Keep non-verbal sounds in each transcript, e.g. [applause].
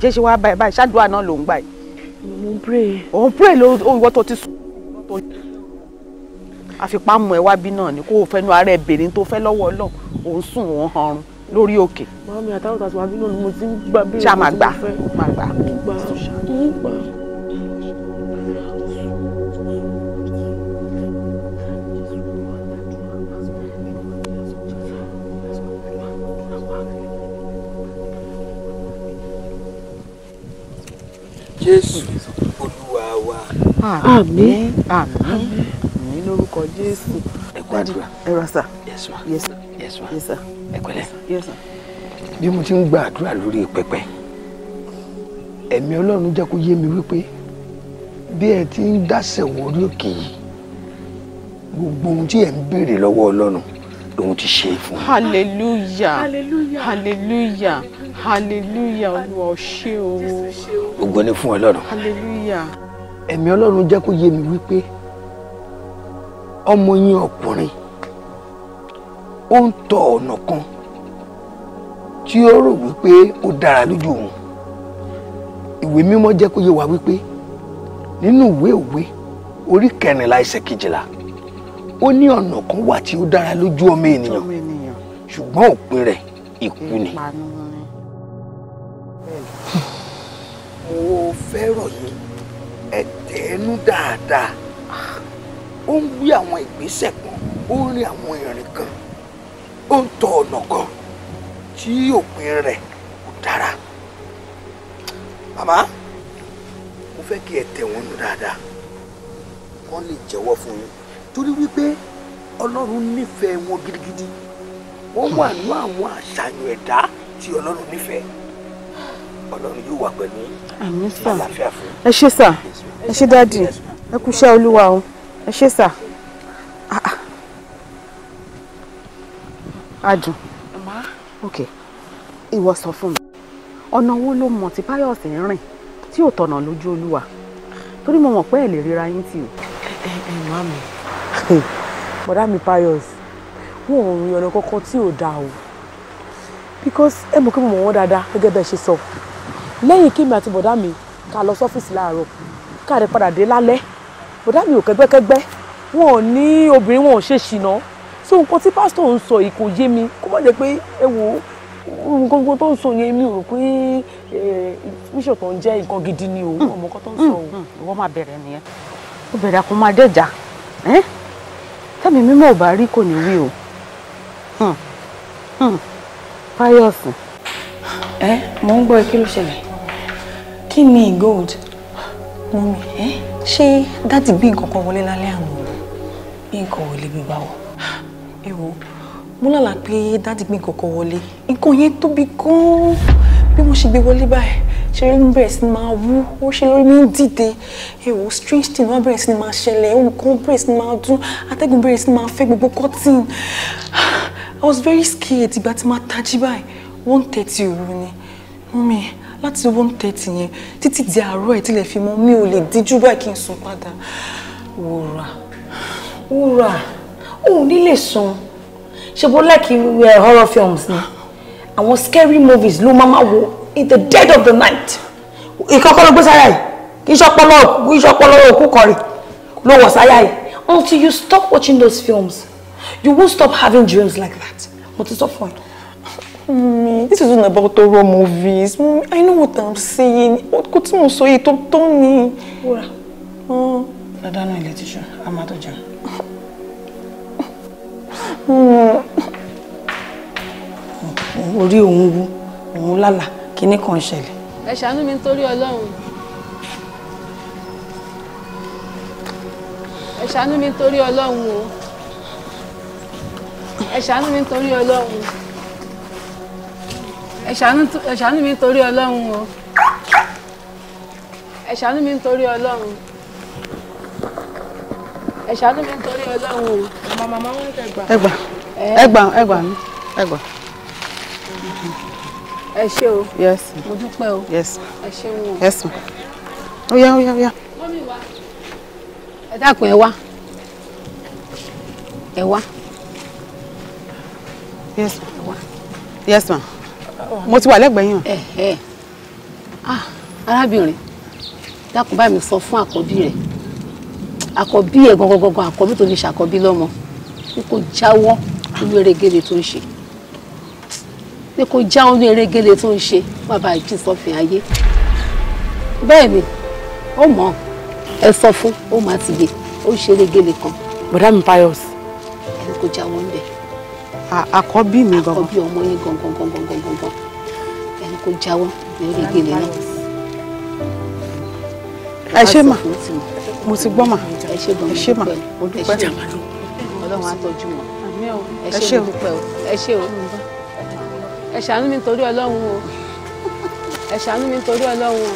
bàjẹ́ ṣe wá báyìí báyìí ṣáàdúrà náà ló ń gbà yìí. mo ń pray. òun pray ló ń tó ti sùn. àfipámọ̀ ẹ̀ wá bí náà ni kó o fẹ́nu ara ẹ̀ bèrè tó fẹ́ lọ́wọ́ ọlọ́run òun sùn òun hanrun lórí òkè. màmí àtàwọn tàbí mo ti ń gbà bí mo ti ń fẹ́. ṣá máa gbà máa gbà. gbà gbà. àmín àmín àmín lórúkọ jésù. ẹ kú ẹ rà sà. yes ẹ pẹ̀lẹ́. bí mo ti ń gba lórí pẹpẹ ẹ̀mí ọlọ́run jẹ́ kó yé mi wípé bí ẹ ti ń dásẹ̀ wọ orí yìí gbogbo ohun tí ẹ ń béèrè lọ́wọ́ ọlọ́run lòun ti ṣe fún mi. hallelujah hallelujah hallelujah olúwa ó o. ògo fún ọlọ́run. hallelujah ẹ̀mí ọlọ́run jẹ́ kó yé mi wípé ọmọ yín ọkùnrin ó ń tọ ọ̀nà kan tí ó rò wípé ó dára lójú òun ìwé mímọ́ jẹ́ kó yé wa wípé nínú ìwé òwe orí kẹrìnlá ẹsẹ̀ kejìlá ó ní ọ̀nà kan wà tí ó dára lójú ọmọ ènìyàn ṣùgbọ́n òpin rẹ̀ ikú ni. mo fẹ́ràn yín ẹ̀tẹ́ ẹnu dáadáa ó ń wí àwọn ìgbésẹ̀ kan ó ń rin àwọn ìrìn kan ó ń tọ ọ̀nà kan tí òpin rẹ̀ kò dára màmá mo fẹ́ kí ẹ tẹ̀ wọ́n nù dáadáa kọ́ lè jẹ́wọ́ fún yín torí wípé ọlọ́run nífẹ̀ẹ́ wọn gidigidi wọ́n wà ní àwọn àṣàyàn ẹ̀dá tí ọlọ́run nífẹ̀ẹ́ ọlọ́run yóò wà pẹ̀lú àmín sà ẹ ṣé sà ẹ ṣé dáàdì ẹ kú iṣẹ́ olúwa o ẹ ṣé sà ah, ah. adùn ok ìwọ sọ fún mi ọ̀nà wo ló mọ̀ tí Báyọ̀sẹ̀ ń rìn tí ò tọ̀nà lójú olúwa torí mo mọ̀ pé ẹ̀ lè ríra yín tì o. ẹ ẹ má mi. bọ̀dá mi Pius wọn ò rìn ọ̀nà kankan tí ò dáa o because ẹ mọ̀ kí mo mọ̀ wọ́n dáadáa gẹ́gẹ́ bẹ́ẹ̀ ṣe sọ lẹ́yìn kí mi àti bọ̀dá mi ká lọ sọ́fíìsì láàárọ̀ káàdé padà dé lálẹ́ bọ̀dá mi ò kẹ́gbẹ́kẹ́gbẹ́ wọn ò ní obìnrin wọn ò ṣe ṣìnà so nǹkan tí pásítọ̀ ń sọ yìí kò yé mi kó má jẹ́ pé ẹ wò ó nǹkan tó ń sọ yẹn mi ò rò pé bíṣọ̀ tó ń jẹ́ nǹkan gidi ni o hmm. ọmọ kan tó ń hmm. sọ o. Hmm. ìwọ máa bẹ̀rẹ̀ nìyẹn ó bẹ̀rẹ̀ kó máa dẹ̀jà tẹ́mi mímọ́ ò bá rí kò ní wí o fáyọ̀sì. ẹ mò ń gbọ́ kí ló ṣẹlẹ̀ kí ni gold mọ́mí ṣé dáàdì gbé nǹkan kan wọlé lálẹ́ àná nǹkan ò lè gbígbà wọ. ẹ wo mo lálà pé dáàdì gbé nǹkan kan wọlé nǹkan yẹn tóbi gan-an bí mo ṣe gbé wọlé báyìí ṣe rí mi bẹ̀rẹ̀ sí ni máa wú ó ṣe rí mi dìde ẹ wo strange thing wá bẹ̀rẹ̀ sí ni máa ṣẹlẹ̀ nǹkan bẹ̀rẹ̀ sí ni máa dún atẹ́gùn bẹ̀rẹ̀ sí ni máa fẹ́ gbogbo cotton [sighs] I was very scared ìgbà tí máa tají báyìí one thirty òru ni mọ́mí láti one thirty yẹn títí di àárọ̀ ẹ̀ tilẹ̀ fi mọ́ mi ò lè díjú báyìí kí n sùn padà wúrà wúrà òun nílé sùn ṣe bó like eh, horror films ni àwọn scary movies ló máa ma wo in the dead of the night ìkọ́kọ́ ló gbé sáyà yìí kì í ṣọpọlọ kì í ṣọpọlọ òkú kọrì ló wọ̀ sáyà yìí until you stop watching those films you won't stop having dreams like that mo ti sọ fún ẹ. Mommy, this isn't about horror movies. Mommy, I know what I'm saying. What could someone say to Tony? Wura. Oh. Dada no electrician. I'm out of jam. Orí òun wú, òun lálà, kíní kan ṣẹlẹ̀. Ẹ ṣàánú mi nítorí Ọlọ́run. Ẹ ṣàánú you alone. Ọlọ́run o. Ẹ ṣàánú mi you alone ẹ ṣàánú mi nítorí ọlọ́run o ẹ ṣàánú mi nítorí ọlọ́run ẹ ṣàánú mi nítorí ọlọ́run o màmá màmá wọn ẹ gbà ẹ gbà ẹ gbà mí ẹ gbà. ẹ ṣé o mo dúpẹ́ o ẹ ṣé o yes ma ó yá ó yá ó yá. ẹ dákun ẹ wá ẹ wá. yes ma mo ti wà lẹ́gbẹ̀ẹ́ yàn. Eh, eh. ah, arábìnrin dákun bá mi sọ fún àkọ́bí rẹ̀ àkọ́bí ẹ̀ gangan gangan àkọ́bí tó fi ṣàkọ́bí lọ́mọ pé kó jáwọ́ nínú erégele tó ń ṣe pé kó jáwọ́ nínú erégele tó ń ṣe bàbá ìjì sọfìn ayé bẹ́ẹ̀ ni ó mọ̀ ẹ sọ fún ó máa ti yè ó ń ṣe erégele kan. bọ̀dá mi payọ̀s. ẹni kò jáwọ́ ń bẹ̀ àkọ́bí mi gangan. àkọ́bí ọmọ yín gangan gangan gangan ẹni kò jáwọ́ lórí gèlè náà. ẹ ṣé mà mo ti gbọ́ mà ẹ ṣé mà mo dúpẹ́ ọlọ́run á tọ́jú wọn ẹ ṣé dúpẹ́ o ẹ ṣé o ẹ ṣàánú mi torí ọlọ́run o ẹ ṣàánú mi torí ọlọ́run o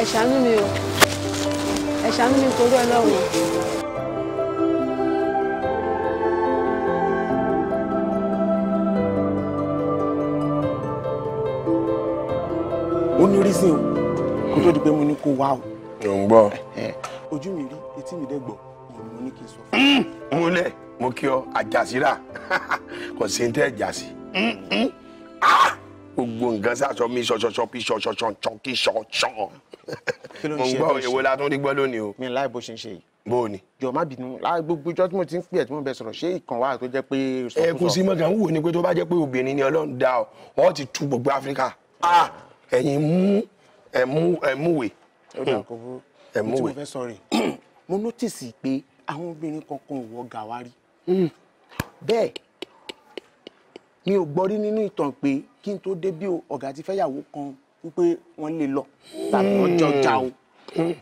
ẹ ṣàánú mi o ẹ ṣàánú mi torí ọlọ́run o. ó ní rí sí o kó tó di pé mo ní kó wá o. ò ń gbọ́. ojú mi rí etí mi dẹ́gbọ̀ òun mo ní kí n sọ fún hmm. un. múlẹ̀ mo kí ọ àjàsíra [laughs] kò sí ní tẹ́ ẹ̀jà hmm, hmm. ah! gbogbo nǹkan sàṣọ mi ṣọṣọṣọ kí ṣọṣọṣọ kí ṣọṣọ. mo ń gbọ́ èwo la tún rí gbọ́ lónìí o. mi láì bó ṣe ń ṣe yìí bó jọ má bínú gbogbo ìjọ tí mo ti ń pè ẹ tí mo bẹ sọ̀rọ̀ ṣé ìkàn wà tó jẹ́ pé. ẹkùn sí mọ̀gàn wò ni pé tó bá jẹ́ pé obìnrin ni Ọlọ́run dá ọ ọ ti tu gbogbo Áfíríkà. Ah! ẹ̀yin mú ẹ̀mú ẹ̀múwèé. ó dà kó burú ẹ̀múwèé tí mo fẹ́ sọ rè [clears throat] mo nọ́tìsì pé àwọn obìnrin kankan ò wọ gàwárí. Hmm. bẹ́ẹ̀ mi ò gbọ́ rí nínú ìtàn pé kí n tó dé bí ọ̀gá ti fẹ́yàwó kan wípé wọ́n lè lọ tàbí wọ́n jọjà hmm. o. Hmm.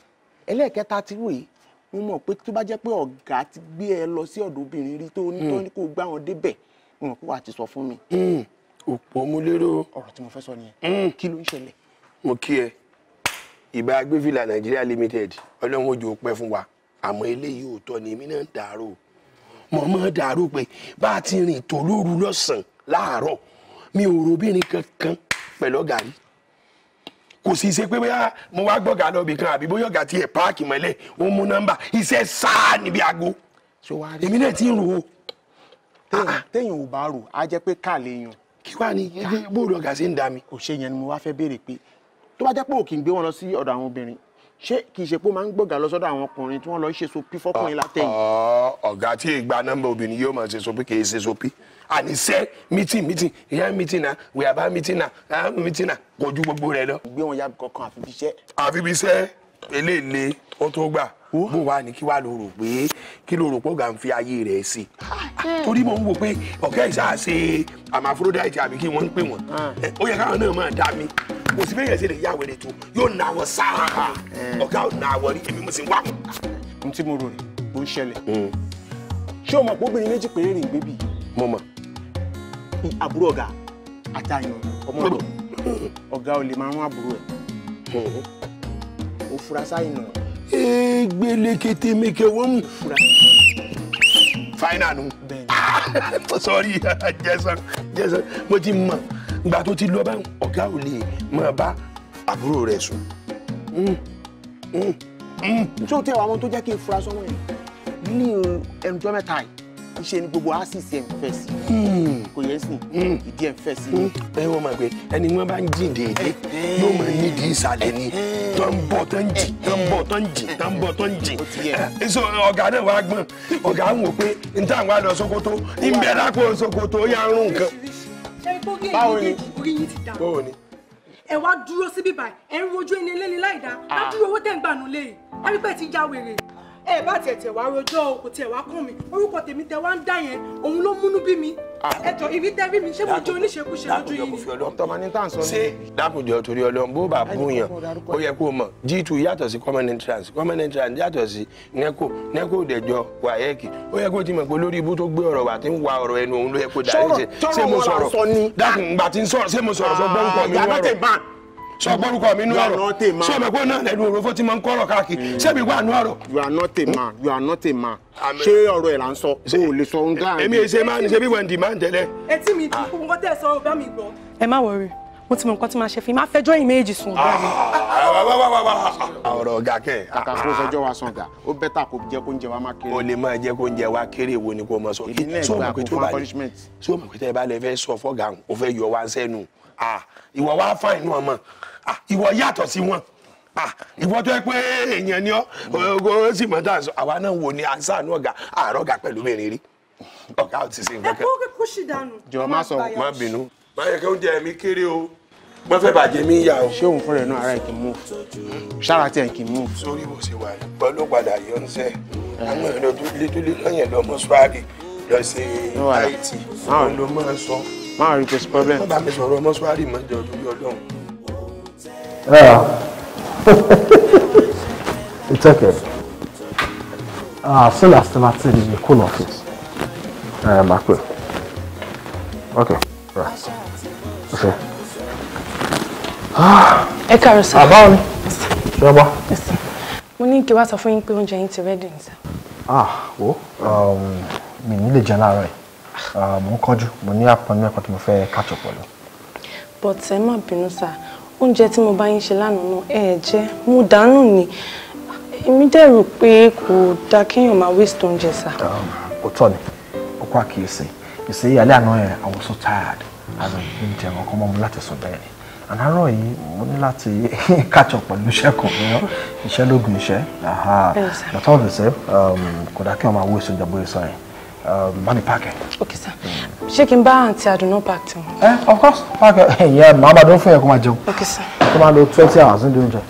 ẹlẹ́ẹ̀kẹta ti rò yìí mo mọ̀ pé tó bá jẹ́ pé ọ̀gá ti gbé ẹ lọ sí ọ̀dọ̀ obìnrin rí tó ní kó gbá wọn débẹ̀ mo mọ̀ pé ti sọ fún mi. òpò mo lérò. ọ̀rọ̀ tí mo fẹ́ sọ nìyẹn. Hm. kí ló ń ṣẹlẹ̀. mo kí ẹ ìbá nàìjíríà limited ọlọ́run pẹ́ fún wa àmọ́ eléyìí òótọ́ ni èmi náà ń dàárò mo máa dàárò pé bá a ti rìn tó lọ́sàn-án mi ò robìnrin kankan pẹ̀lú ọ̀gá rí kò sì ṣe pé bóyá mo wá gbọ́gà kan àbí bóyá ọ̀gá tiẹ̀ páàkì mọ́lẹ̀ kí wàá ní bóòlù ọ̀gá ṣe ń da mi. kò yẹn ni mo wá fẹ́ béèrè pé tó bá jẹ́ pé òkè ń gbé wọn lọ sí ọ̀dọ̀ àwọn obìnrin ṣé kì í ṣe pé ó máa ń gbọ̀gà lọ sọ́dọ̀ àwọn ọkùnrin tí wọ́n lọ ṣe sopi fọ́kùnrin látẹ̀yìn. ọ̀gá tí ìgbà nọ́mbà obìnrin yóò máa ṣe sopi kì í ṣe sopi àníṣe meeting meeting ìyá meeting na wíyàbá meeting na ah, ìyá meeting na kojú gbogbo rẹ lọ. gbé wọn yá kankan àfi bí iṣẹ́. àfi bí iṣẹ́ eléèlé ó tó gbà. bó wà ní kí wàá ló rò pé kí ló rò pé ọ̀gá ń fi ayé rẹ̀ sí hmm. torí ń wò pé ṣe àbí kí wọ́n ń pè wọ́n hmm. ó yẹ káwọn náà máa dá mi kò sí bẹ́yẹn ṣe lè yá wẹ̀rẹ̀ tó yóò na àwọn ha, hmm. ọ̀gá ò na àwọn rí èmi mo sì wá wọn. ohun tí mo rò rè ń ṣẹlẹ̀ ṣé mo mọ̀ àbúrò ọ̀gá àtàyàn ọmọ ọ̀gá ò egbelekete meke wọ́n final nu [laughs] sorry jẹsán jẹsán mo ti mọ ìgbà tó ti lọ bá ọ̀gá ò lè mọ bá àbúrò rẹ̀ sùn. tí mm, mm, mm. o tẹ àwọn tó jẹ́ kí n fura sọ́wọ́ yẹn ní ẹnujọ́ mẹ́ta yìí iṣẹ́ ni gbogbo asisi ẹ̀ ń fẹ́ sí hmm. kò yẹ sí hmm. ìdí ẹ̀ ń fẹ́ sí. Hmm. ẹ wọ́n máa gbé ẹni wọ́n bá ń jí dèédé eh, eh. yóò máa ní di ìsàlẹ̀ ni eh. tó ń bọ̀ tó ń jì tó ń bọ̀ tó ń jì tó ń bọ̀ tó ń jì. èso ọ̀gá náà wàá gbọ́n ọ̀gá ń wò pé n tá àwọn àlọ́ Sokoto ń bẹ lápò Sokoto ó yà ń rún nǹkan. báwo ni báwo ni ẹ wá dúró síbí báyìí ẹ ń rojú ẹni eléni láì dá á ah. dúró owó tẹ̀ ń gbà nulẹ̀ ẹ bá tiẹ̀ tiẹ̀ wá rojọ́ o kò tiẹ̀ wá kàn mí orúkọ tèmi tẹ wá ń dá yẹn òun ló múnú bí mi ah. ẹjọ ìrí tẹ rí mi ṣé mo jẹ oníṣekúṣe lójú yìí ni. tọ́mọ ní tá à ń sọ ní. dákùjọ torí Ọlọ́run bó bá bú yàn ó yẹ kó mọ̀ G2 yàtọ̀ sí common entrance common entrance yàtọ̀ sí neco neco dẹjọ wayeki ó yẹ kó ti mọ̀ pé lórí ibú tó gbé ọ̀rọ̀ wà tí ń wa ọ̀rọ̀ ẹnu òun ló yẹ kó darí ṣe sọ gbórúkọ mi nú sọ mẹ pé náà lẹnu òròfó tí mo ń kọrọ káàkiri sẹbi wà nú you are not a man you are not a man ṣé ọ̀rọ̀ ẹ là ń sọ o ò lè sọ ohun dáhùn. èmi èsè máa ń ṣe bí wẹ́n dì máa ń tẹ́lẹ̀. etí mi kí n kọ́ sọ bá mi gbọ́. ẹ má wọrí mo ti mọ nǹkan tí màá ṣe fún máa fẹjọ́ yín méjì sùn ọ̀gá mi. Ah, ọ̀rọ̀ ọ̀gá kẹ̀. Ah, ah. wa sùn ọ̀gá ó bẹ́tà kó jẹ́ kó ń jẹ wa má kéré. o lè máa jẹ́ kó jẹ wa kéré wo ni kó mọ sọ. ìdílé ẹ̀gbà kò fún punishment. sọ ma pété bá lè fẹ́ sọ fọ́gà o fẹ́ yọ wa sẹ́nu ìwọ wa fáìn náà mọ̀ Ah, ìwọ yàtọ̀ sí wọn ah, ìwọ tó yẹ pé èèyàn ni ọ sì mọ dáhùn sọ àwa náà wò ní ansa àánú ọgá àárọ ọgá pẹ̀lú mi rírí ọgá ò ti ṣe nǹkan kan. ẹ kó kó dànù. jọ má sọ má bínú. má yẹ kí oúnjẹ mi kéré o mo fẹ́ bàjẹ́ mi yà o. ṣé òun fúnra ẹ̀ náà ara ẹ̀ kì í mú sára tí ẹ̀ kì í mú. sórí bó ṣe wà pẹ̀lú ló padà àwọn èèyàn tó lé tó lé lọ́yẹ̀ lọ mọ́ lọ sí it ló máa sọ. má rí kò sí problem. má bàa mi sọ̀rọ̀ mọ́ mọ́jọ́ lórí ọlọ́run. Yeah. [laughs] it's okay. Uh, as soon as Tina said in the cool office, uh, my quick. Okay, right. Okay. Ah, káàárọ̀ sir. Àbá mi. Ṣé Yes. Mo ní kí wá sọ fún yín pé oúnjẹ yín ti rẹ́dì ní sir. Ah, wo? Um, mi ní lè jẹun láàárọ̀ yìí. Ah, mo ń kánjú, mo ní àpọ̀ ní ẹ̀kọ́ tí mo fẹ́ catch up pẹ̀lú. But ẹ má bínú sir oúnjẹ tí mo bá yín ṣe lánàá náà ẹ jẹ mo dànù ni èmi dẹ̀rù pé kò dáa kéèyàn máa waste oúnjẹ sá. ó tọ́ ni ó kọ́ àkíyèsí ìṣe alẹ́ àná yẹn I was so tired àná oúnjẹ wọn kọ́ mọ́ mi láti sùn bẹ́ẹ̀ ni ànárọ̀ yìí mo ní láti [laughs] catch up pẹ̀lú iṣẹ́ kan ní iṣẹ́ lógun iṣẹ́ bàtà ọ̀fìsẹ́ um, kò dáa kéèyàn máa waste oúnjẹ bóyá sọ yẹn. Money mi páàkì. ok sir ṣé kí n bá àǹtí àdùnnú páàkì tí wọn. Eh? of course Pack. ẹ̀yẹ [laughs] yeah. Mama don't fún yẹn kó máa jẹun. ok sir. Come máa lo twenty hours nídìí oúnjẹ.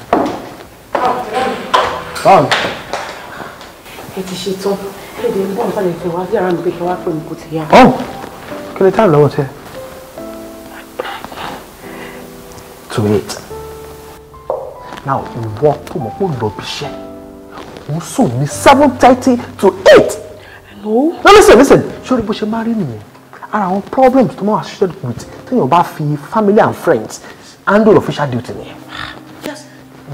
báwo. ẹ ti ṣe tán kéde ń bọ̀ nípa lè fẹ́ wá sí ara mi pé kí wá pè mí kó ti yá. ọ oh! kí ni to eight now ìwọ tó mọ̀ kó lọ bí seven thirty to eight. No. Now listen, listen. Ṣorí bó ṣe máa me. nìyẹn. Ara àwọn problems tó máa associated with Tell your bá fee family and friends handle official duty nìyẹn. Yes.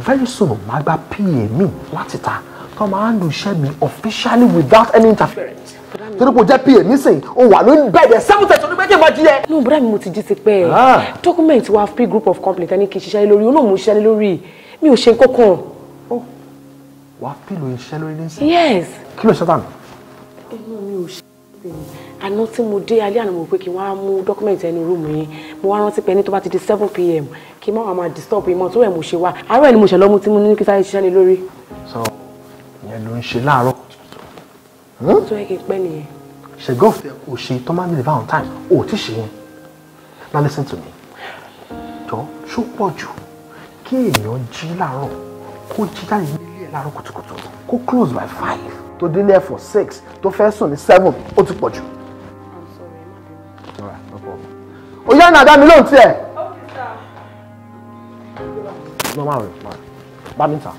Very soon, màá gba PA mi láti ta. Come máa handle iṣẹ́ me officially without any interference. Torí kò jẹ́ PA mi sìn, o wà ló ń bẹ̀rẹ̀ seven thirty ọdún méjì máa jí ẹ. No, bọ́dá mi mo ti jí ti pẹ́ ẹ̀. Ah. Document wa free group of company tẹ́ni kì í ṣiṣẹ́ lórí, olóòmù ṣiṣẹ́ lórí, mi ò ṣe nǹkan kan. Oh, Wàá pìlò iṣẹ́ lórí nísìnyí. Yes. Kí ló ṣe tán? ẹnu mi ò ṣe àná tí mo dé alẹ́ àná mo pé kí n wá mú dọ́kúmẹ̀ntì ẹnu rúùmù yín mo wá rántí pé ní tó bá ti di seven pm kí n má wàá máa disturb yín tó ẹ̀ mo ṣe wá àárọ̀ ẹ̀ ni mo ṣẹ̀ tí mo ní kí sáré ṣiṣẹ́ lé lórí. sọ ìyẹn ló ń ṣe láàárọ̀ tó yẹ hm? kí n pẹ́ nìyẹn. ṣègùn ọ̀fẹ́ kò ṣe tó máa ń deliver on time ò tí ṣe yẹn now listen to me jọ ṣó pọ̀ jù kí èèyàn jí láàárọ̀ kó jí tó délé ẹ̀ for six tó fẹ́ sùn ní seven ó ti pọ̀ jù. ó yá ní àdá mi lóhùn tiẹ̀. lọ máa rìn máa rìn bá mi ta.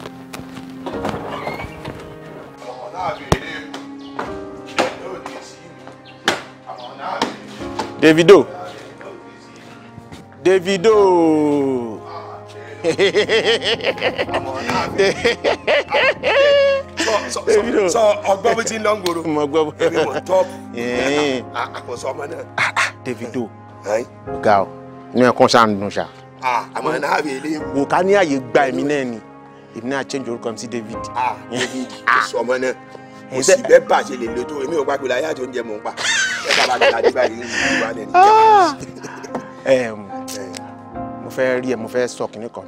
Davido Davido Davido. [laughs] sọ ọgbọ́n bó ti ń lọ́ngoro èmi mọ̀ tọ́pù àkọsọ ọmọ náà. Davido ga ọ ní ẹkún ṣáà ń dun ṣá. àmọ́ náà rè é léwu. wò ká ní àyè gba èmi náà ni èmi náà change orúkọ mi sí David. David sọmọ náà mo sì bẹ́ẹ̀ bàṣẹ lè lo tó èmi ò gbàgbé láyé àti oúnjẹ mò ń pa ẹ bàbá mi láti báyìí ní ìlú wa nàìjíríà. mo fẹ́ rí ẹ mo fẹ́ sọ kìnnìkan.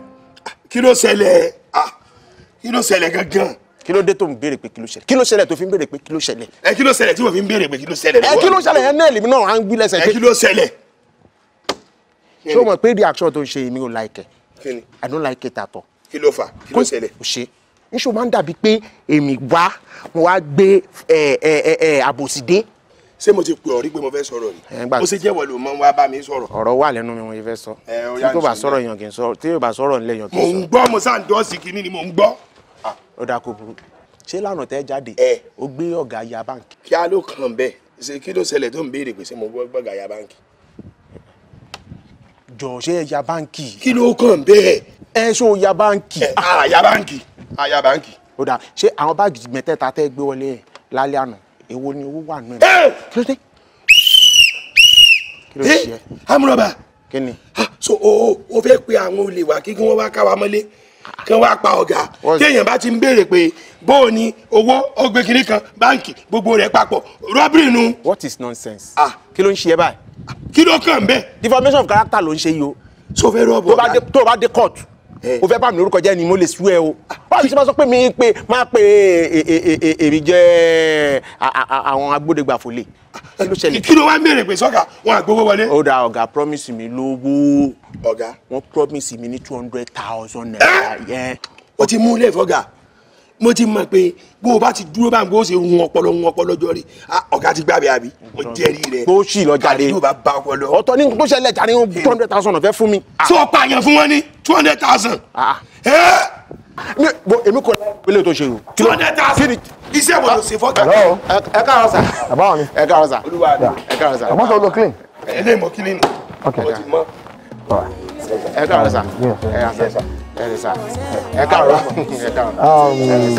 kí ló ṣẹlẹ̀ ah! kí ló ṣẹlẹ̀ gangan kí ló dé tó ń béèrè pé kí ló ṣẹlẹ̀ kí ló ṣẹlẹ̀ tó fi ń béèrè pé kí ló ṣẹlẹ̀. ẹ kí ló ṣẹlẹ̀ tí mo fi ń béèrè pé kí ló ṣẹlẹ̀. ẹ kí ló ṣẹlẹ̀ yẹn náà lèmi náà à ń gbí lẹ́sẹ̀ ẹ kí ló ṣẹlẹ̀. ṣé o mọ̀ pé the action tó ń ṣe mi ò like i don't like it at all. kí ló fà kí ló ṣẹlẹ̀. kò ṣe níṣó máa ń dàbí pé èmi wá mo wá gbé àbòsí dé. ṣé mo ti pè ọ́ rí pé mo fẹ́ sọ̀rọ̀ ni mo ṣe jẹ́wọ́ ló mọ́ wá bá mi sọ̀rọ̀. ọ̀rọ̀ wà lẹ́nu mi mo fẹ́ sọ tí kò bá sọ̀rọ̀ èèyàn kì í sọ̀rọ̀ tí yóò bá sọ̀rọ̀ ńlẹ̀ èèyàn kì í sọ̀rọ̀. mò ń gbọ́ mo sáà ń dọ́ọ̀sì kìíní ni mò ń gbọ́. Ah. ó dáa kó burú ṣé lánàá tẹ́ jáde ó gbé ọ̀gá ya báǹkì. kí á ló kàn bẹ́ẹ̀ ṣe kí ló ṣẹlẹ̀ tó ń béèrè pé ṣé mo gbọ́ gbọ́gà ya báǹkì. jọ ṣé ẹ ya báǹkì. kí ló kàn bẹ́ẹ̀. ẹ ṣó ya báǹkì. a ah, ya báǹkì a ya báǹkì. ó dáa ṣé àwọn báàgì mẹ́tẹ̀ẹ̀ta tẹ́ gbé wọlé ẹ̀ lálẹ́ àná èwo ni owó wà nù ẹ̀. kí ló dé kí ló ṣe ẹ. amúrọ̀bà. kí ni. Ah, so o o fẹ́ pe àwọn olè wá kí wọ́n wá ká wa mọ́lé kí wọ́n wá pa ọ̀gá téèyàn bá ti ń béèrè pé bóò ni owó ọgbẹ́ kiri kan báǹkì gbogbo rẹ̀ papọ̀ rọ́bìrì nu. what is nonsense. ah kí ló ń ṣe ẹ báyìí. kí ló kàn bẹ́ẹ̀. deformation of character ló ń ṣe yìí o. so fẹ́ rọ́ọ̀bù ọ̀gá tó bá dé court Eh. o fẹ́ bá mi lórúkọ jẹ́ ni mo lè sú ẹ o báwo ṣe máa sọ pé mi pé máa pe e, e, e, èmi jẹ́ àwọn agbódegbà kí ló ṣẹlẹ̀. kí ló wá ń bèrè pé sọ́kà wọn àgbowó wọlé. ó da ọ̀gá promise mi lówó ọ̀gá wọn promise mi ní two hundred thousand naira eh? yẹn. o ti mú ilé ìfọ̀gà mo ti mọ̀ pé bó o bá ti dúró báyìí bó o ṣe hun ọpọlọ hun ọpọlọ jọ rè ọ̀gá ti gbàgbé àbí mo jẹ́rìí rẹ̀. o sì lọ jáde ọ̀tọ̀ ní tó ṣẹlẹ̀ jáde ń two hundred thousand ọ̀fẹ́ fún mi. tó ah. o pààyàn fún wọn ní two hundred thousand. Ah, ah. èmi kò láì pélé tó ṣe o. two hundred thousand iṣẹ́ wo ló ṣe fọ́gà. ẹ káàárọ̀ sà ẹ káàárọ̀ sà ẹ káàárọ̀ sà. àmọ́ sọ ló clean. ẹ lè mọ clean. ok ẹ káàárọ̀ sà ẹ ẹ sà ẹ káàárọ̀ ẹ káàárọ̀ um,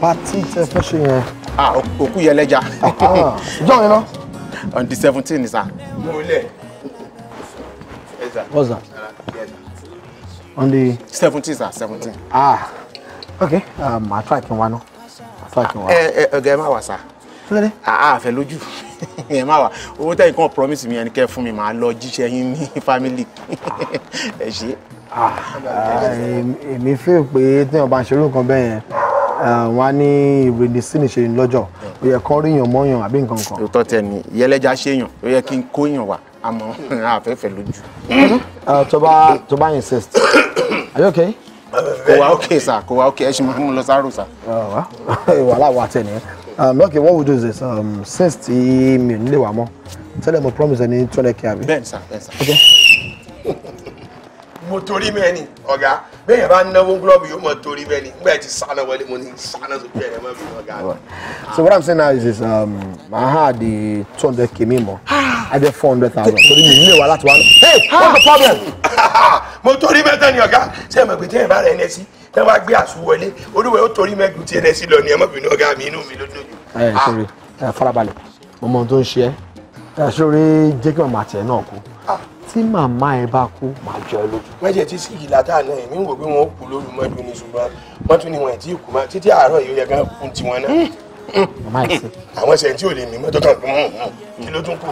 pati tẹ fẹ́ ṣe yẹn. ah òkú yẹ lẹ́jà. Ah, jọ yẹn lọ. on the seventeen sà. mo lẹ. what's that. on the. seventeen sà seventeen. ah okay um, màá try kí n wá náà màá try kí n wá. ẹ ẹ ọgá ẹ má wà sà kílódé. àá ah, ah, fẹ́ lójú [laughs] ẹ má wà owó tẹ̀yìn kan promise mi ẹnikẹ́ fún mi màá lọ jíṣẹ́ yín ní [laughs] family [laughs] ẹ ṣe. Ah, èmi fẹ́ pé téèyàn bá ń ṣerú nǹkan bẹ́ẹ̀ yẹn ah, wọ́n á ní ìrèdè sí níṣe lọ́jọ́ ó yẹ kán ríyàn mọ́yàn àbí nǹkan kan. òótọ́ tẹ ni ìyẹlẹ́jà ṣèyàn ó yẹ kí n kóyàn wá àmọ́ àfẹ́fẹ́ [laughs] lójú. Ah, tó bá insist are you okay? kò wá okay sir kò wá okay ẹ ṣì máa mú lọ sáró sir. [laughs] wàhálà wa tẹ nìyẹn um, okay what we do is um, since tí mi ò nílé wa mọ́ tẹ́lẹ̀ mo promise ẹni twenty k àbí. bẹ́ẹ̀ ni bẹ́ẹ̀ ni Okay mo torí mẹ́ni ọ̀gá bẹ́ẹ̀ bá náwó gúlọ́ọ̀bù yóò mọ̀ torí mẹ́ni nígbà tí sáná wọlé mo ní sáná sókè ẹ̀rẹ́ mọ́ fi ọ̀gá. so what i'm saying now is is um, i had the two hundred kemi mọ ah. i get four hundred thousand torí mi nílé wa láti wá. hey ah. what's the problem. [laughs] mo torí mẹ́tọ́ ni ọ̀gá ṣé ẹ mọ̀ pé tẹ́yìn bá rẹ̀ ẹni sí tẹ́yìn bá gbé àṣù wọlé olúwẹ̀ ó torí mẹ́gù tí ẹni sí lọ ni ẹ mọ̀ bínú ọ̀gá mi inú mi ló tí màmá ẹ bá kú màá jọ ẹ lójú. mẹ́jẹ̀ tí síkì látà náà èmi ń wò pé wọ́n kú lóru mọ́jú ni ṣùgbọ́n wọ́n tún ní wọn tí kú máa títí àárọ̀ yìí ó yẹ kán kú tiwọn náà. Eh, eh, màmá ẹ sí. àwọn ṣẹ̀ tí ò lè mí mọ́tò kan kún un hmm, hmm, kí ló tún kù.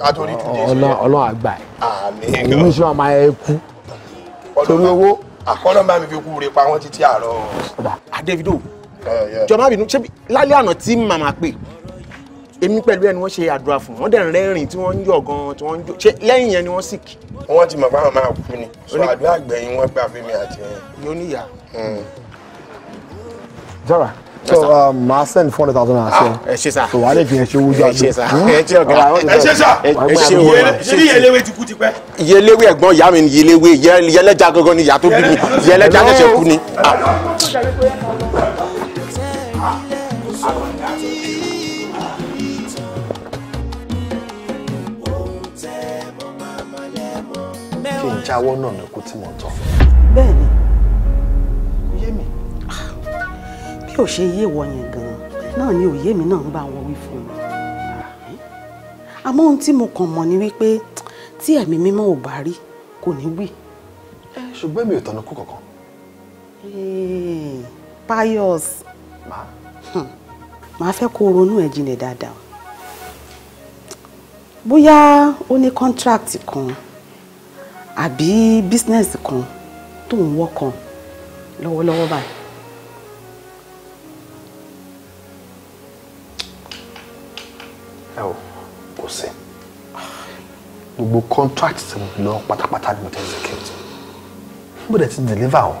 kátórí tún dé sílẹ̀. ọlọ́run àgbà ẹ̀. àmín. èmi sọ ọmọ ẹ kú torí owó. àkọ́lọ́ bá mi fi kú re pa wọ́n èmi pẹ̀lú ẹ ni wọ́n ṣe àdúrà fún wọ́n dẹ̀ ń rẹ́rìn tí wọ́n ń yọ̀ gan tí wọ́n ń jó ṣe lẹ́yìn yẹn ni wọ́n sìkì. wọ́n ti mọ̀ fáwọn máa kú ni sọ àdúrà gbẹ̀yìn wọ́n gbà fún mi àti ẹ̀yìn. yóò níyà. Hmm. jọba so um, uh, ma send four hundred thousand naira sí ah, ẹ. so wàá lè fi ẹ ṣe owó jáde. ẹ ṣe sá hmm? ẹ ṣe ọgá ẹ ṣe sá ẹ ṣe owó rẹ. ti kú ti pẹ́. yẹléwé ẹ̀gbọ́n ìyá mi ni yẹléwé yẹlẹ́jà gangan ni ìyá bí mi yẹlẹ́jà tó ṣe kú ni. Ah. jáwọ́ náà ní ikú tí mò ń tọ́. bẹ́ẹ̀ni kò yé mi. bí ò ṣe yé wọ yẹn ganan náà ni òye mi náà ń bá wọn wí fún mi. àmọ́ ohun tí mo kàn mọ̀ ni wípé tí ẹ̀mí mímọ́ ò bá rí kò ní wí. ṣùgbọ́n mi ò tọ́nu kú kankan. pius màá hmm. fẹ́ kó ronú ẹ̀ jinlẹ̀ dáadáa bóyá ó ní kọ́ńtrákìtì kan àbí business kan tó ń wọ́ kan lọ́wọ́lọ́wọ́ báyìí. ẹ o kò sí gbogbo contract ti mo lọ pátápátá ni mo ti execute mo dẹ̀ ti deliver o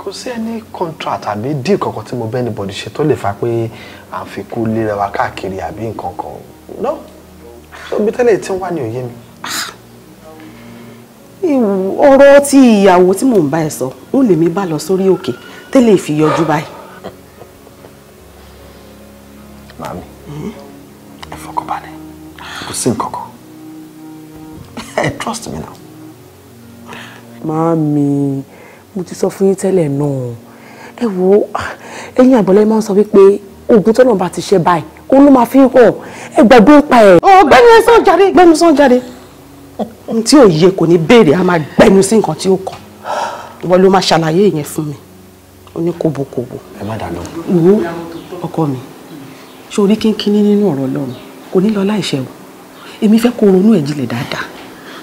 kò sí ẹni contract àbí deal kankan tí mo bẹ́ẹ̀ ní bọ́dí ṣe tó lè fa pé à ń fi kú lé ra wa káàkiri àbí nǹkan kan no so bí tẹ́lẹ̀ tí ń wá ní òye mi ọ̀rọ̀ tí ìyàwó tí mò ń bá ẹ sọ ń lèmi bá lọ sórí òkè tẹ́lẹ̀ fi yọjú báyìí. màmí ẹ fọkànbalẹ̀ kò sí nǹkan kan ẹ trust me now. màmí mo ti sọ fún yín tẹ́lẹ̀ náà ẹ wo ẹ̀yin àgbọ̀lẹ́ máa ń sọ wípé oògùn tọ́nà bá ti ṣe báyìí òun ló máa fi hàn ẹ gbàgbé ń pa ẹ̀. ọ̀gbẹ́ni ẹ sọ jáde gbẹ́ni sọ jáde n tí ò yẹ kò ní béèrè a máa gbẹnu sí nǹkan tí ó kàn ìwọ ló máa ṣàlàyé yẹn fún mi ó ní kòbókòbó. ẹ má dà lọ. wo ọkọ mi ṣé orí kínkínní nínú ọ̀rọ̀ ọlọ́run kò ní lọ láìṣẹ́ o èmi fẹ́ kó ronú ẹ̀ jinlẹ̀ dáadáa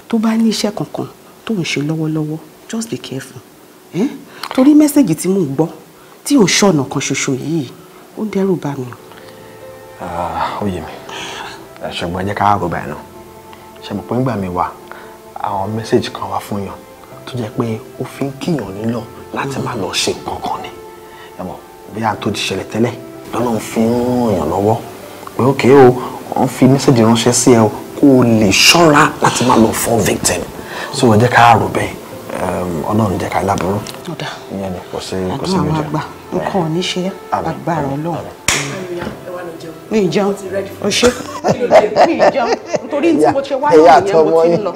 tó bá ní iṣẹ́ kankan tó ń ṣe lọ́wọ́lọ́wọ́ just be careful torí mẹ́sẹ̀gì tí mò ń gbọ́ tí ò ṣọ̀nà kan ṣoṣo yìí ó dẹ́rù bà mí. Ah, ó yé mi ṣùgbọ́n ẹ jẹ́ ká rọ̀ báyìí náà ṣe mọ̀ pé ń gbà mí wà àwọn mẹ́sẹ̀gì kan wá fún yàn tó jẹ́ pé ó fi ń kíyàn nílọ láti má lọ ṣe nǹkan kan ni ẹ̀mọ́ bí a tó ti ṣẹlẹ̀ tẹ́lẹ̀ lọ́nà ń fi ń ràn yàn lọ́wọ́ pé ókè o wọ́n fi mẹ́sẹ̀gì ránṣẹ́ sí ẹ kó o lè ṣọ́ra láti má lọ fọ́ victim so wọ́n jẹ́ ká rò bẹ́ẹ̀ ọlọ́run jẹ́ ká lábúrú ìyẹn ni kò sí kò sí méjì àdúrà àgbà nǹkan ò ní ṣe agbára ọlọ́run mi ì jẹun o ṣe [laughs] mi ì jẹun nítorí tí mo ṣe wáyé ìyẹn mo ti lọ.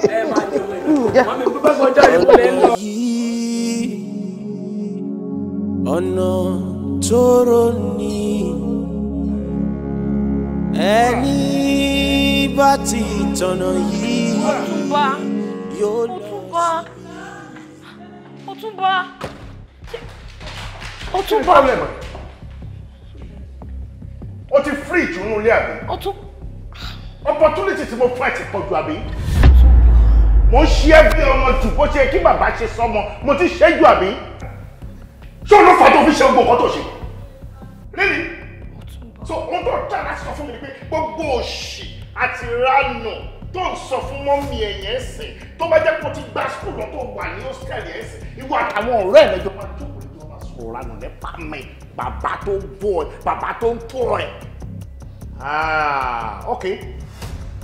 ọ̀nà ẹni bá ti tọ̀nà yìí yóò lọ. Ọ̀túnba Ọ̀túnba o ti free ìtùnú ilé àbí. O tún. opportunity tí mo fún ẹ ti pọ̀ jù àbí. mo ṣe é bí ọmọ jù bó ṣe kí bàbá ṣe sọmọ mo ti ṣe é jù àbí. ṣé o ló fà tó fi ṣe gbogbo nǹkan tó ṣe. really. so ohun tó dára sọ fún mi ni pé gbogbo òṣì àti ránù tó ń sọ fún mọ́mí ẹ̀yẹ́ sìn tó bá jẹ́ kó ti gba skul lọ́tọ̀ wà ní hostel ẹ̀yẹ́ sìn ìwọ àtàwọn ọ̀rẹ́ ẹ̀ lẹ́jọ́ máa jókòó ìjọba sọ̀rọ̀ ránù lẹ́pàá mẹ́ẹ̀ bàbá tó ń bọ̀ ẹ bàbá tó ń tọ̀ ẹ. Ah, ok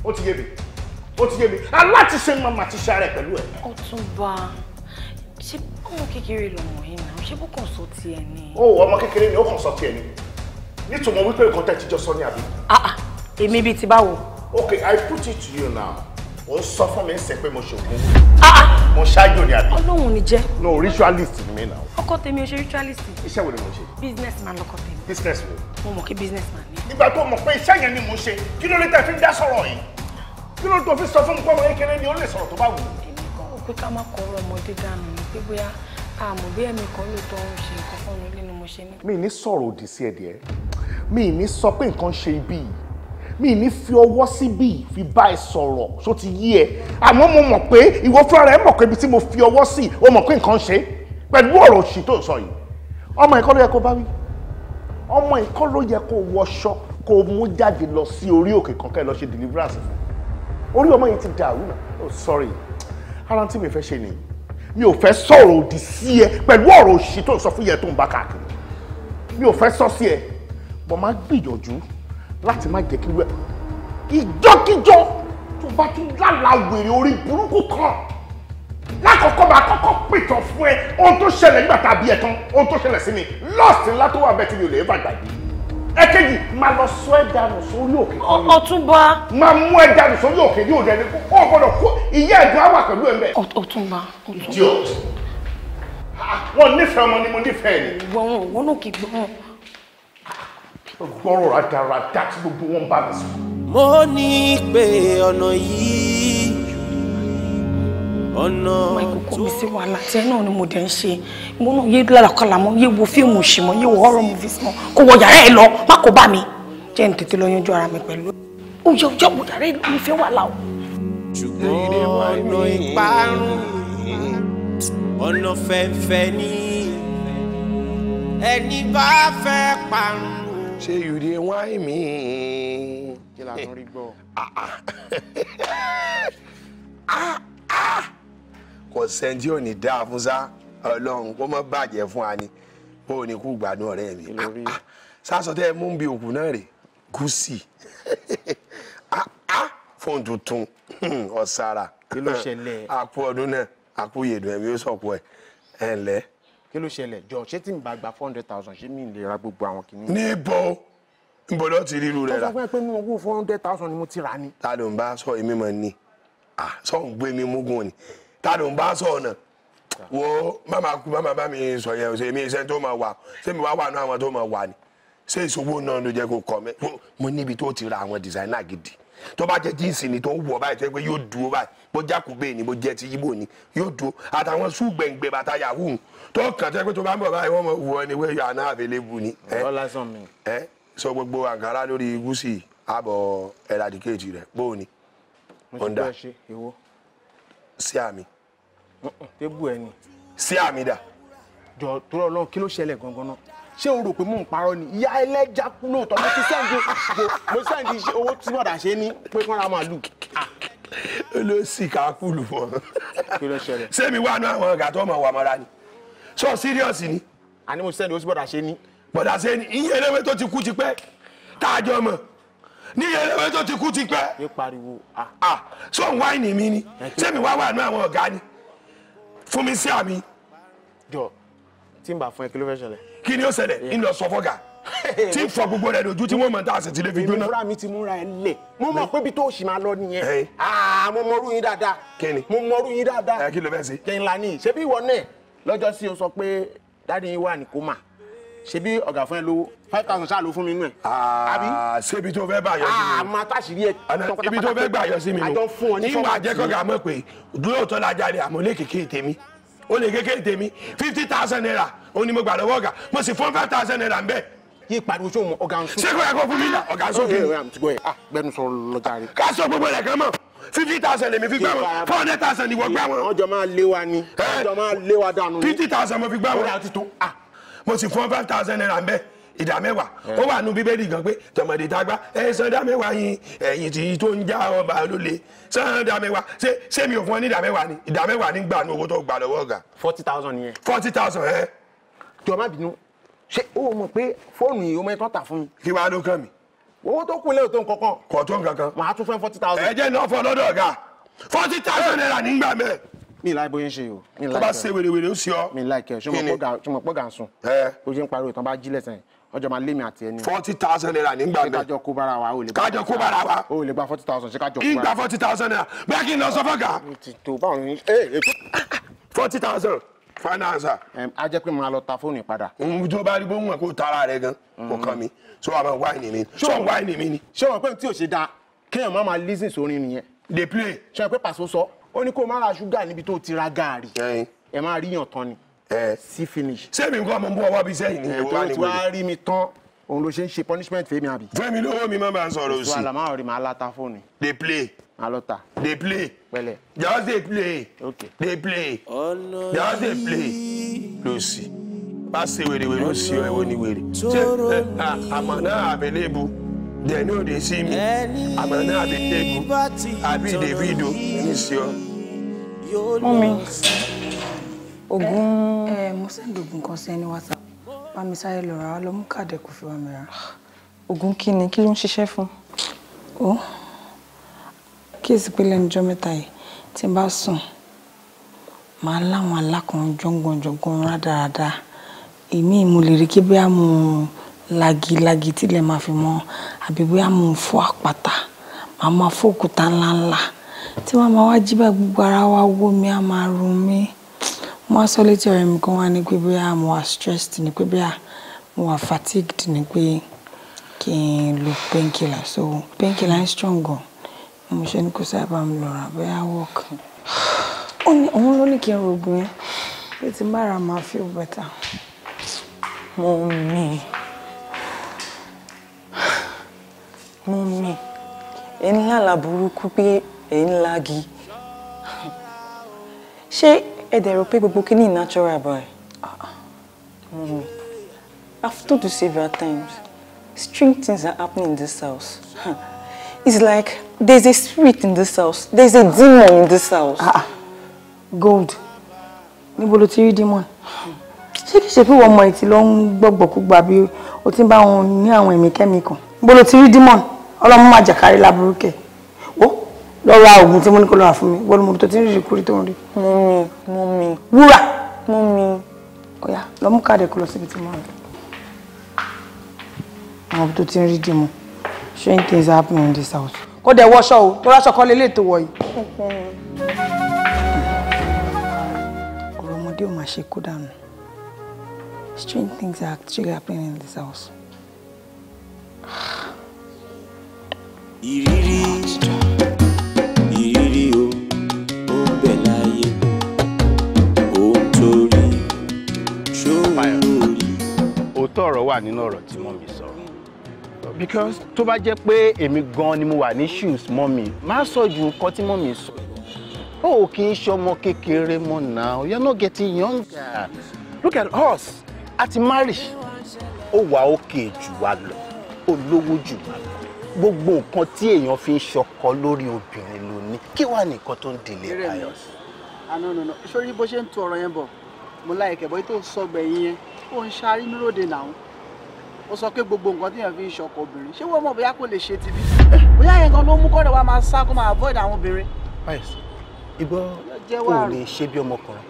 ó ti yé mi ó ti yé mi aláti ṣe máa máa ti ṣe ara ẹ pẹ̀lú ẹ. ọ̀túnba ṣé ọmọ kékeré lọmọ yìí náà ṣé bó kàn sọ tiẹ̀ ni. ó ọmọ kékeré ni ó kàn sọ tiẹ̀ ni nítorí wípé nǹkan tẹ̀ ti jọ sọ ni àbí. Ah, ah, èmi bíi ti báwo. ok i put it to you now ó sọ fún mi ń sẹ pé mo ṣògùn ah, ah. mo ṣáájú ni àbí. ọlọ́run ni jẹ́. no ritualist ni mí náà. ọkọ tèmi ò ṣe ritualist. iṣẹ́ wo ni mo ṣe. business man lọkọ tèmi. business wo. mo mọ̀ kí business man ni. nígbà tó mọ̀ pé iṣẹ́ yẹn ni mo ṣe kí ló lè tẹ̀ fi ń dá sọ̀rọ̀ yìí kí ló tó fi sọ fún mi pé ọmọ kékeré ni ó lè sọ̀rọ̀ tó bá wù ú. èmi kọ́ ò pé ká má kọ ọ̀rọ̀ ọmọdé dànù ni pé bóyá àmọ́ bí ẹ̀mí kan ló tọ́ ń ṣe nǹkan fún mi lé ni mo ṣe ní. mi ní sọ̀rọ̀ òdì sí ẹ̀dẹ̀ mi ní sọ pé nǹkan ṣe ibi yìí mi ní fi ọwọ́ síbi fi bá ẹ sọ̀rọ̀ tó ti yí ẹ àmọ́ mo mọ̀ pé ìwọ fúnra rẹ mọ̀ pé ibi tí mo fi ọwọ́ sí o mọ̀ pé nǹkan ṣe pẹ̀lú ọ̀rọ̀ òṣì tó sọ yìí ọmọ ìkọ́ ló yẹ kó bá wí ọmọ ìkọ́ ló yẹ kó wọṣọ kó mú jáde lọ sí orí òkè kankan lọ ṣe deliverance fún orí ọmọ yìí ti dàrú náà oh sorry ara tí mi fẹ́ ṣe nìyí mi ò fẹ́ sọ̀rọ̀ òdì sí ẹ pẹ̀lú ọ̀rọ̀ òṣì tó sọ fún yẹ tó ń bá káàkiri mi ò fẹ́ sọ sí ẹ bọ̀ máa gbìyànjú láti má jẹ́ kí wẹ̀ ìjọ́kíjọ́ tó bá tún lálà wèrè orí burúkú kan lákọ̀ọ́kọ́ máa kọ́kọ́ pìtàn fún ẹ ohun tó ṣẹlẹ̀ nígbà tá a bí ẹ tán ohun tó ṣẹlẹ̀ sí mi lọ́ọ̀sì ńlá tó wà bẹ́ẹ̀ tí mi ò lè fàgbà yìí ẹ̀kejì máa lọ sọ ẹ dànù sórí òkè kan ní. ọ̀túnba. máa mú ẹ dànù sórí òkè ní òde ẹni ó gbọ́dọ̀ kó ìyá ẹdùn á wà pẹ̀lú ẹ mbẹ. ọ̀túnba. idiot wọn nífẹ̀ẹ́ ọmọ ni mo nífẹ̀ẹ́ ni. gbọ́n wọn náà kì í gbọ́n gbọ́rọ̀ rádaràdá tí gbogbo wọn bá mi sọ. mo ní pé ọ̀nà yìí ọ̀nà tó. máa kókó mi sí wàhálà tí ẹ náà ni mo dẹ̀ ń ṣe mo náà yé lálàkàlà mọ́ yé wo fíìmù òṣì mọ́ yé wo horror movies mọ́ kó wọ yàrá ẹ lọ má kó bá mi jẹ́ n tètè lọ yanjú ara mi pẹ̀lú. ó yẹ ọjọ́ yàrá ẹ mi fẹ́ wàhálà o. ṣùgbọ́n ọ̀nà ìparun ọ̀nà fẹ́fẹ́ ni ẹni bá fẹ́ parun ṣé you dey whine me. kí la tún rí gbọ́. [laughs] Ah, ah. [laughs] Ah, kò sẹ́ńtì ò ní dáa fún sá ọlọ́run kó má bàjẹ́ fún wa ni bó o ní kú gbádùn ọ̀rẹ́ mi sásọ tẹ́ ẹ mú bí òkú náà rè gúúsì [laughs] fóun tuntun ọ̀sára àpò ọdún náà àpò ìyèdùn ẹ̀mí ó sọ̀kù ẹ̀ ẹ̀ ńlẹ́ kí ló ṣẹlẹ̀ jọ ṣé tí n bá gba four hundred thousand ṣé mi lè ra gbogbo àwọn kìnìún. níbo níbo ló ti ríru rẹ rà. ọsàn pé nínú owó four hundred thousand ni mo ti rà ni. ta ló ń bá sọ èmi mọ ni sọ ń gbé mi múgun ni ta ló ń bá sọ ọ̀nà wo mama kú mama bá mi sọ yẹn ṣe mi iṣẹ́ tó máa wà ṣé mi wá wà ní àwọn tó máa wà ni ṣé ìṣòwò náà ló jẹ́ kó kọ́ mi mo níbi tó ti ra àwọn dìsáínà gidi tó bá jẹ́ jíǹsì ni tó ń wọ̀ báyìí tó yẹ pé yóò dúró báyìí bó jákùbé ni bó jẹ́ ti yíbò ni yóò dúró àtàwọn ṣùgbẹ̀ǹgbẹ̀ bàtà yahoo tó kàn tẹ́ pé tó bá ń bọ̀ báyìí wọ́n mọ̀ wọ ẹni wẹ́ẹ́ yà náà available ni. ọ̀rọ̀ lásán mi. ẹ sọ gbogbo àǹkárá lórí gúúsì àbọ̀ eradicate rẹ̀ bó ni. mo ti bẹ́ẹ̀ ṣe ìwọ. sí àmì. tébù ẹ ni. sí àmì dà. jọ tóró Ọlọ́run kí ló ṣẹlẹ̀ gangan náà ṣé o rò pé mò ń parọ́ ni ìyá ẹlẹ́jà lóòótọ́ mo ti sẹ́ǹdì mo sẹ́ǹdì owó tí mọ̀dà ṣe ní pé kọ́ra màálù ló sì ká kúlù fún ọ. sẹ́mi wà ní àwọn ọ̀gá tó mọ̀ wà mọ́ra ni so serious ni. àní mo sẹ́ni ó sì bọ̀dà ṣe ni. bọ̀dà ṣe ni iye eléwé tó ti kú ti pẹ́ tá a jọ mọ̀ ní iye eléwé tó ti kú ti pẹ́. yóò pariwo a. a so wáìnì mi ni sẹ́mi wá wà ní àwọn ọ̀gá ni fún mi sí àmì. jọ tí n bá fún ẹ kí ló fẹ́ ṣẹlẹ̀. kí ni ó ṣẹlẹ̀ ń lọ sọ fọ́gà [laughs] tí n fọ gbogbo rẹ dojú tí wọn mọ tá a sì ti lè fi gbóná. ìmúra mi ti múra ẹ lẹ mo mọ pé bí tó ṣì máa lọ nìyẹn mo mọ orú yín dáadáa mo mọ orú yín dáadáa kí ló kí n la ní ṣebí ìwọ náà lọ́jọ́ sí o sọ pé dáàdi wà ní kómà ṣebí ọ̀gá fún ẹ lówó five thousand ṣáà ló fún mi nù ẹ. Ah, àbí ṣébi tó fẹ́ bá yọ sí mi. àmọ́ ah, àtàṣírí ẹ tọkọtaya ibi tó fẹ́ gbà yọ sí mi nù. àjọ fún ọ ní fọwọ́ ìwà àjẹkọ̀gà mọ̀ pé lóòótọ́ lajà rẹ̀ àmọ́ lè kékeré tèmi ó lè kékeré tèmi fifty thousand naira ó ní mo gbà lọ́wọ́ ọ̀gá mo sì fún five thousand naira ń bẹ́ẹ̀ yí pariwo sóhun ọ̀gá ń sún. ṣé kò yẹ kó fún mi ní ọ̀gá sókè. gbẹnusọ lọjà rẹ. ká sọ gbogbo rẹ kàn mọ fifty thousand lèmi fi gbà wọn four hundred thousand ìwọ gbà wọn. ọjọ́ máa lé wa ni ọjọ́ máa lé wa dànù ni fifty thousand mo fi gbà wọn ah, mo sì fún five thousand naira mbẹ ìdá mẹ́wàá ó wà nù bíbélì gan pé tọmọdé tá a gbá ẹ san dá mẹ́wàá yín ẹ̀yìn tí tó ń já ọba lólè san dá mẹ́wàá ṣé ṣé mi ò fún ọ ní ìdá mẹ́wàá ni ìdá mẹ́wàá ni gbà ní owó tó gbà lọ́wọ́ ọ̀gá. forty thousand yẹn. forty thousand ẹ. jọba bínú ṣé o mọ̀ pé fóònù yìí o mọ̀ ẹ́ tọ́ta fún mi. kí wàá ló kàn mí owó tó kù lẹ́yìn tó ń kankan. kankan. màá tún fẹ́ forty thousand. ẹ jẹ́ náà fọ lọ́dọ̀ ọ̀gá forty thousand naira nígbà mẹ́. mi láì bóyá ṣe o. mi láì kẹ́ ọ tó bá ṣe wèrèwèrè ó ṣe ọ. mi láì kẹ́ ọ ṣe mo pọ́ gàǹsùn. ẹ o ṣe ń pariwo ìtàn bá jí lẹ́sẹ̀ ọjọ́ máa lé mi àti ẹni. forty thousand naira nígbà mẹ́. kájọ kó bára wa o lè gba. o lè gba forty thousand ṣe kájọ kó bára. ìgbà forty thousand naira bẹ́ẹ̀ kí n lọ sọ fọ́gà. forty thousand finance. a jẹ́ pé màá lọ ta fóònù padà. tó bá rí bóun kó tara rẹ gan kò mm-hmm. kàn mí so àmọ́ wáìnì mi so wáìnì mi ni. ṣé wọn pé tí o ṣe da kéèyàn má máa lísìn sórin nìyẹn. dey play. ṣé wọn pé pàṣẹ sọ ó ní kó o má ra ṣúgà níbi tó o ti ra gaàrí ẹ máa ríyàn tán ni sí finish. sẹ́mi nǹkan ọmọ bọ́ wá bí sẹ́yìn ni ẹ̀wọ́ àlejò. ètò tí wàá rí mi tán òun ló ṣe ń ṣe punishment fẹ́mi àbí. fẹ́mi lówó mi máa bá a sọ̀rọ̀ sí alọta. dey play. pẹ̀lẹ́. just dey play. okay. dey play. just dey play. lọsi bá ṣe wèrèwèrè ó sì ọ ẹwọ ni wèrè. ṣé àmọ̀ náà àbẹ̀lẹ̀ bu dẹ̀ ní òde sí mi àmọ̀ náà àbẹ̀lẹ̀ bu àbí davido ní sí ọ. mọ́mi oògùn. ẹ mo sẹ́ndì oògùn kan sí ẹni whatsapp bá mi sáré lọ rà á lọ mú káàdì kò fi wá mi rà oògùn kí ni kí ló ń ṣiṣẹ́ fún. ó. Oh kíyèsí pé lẹ́nu ọjọ́ mẹ́ta yìí tí n bá sùn màá láwọn alákan jọ̀ǹgànjọ̀ǹgàn rádaràda èmi mo lè rí kí bóyá mo lagilagi tílẹ̀ máa fi mọ́ àbí bóyá mo fọ́ àpáta màá máa fọ́ òkúta ńláńlá tí wọ́n wá jí bá gbogbo ara wa wó mi á máa ru mi mo á létí ọ̀rẹ́ mi kan wá ní pé bóyá mo wà stressed ni pé bóyá mo wà fatigued ni pé kí n lo painkiller so painkiller ń strong gan mo ṣe ní kó sábà ń lọ rà bẹ́ẹ̀ work òun ló ní kí n rògùn yẹn pé tí má ra máa feel better mo mi mo mi ẹni lálà burúkú pé ẹ̀ ń lagi ṣé ẹ dẹ̀ rò pé gbogbo kí ni natural boy mo mi I've told you several times strange things are happening in this house it's like There's a spirit in this house. There's a demon in this house. Ah, gold. Níbo lo ti rí demon? Ṣé kìí ṣe pé wọ́n mọ ìtì lọ ń gbọ́gbọ̀kúgbà bí o ti ń bá wọn ní àwọn ẹ̀mí kan? Níbo ti rí demon? Ọlọ́mú máa jàkárí láburú kẹ̀. Ó ra oògùn tí mo ní kó lọ́ra fún mi. Wọ́n mo tó ti ń rí ìkúrí tó ń rí. Mummy, mummy. Wúrà. Mummy. Ọ̀yá lọ́mú káàdì kó lọ síbi tí mo rà. Àwọn tó ti demon. Strange things happening in this house kó dẹ̀ wọṣọ o tó ráṣọ kọ́ lélẹ̀ tó wọ̀ yìí. ọ̀rọ̀ ọmọdé ò máa ṣe kó dànù strange things are actually happening in this house. ìrírí ìrírí o ó ń bẹ láyé òun torí ṣó ń lórí. òótọ́ ọ̀rọ̀ wà nínú ọ̀rọ̀ tí mọ́mì sọ because tó bá jẹ́ pé èmi gan ni mo wà ní shoes mọ́mì má sọ ju nǹkan tí mọ́mì sọ ó kì í ṣọmọ kékeré mọ́ now you are not getting younger look at us àti marry ó wà òkè jù wá lọ olówó jù wá lọ gbogbo nǹkan tí èèyàn fi ń ṣọkọ lórí obìnrin ló ní kí wàá nìkan tó ń délé ayọ̀. àná nùnà sórí bó ṣe ń tu ọ̀rọ̀ yẹn bọ̀ mo láìkẹ̀ bọ́ tó sọ gbẹ̀yìn yẹn ó ń ṣe arínúròde náà ó sọ pé gbogbo nǹkan tí èèyàn fi ń ṣọkọ obìnrin ṣé wọ́n mọ̀ bóyá kò lè ṣe tibí bóyá yẹn gan ló mú kọ́rẹ̀ wa máa sá kó máa avoid àwọn obìnrin. báyìí ìgbọ́ ò lè ṣe bí ọmọkùnrin.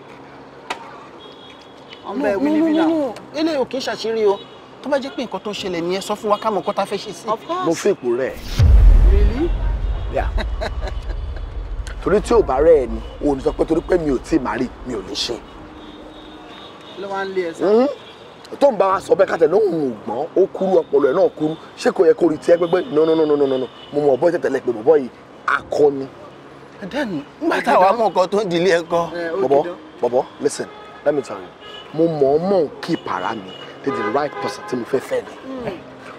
ọmọ ẹ̀wí níbí náà. eléyìí kì í ṣàṣírí o tó bá jẹ́ pé nǹkan tó ń ṣẹlẹ̀ nìyẹn sọ fún wa káàmù nǹkan tá a fẹ́ ṣe sí. mo fún ìpò rẹ̀. really? yeah. torí tí ò bá rẹ̀ ẹ̀ ni òun sọ pé torí pé mi ò tí ì má rí mi ò lè ṣe. ló wá ń lé ẹ sọ tó ń bá wa sọ bẹ́ẹ̀ ká tẹ̀ lóhùn ògbọ́n ó kúrú ọpọlọ ẹ̀ náà kúrú ṣé kò yẹ kó rí tiẹ́ gbẹ́gbẹ́ no no no no no no mo mọ̀ bọ́ tẹ̀tẹ̀lẹ̀ pé bọ̀bọ̀ yìí akọni. dẹ́nu nígbà táwa mọ̀ nǹkan tó ń dilé ẹ kọ́. bọ̀bọ̀ bọ̀bọ̀ listen let me tell you mo mọ̀ ọ́ mọ̀ keep ara mi to the right person tí mo fẹ́ fẹ́ ni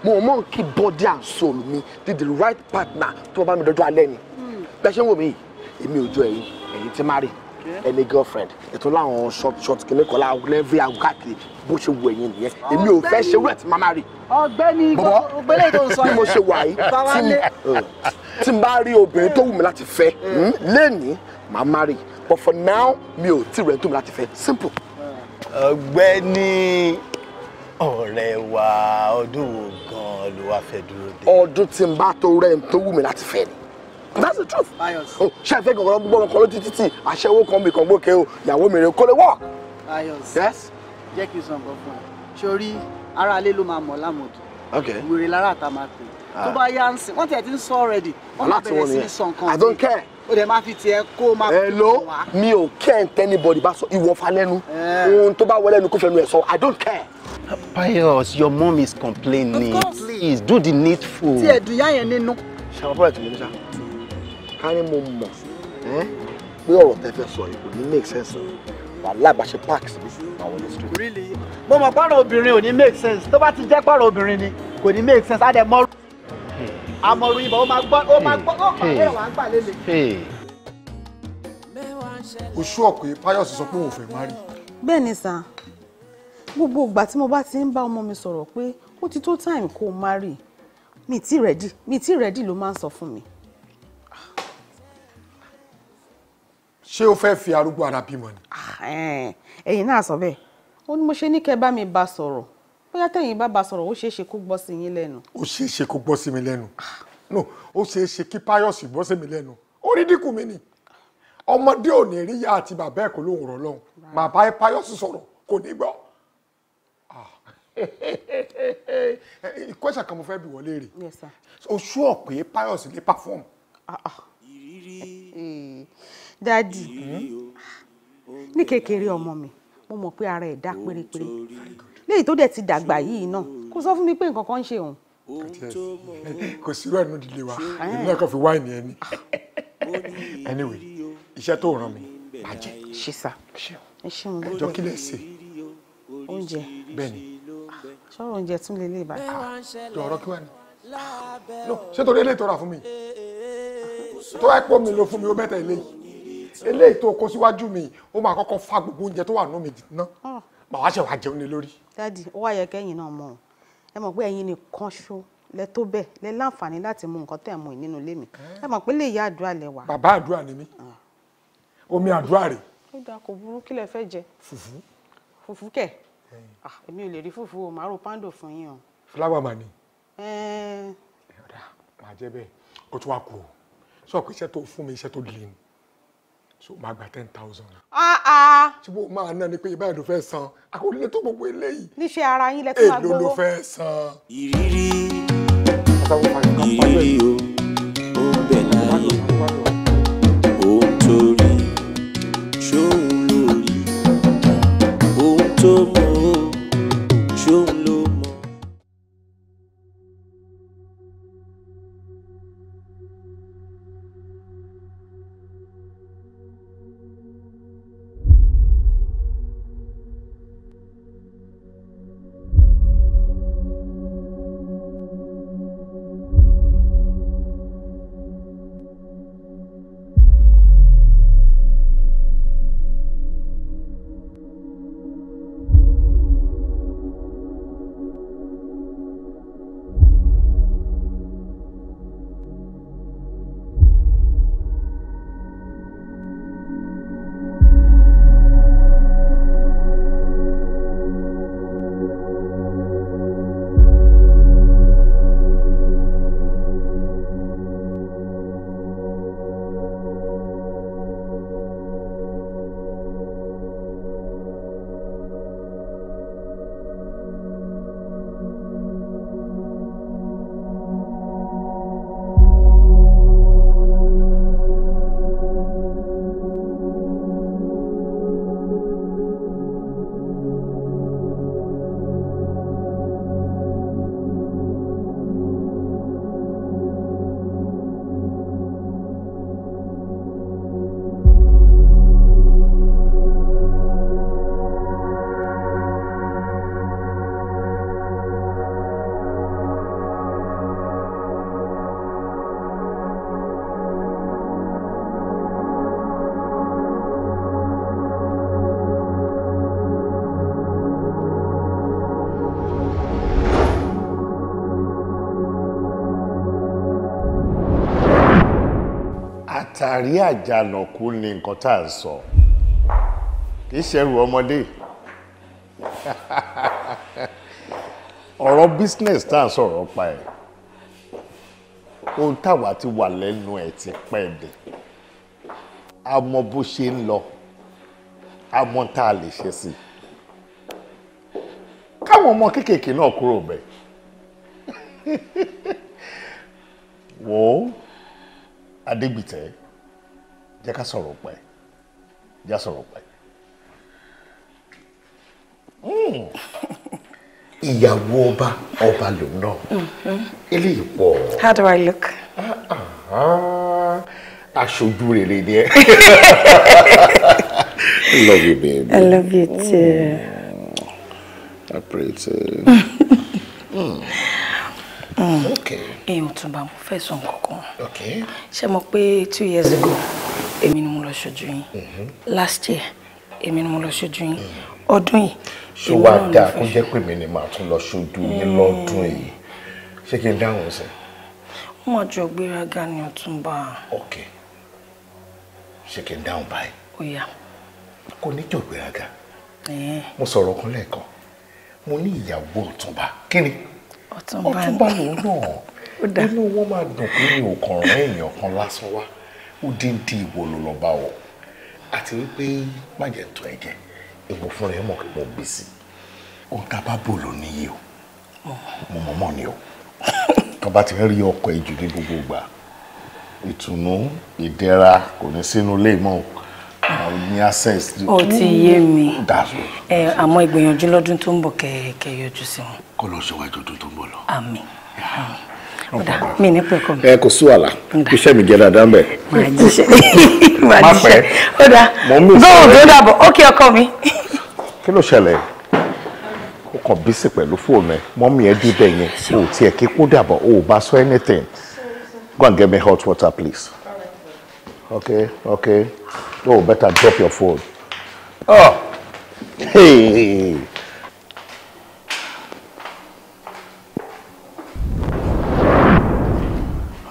mo mọ̀ ọ́ keep body and soul mi to the right partner tó bá mi dọ́jọ́ alẹ́ ni hmm. bẹ́ẹ̀ ṣe ń wò mí yìí èmi ò jọ ẹ̀yin ẹ̀yin ti má rí ẹni girlfriend ètò láwọn short short kìíní kan láwọn lẹ́ẹ̀fì àwọn káàkiri bó ṣe wù ẹ̀yìn nìyẹn èmi ò fẹ́ ṣe wet mama rí. ọ̀gbẹ́ni ọ̀gbẹ́ni tó ń sọ yìí bí mo ṣe wà yìí hmm. tí n bá rí obìnrin tó wù mí láti fẹ́ hmm, lẹ́ni màá rí but for now mi ò tí rẹ̀ tó mi láti fẹ́ simple. ọ̀gbẹ́ni ọ̀rẹ́ wa ọdún wo gan-an ló wá fẹ́ dúró dé. ọdún tí n bá tó rẹ̀ tó wù mí láti fẹ́ ni that's the truth. Ayos. Oh, she àfẹ́ kankan gbọ́ ọmọ kan lójú títì aṣẹ́wó kan mi kan gbókè o ìyàwó mi rè kó lè wọ̀. Ayos. yes. jẹ́ kí n sọ nǹkan fún ẹ sórí aráalé ló máa mọ̀ lámòdù. ok wèrè lára àtà máa pè ah. tó bá yá ń sìn wọ́n tiẹ̀ ti ń already wọ́n máa bẹ̀rẹ̀ sí í sọ I don't care ó dẹ̀ máa fi tiẹ̀ kó máa fi wá. hello mi ò care n anybody. bá sọ ìwọ fa lẹ́nu eh. ohun tó bá wọlé ẹnu kó fẹnu ẹ̀ sọ I don't care. Pius your mom is complaining please do the needful. tí ẹ̀dùn yá yẹn Shall ṣàbọ̀ ẹ̀ tó lè ní sá ká ní mo mọ̀ pé ọ̀rọ̀ tẹ́ fẹ́ sọ yìí kò ní make sense wàhálà bá ṣe park sí àwọn ilé street. really mo mọ̀ pàrọ̀ obìnrin ò ní make sense tó bá ti jẹ́ pàrọ̀ obìnrin ni kò ní make sense á dẹ̀ mọ́ àmọ̀rún ibà ó máa gbọ́ ó máa gbọ́ ó pàdé ẹ̀wà ń gbà lélẹ̀. oṣù ọ̀pẹ Pius sọ pé òun fẹ́ má rí. bẹ́ẹ̀ ni sà gbogbo ìgbà tí mo bá ti ń bá ọmọ mi sọ̀rọ̀ pé ó ti tó time kó o má rí mi ti ready mi ti ready ló máa ń sọ fún mi. ṣé o fẹ́ fi arúgbó ara bímọ ni. Ah, ẹ̀yin náà sọ bẹ́ẹ̀ ó ní mo ṣe ní kẹ́ bá mi bá sọ̀rọ̀ bóyá tẹ̀yin bá bá sọ̀rọ̀ ó ṣeé ṣe kó gbọ́ sí yín lẹ́nu. ó ṣeé ṣe kó gbọ́ sí mi lẹ́nu no ó ṣeé ṣe kí Pius gbọ́ sí mi lẹ́nu ó dínkù mi ni ọmọdé ò rí ya àti bàbá ẹ̀ kó lóun rọ̀ lọ́hùn bàbá Pius sọ̀rọ̀ kò ní gbọ́. Ah. [laughs] Eh, question kan mo fẹ́ bi wọlé rè oṣù ọ̀pẹ Pius lè perform. Ah, dádì hmm? ní kékeré ọmọ mi mo mọ̀ pé ara ẹ̀ dá pérépéré léyìí tó dẹ̀ ti dàgbà yìí náà kó sọ fún mi pé nǹkan kan ń ṣe òun. kò sí irú ẹnu ìdílé wa èmi náà kàn fi wáìnì ẹni anyway iṣẹ́ tó ràn mí bàjẹ́. ṣíṣà ẹ ṣeun lọ. ẹjọ kí lè ṣe. oúnjẹ. bẹ́ẹ̀ni. sọ̀rọ̀ oúnjẹ tún lè lè bá. dọ̀rọ̀ kí wà ní. ṣé torí eléyìí tó rà fún mi tó ẹ̀ pọ̀ mi ló fún mi ó bẹ́tẹ̀ eléyìí eléyìí tó kó síwájú mi ó máa kọ́kọ́ fa gbogbo oúnjẹ tó wà nù mí ná màá wá ṣe wàá jẹun ní lórí. dádì ó wáyẹ kẹ́yìn náà mọ̀ ẹ mọ̀ pé ẹ̀yin nìkan ṣo lẹ tó bẹ́ẹ̀ lẹ láǹfààní láti mú nǹkan tẹ̀ mú nínú ilé mi eh. ẹ mọ̀ pé lè yá àdúrà lẹ wà. bàbá àdúrà ni mí ah. omi àdúrà rè. ó dáa kò burú kí lẹ fẹ́ jẹ. fùfú. fùfú kẹ̀ ah, èmi ò lè rí fùfú o màá ro pándò fún yín o. fúláwà mà ní. Eh. ọ̀dà màá jẹ́ bẹ́ẹ̀ ó tún wá kú o sọ pé iṣẹ́ tó fún mi iṣẹ́ tó le ni so máa gba ten thousand. tí mo máa ná ni pé ìbáyìí ló fẹ́ san àkọlé tó gbogbo eléyìí. níṣẹ́ ara yín lẹ́tọ́ máa gbowó. èló ló fẹ́ san. ìrírí ìrírí o ó bẹ̀ láyé. ari ajana ku ni nkan ta so ki se ru omode oro business ta so oro pa e on ta wa ti wa lenu e ti pe de amo bo se nlo amo ta le se si kawo mo kekeke na kuro be wo adegbite jẹ́ ká sọ̀rọ̀ pẹ́ jẹ́ sọ̀rọ̀ pẹ́. Hmm. ìyàwó ọba ọba lòun náà eléyìí mm-hmm. pọ̀. how do I look. aṣojú rere ni ẹ. [laughs] love you baby. I love you too. Mm. I pray too. Eh. [laughs] mm. Hmm. okay. ẹ ò tún bá mo fẹ́ sọ nǹkan kan ṣe mo pé two years ago èmi ni mo lọ ṣojú yín last year èmi ni mo lọ ṣojú yín ọdún yìí ṣó wá dáa kó jẹ́ pé mi ni màá tún lọ ṣojú yín mm. lọ́dún yìí ṣé kí n dáhùn sí. wọ́n máa jọ gbéraga ni ọ̀túnba. ok ṣé kí n dáhùn báyìí. ó yá. kò ní jọ gbéraga mo sọ̀rọ̀ kan lẹ́ẹ̀kan mo ní ìyàwó ọ̀túnba kí ni ọ̀túnba lòun náà inú wọn máa dùn pé mi ò kàn rán èèyàn kan lásán wá ó dín dín ìwọ ló lọ bá ọ àti wípé má jẹ́ tán ẹ̀jẹ̀ èmo fúnra ẹ̀ mọ̀ pé mo bí sí i ó ń bá bò ló níyì o mo mọ̀ mọ̀ ni o tó bá ti ń rí ọkọ̀ ìjù ní gbogbo ìgbà ìtùnú ìdẹ̀ra kò ní sínú ilé mọ́ o ní access. ó ti yé mi ẹ àmọ́ ìgbìyànjú lọ́dún tó ń bọ̀ kẹ̀kẹ́ yọjú sí wọn. kó lọ ṣèwádìí ọdún tó ń bọ̀ lọ. àmín. àmín ọ̀dà mi ní pẹ̀kọ́ mi. ẹ kò sí wàhálà iṣẹ́ mi jẹ́ dáadáa mbẹ́. màá jíṣẹ́ màá [laughs] jíṣẹ́ ọ̀dà gbóhùn tó dàbọ̀ ókè ọkọ mi. kí ló ṣẹlẹ̀ o kàn bísí pẹ̀lú fóònù ẹ mọ́mí ẹ dúdẹ̀ yẹn o ò tiẹ̀ kí kó dàbọ̀ o ò bá sọ anything go and get me hot water please okay okay oh better drop your phone oh hey.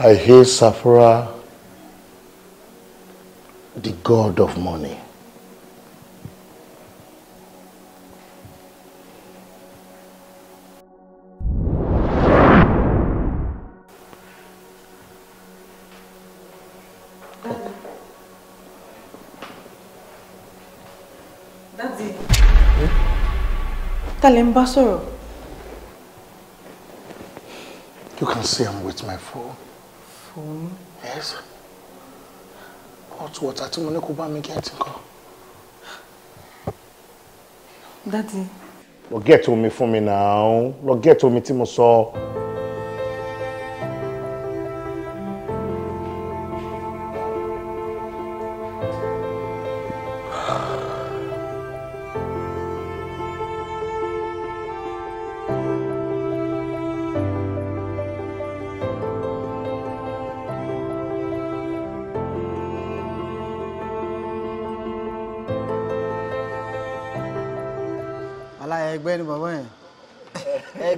I hate Safra, the god of money. Hmm? tàlẹ̀ ń You can see I'm with my phone. Fúnmi. Yes. Hot water tí mo ní kó bá mi gẹ́ẹ̀tì kan. Daddy. Lọ gẹ́ẹ̀tì omi fún mi náà. Lọ gẹ́ẹ̀tì omi tí mo sọ. So.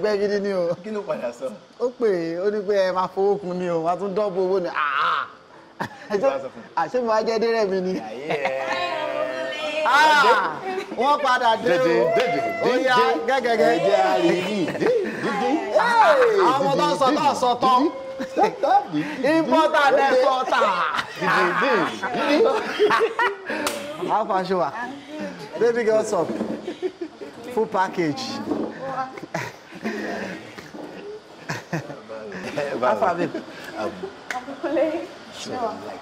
ẹgbẹ́ gidi ni o. kí ló padà sọ. ó pè é ó ní pé ẹ máa fowó kun ni o wàá tún dọ́ọ̀bù owó ni ah, ah. àṣé mo wá jẹ́ dérẹ́ mi ni. Ah, wọ́n padà dé o ó yá gẹ́gẹ́gẹ́. ẹ̀jẹ̀ àríyí àwọn ọmọ tó ń sọ tó ń sọ tán How far Showa? Baby girl, what's Full package. Afa [laughs] babe. Um, Abukule. So like,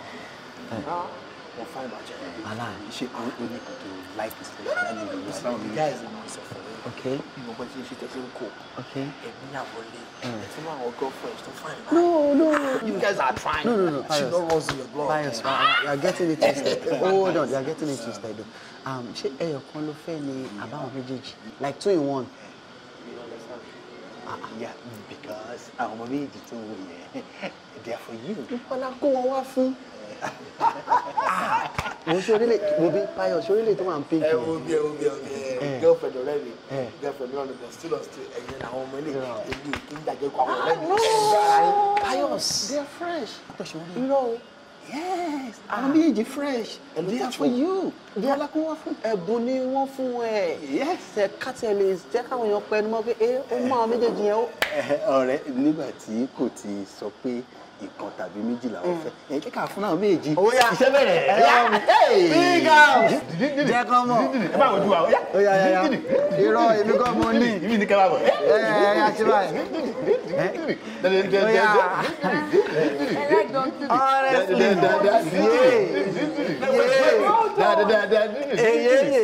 wọ́n fáwọn ìbàjẹ́ rẹ̀. Ṣé o ní kòtò láìpẹ́ sí ẹ̀ka ní ìlú Islam? Ìyá ẹ̀sìn máa ń sọ fún mi. Ìmọ̀ pé ṣe ṣe tẹ́sí ń kó. Ẹ̀mí àwọlé. Ẹ̀tí máa wọ girlfriend tó fáìn náà. No no no. You guys are trying. No no no. She no runs in your blood. Bios, uh, you are getting it twisted. [laughs] Hold on, you are getting it twisted. Um, ṣé ẹyọ kan ló fẹ́ ni àbáwọn méjèèjì? Like two in one. Ah, ah. Yeah because àwọn ọmọ méjì tó wù yẹn they are for you. ìpàlà kó wọn wá fún. Ah, mo ṣe orílẹ̀ mo bí payọ̀ ṣe orílẹ̀ tó wà ń pín kì í. ẹ wo bí ẹ wo bí ẹ girlfriend eh. already. girlfriend ọ̀rẹ́ mi but eh. still on still ẹ̀yẹn àwọn ọmọ ilé èmi ò kí ń dàgẹ́ kọ àwọn ọ̀rẹ́ mi. Oh, payọ̀ they are fresh. irọ́ o yes àwọn ah. méjèèjì fresh they are for you bọ́lá kó wọ́n fún ẹ̀bùn ni wọ́n fún ẹ yes ẹ kátẹ́lẹ̀ jẹ́ káwọn èèyàn pẹ́ ẹnu mọ́ pé ó mọ àwọn méjèèjì yẹn ó. [laughs] ọ̀rẹ́ nígbà tí kò ti sọ pé ìkan tàbí méjì làwọn fẹ́ ẹ jẹ́ ká fún náà méjì iṣẹ́ bẹ̀rẹ̀ ẹ yá bíga jẹ́ kán mọ̀ ẹ bá wojú wa ó yá irọ́ èmi kọ́ mo ní ìmí ní kẹ́lá bọ̀ ẹ ẹ yá sí báyìí ó yá honestly yé yé eyé yé.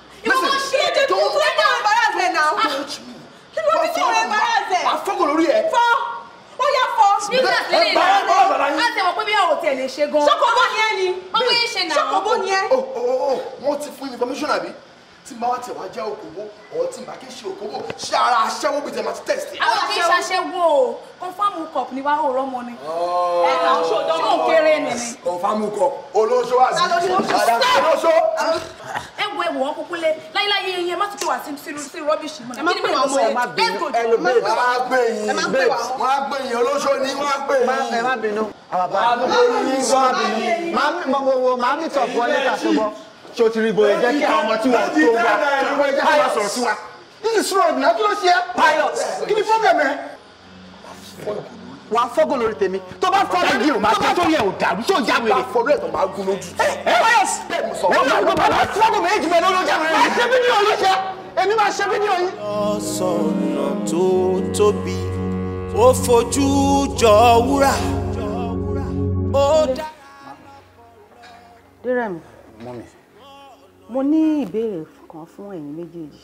ìwọ ló ṣe é jẹ́ kí n tún ẹ̀yà embarrass ẹ̀ náà. kí You fi tún ọ̀rọ̀ embarrass ẹ̀. àfọ́gò lórí ẹ̀. fọ́ ó yá fọ́. nígbà tí ilé ìlànà rẹ̀ á tẹ̀wọ̀ pé bí ọ̀rọ̀ tẹ̀ lè ṣe gan. ṣọkọ̀bó ni ẹ ni. ọmọ yẹn ṣe náà. ṣọkọ̀bó ni ẹ. wọ́n oh, oh, oh, ti fún information àbí tí máa tẹ̀ wọ́n jẹ́ òkòwò ọ̀ tí màá kí ṣe òkòwò ṣé ara aṣẹ́wó bíi tẹ̀ máa ti tẹ̀sí. àwọn àfi ṣaṣẹ́wó o kọ́fàmù kọ̀p ni wàá òòrọ̀ mọ ni. ẹ̀ka oṣù ọjọ́ mọ̀ kéré ni. kọ́fàmù kọ̀p olóṣó àti olóṣó. ẹ wo ẹwọ wọn kúkú láyéláyé yẹn má tutù wá sí rọbìṣì mọ. ẹ má pè wọn mọ ẹ má bínú ẹ ló bẹ wọn á gbé yín wọn yín olóṣó ni wọn á yín. ẹ má bínú. àbàbà àbúrò yín sọ àbí yín. màá mi tọ̀ fún ọ níta ṣùgbọ́n ṣé o ti rí bóyá jẹ́ kí àwọn ọmọ tí wọ́n tó wá bóyá jẹ́ kí wọ́n sọ̀rọ̀ sí wa this is wrong na kí ló ṣe é. pilot kí ni problem ẹ. wàá fọ́gọ́ lórí tèmi tó bá fọ́ mi yìí o máa jẹ́ tó yẹ o dàrú tó já wèrè. fọ́ rẹ̀ tó máa gún lójú. ẹ ẹ pius wọ́n máa gbọ́ bàbá fọ́gọ́ méjì bẹ́ẹ̀ lọ́jọ́ jáwé. máa ṣe fídíò yìí ṣe èmi máa ṣe fídíò yìí. ọ̀sọ̀nà tó tóbi ó fojú jọ wúrà ó dá. dírẹ̀mù. mọ́mi mo ní ìbéèrè kan fún ẹ̀yin méjèèjì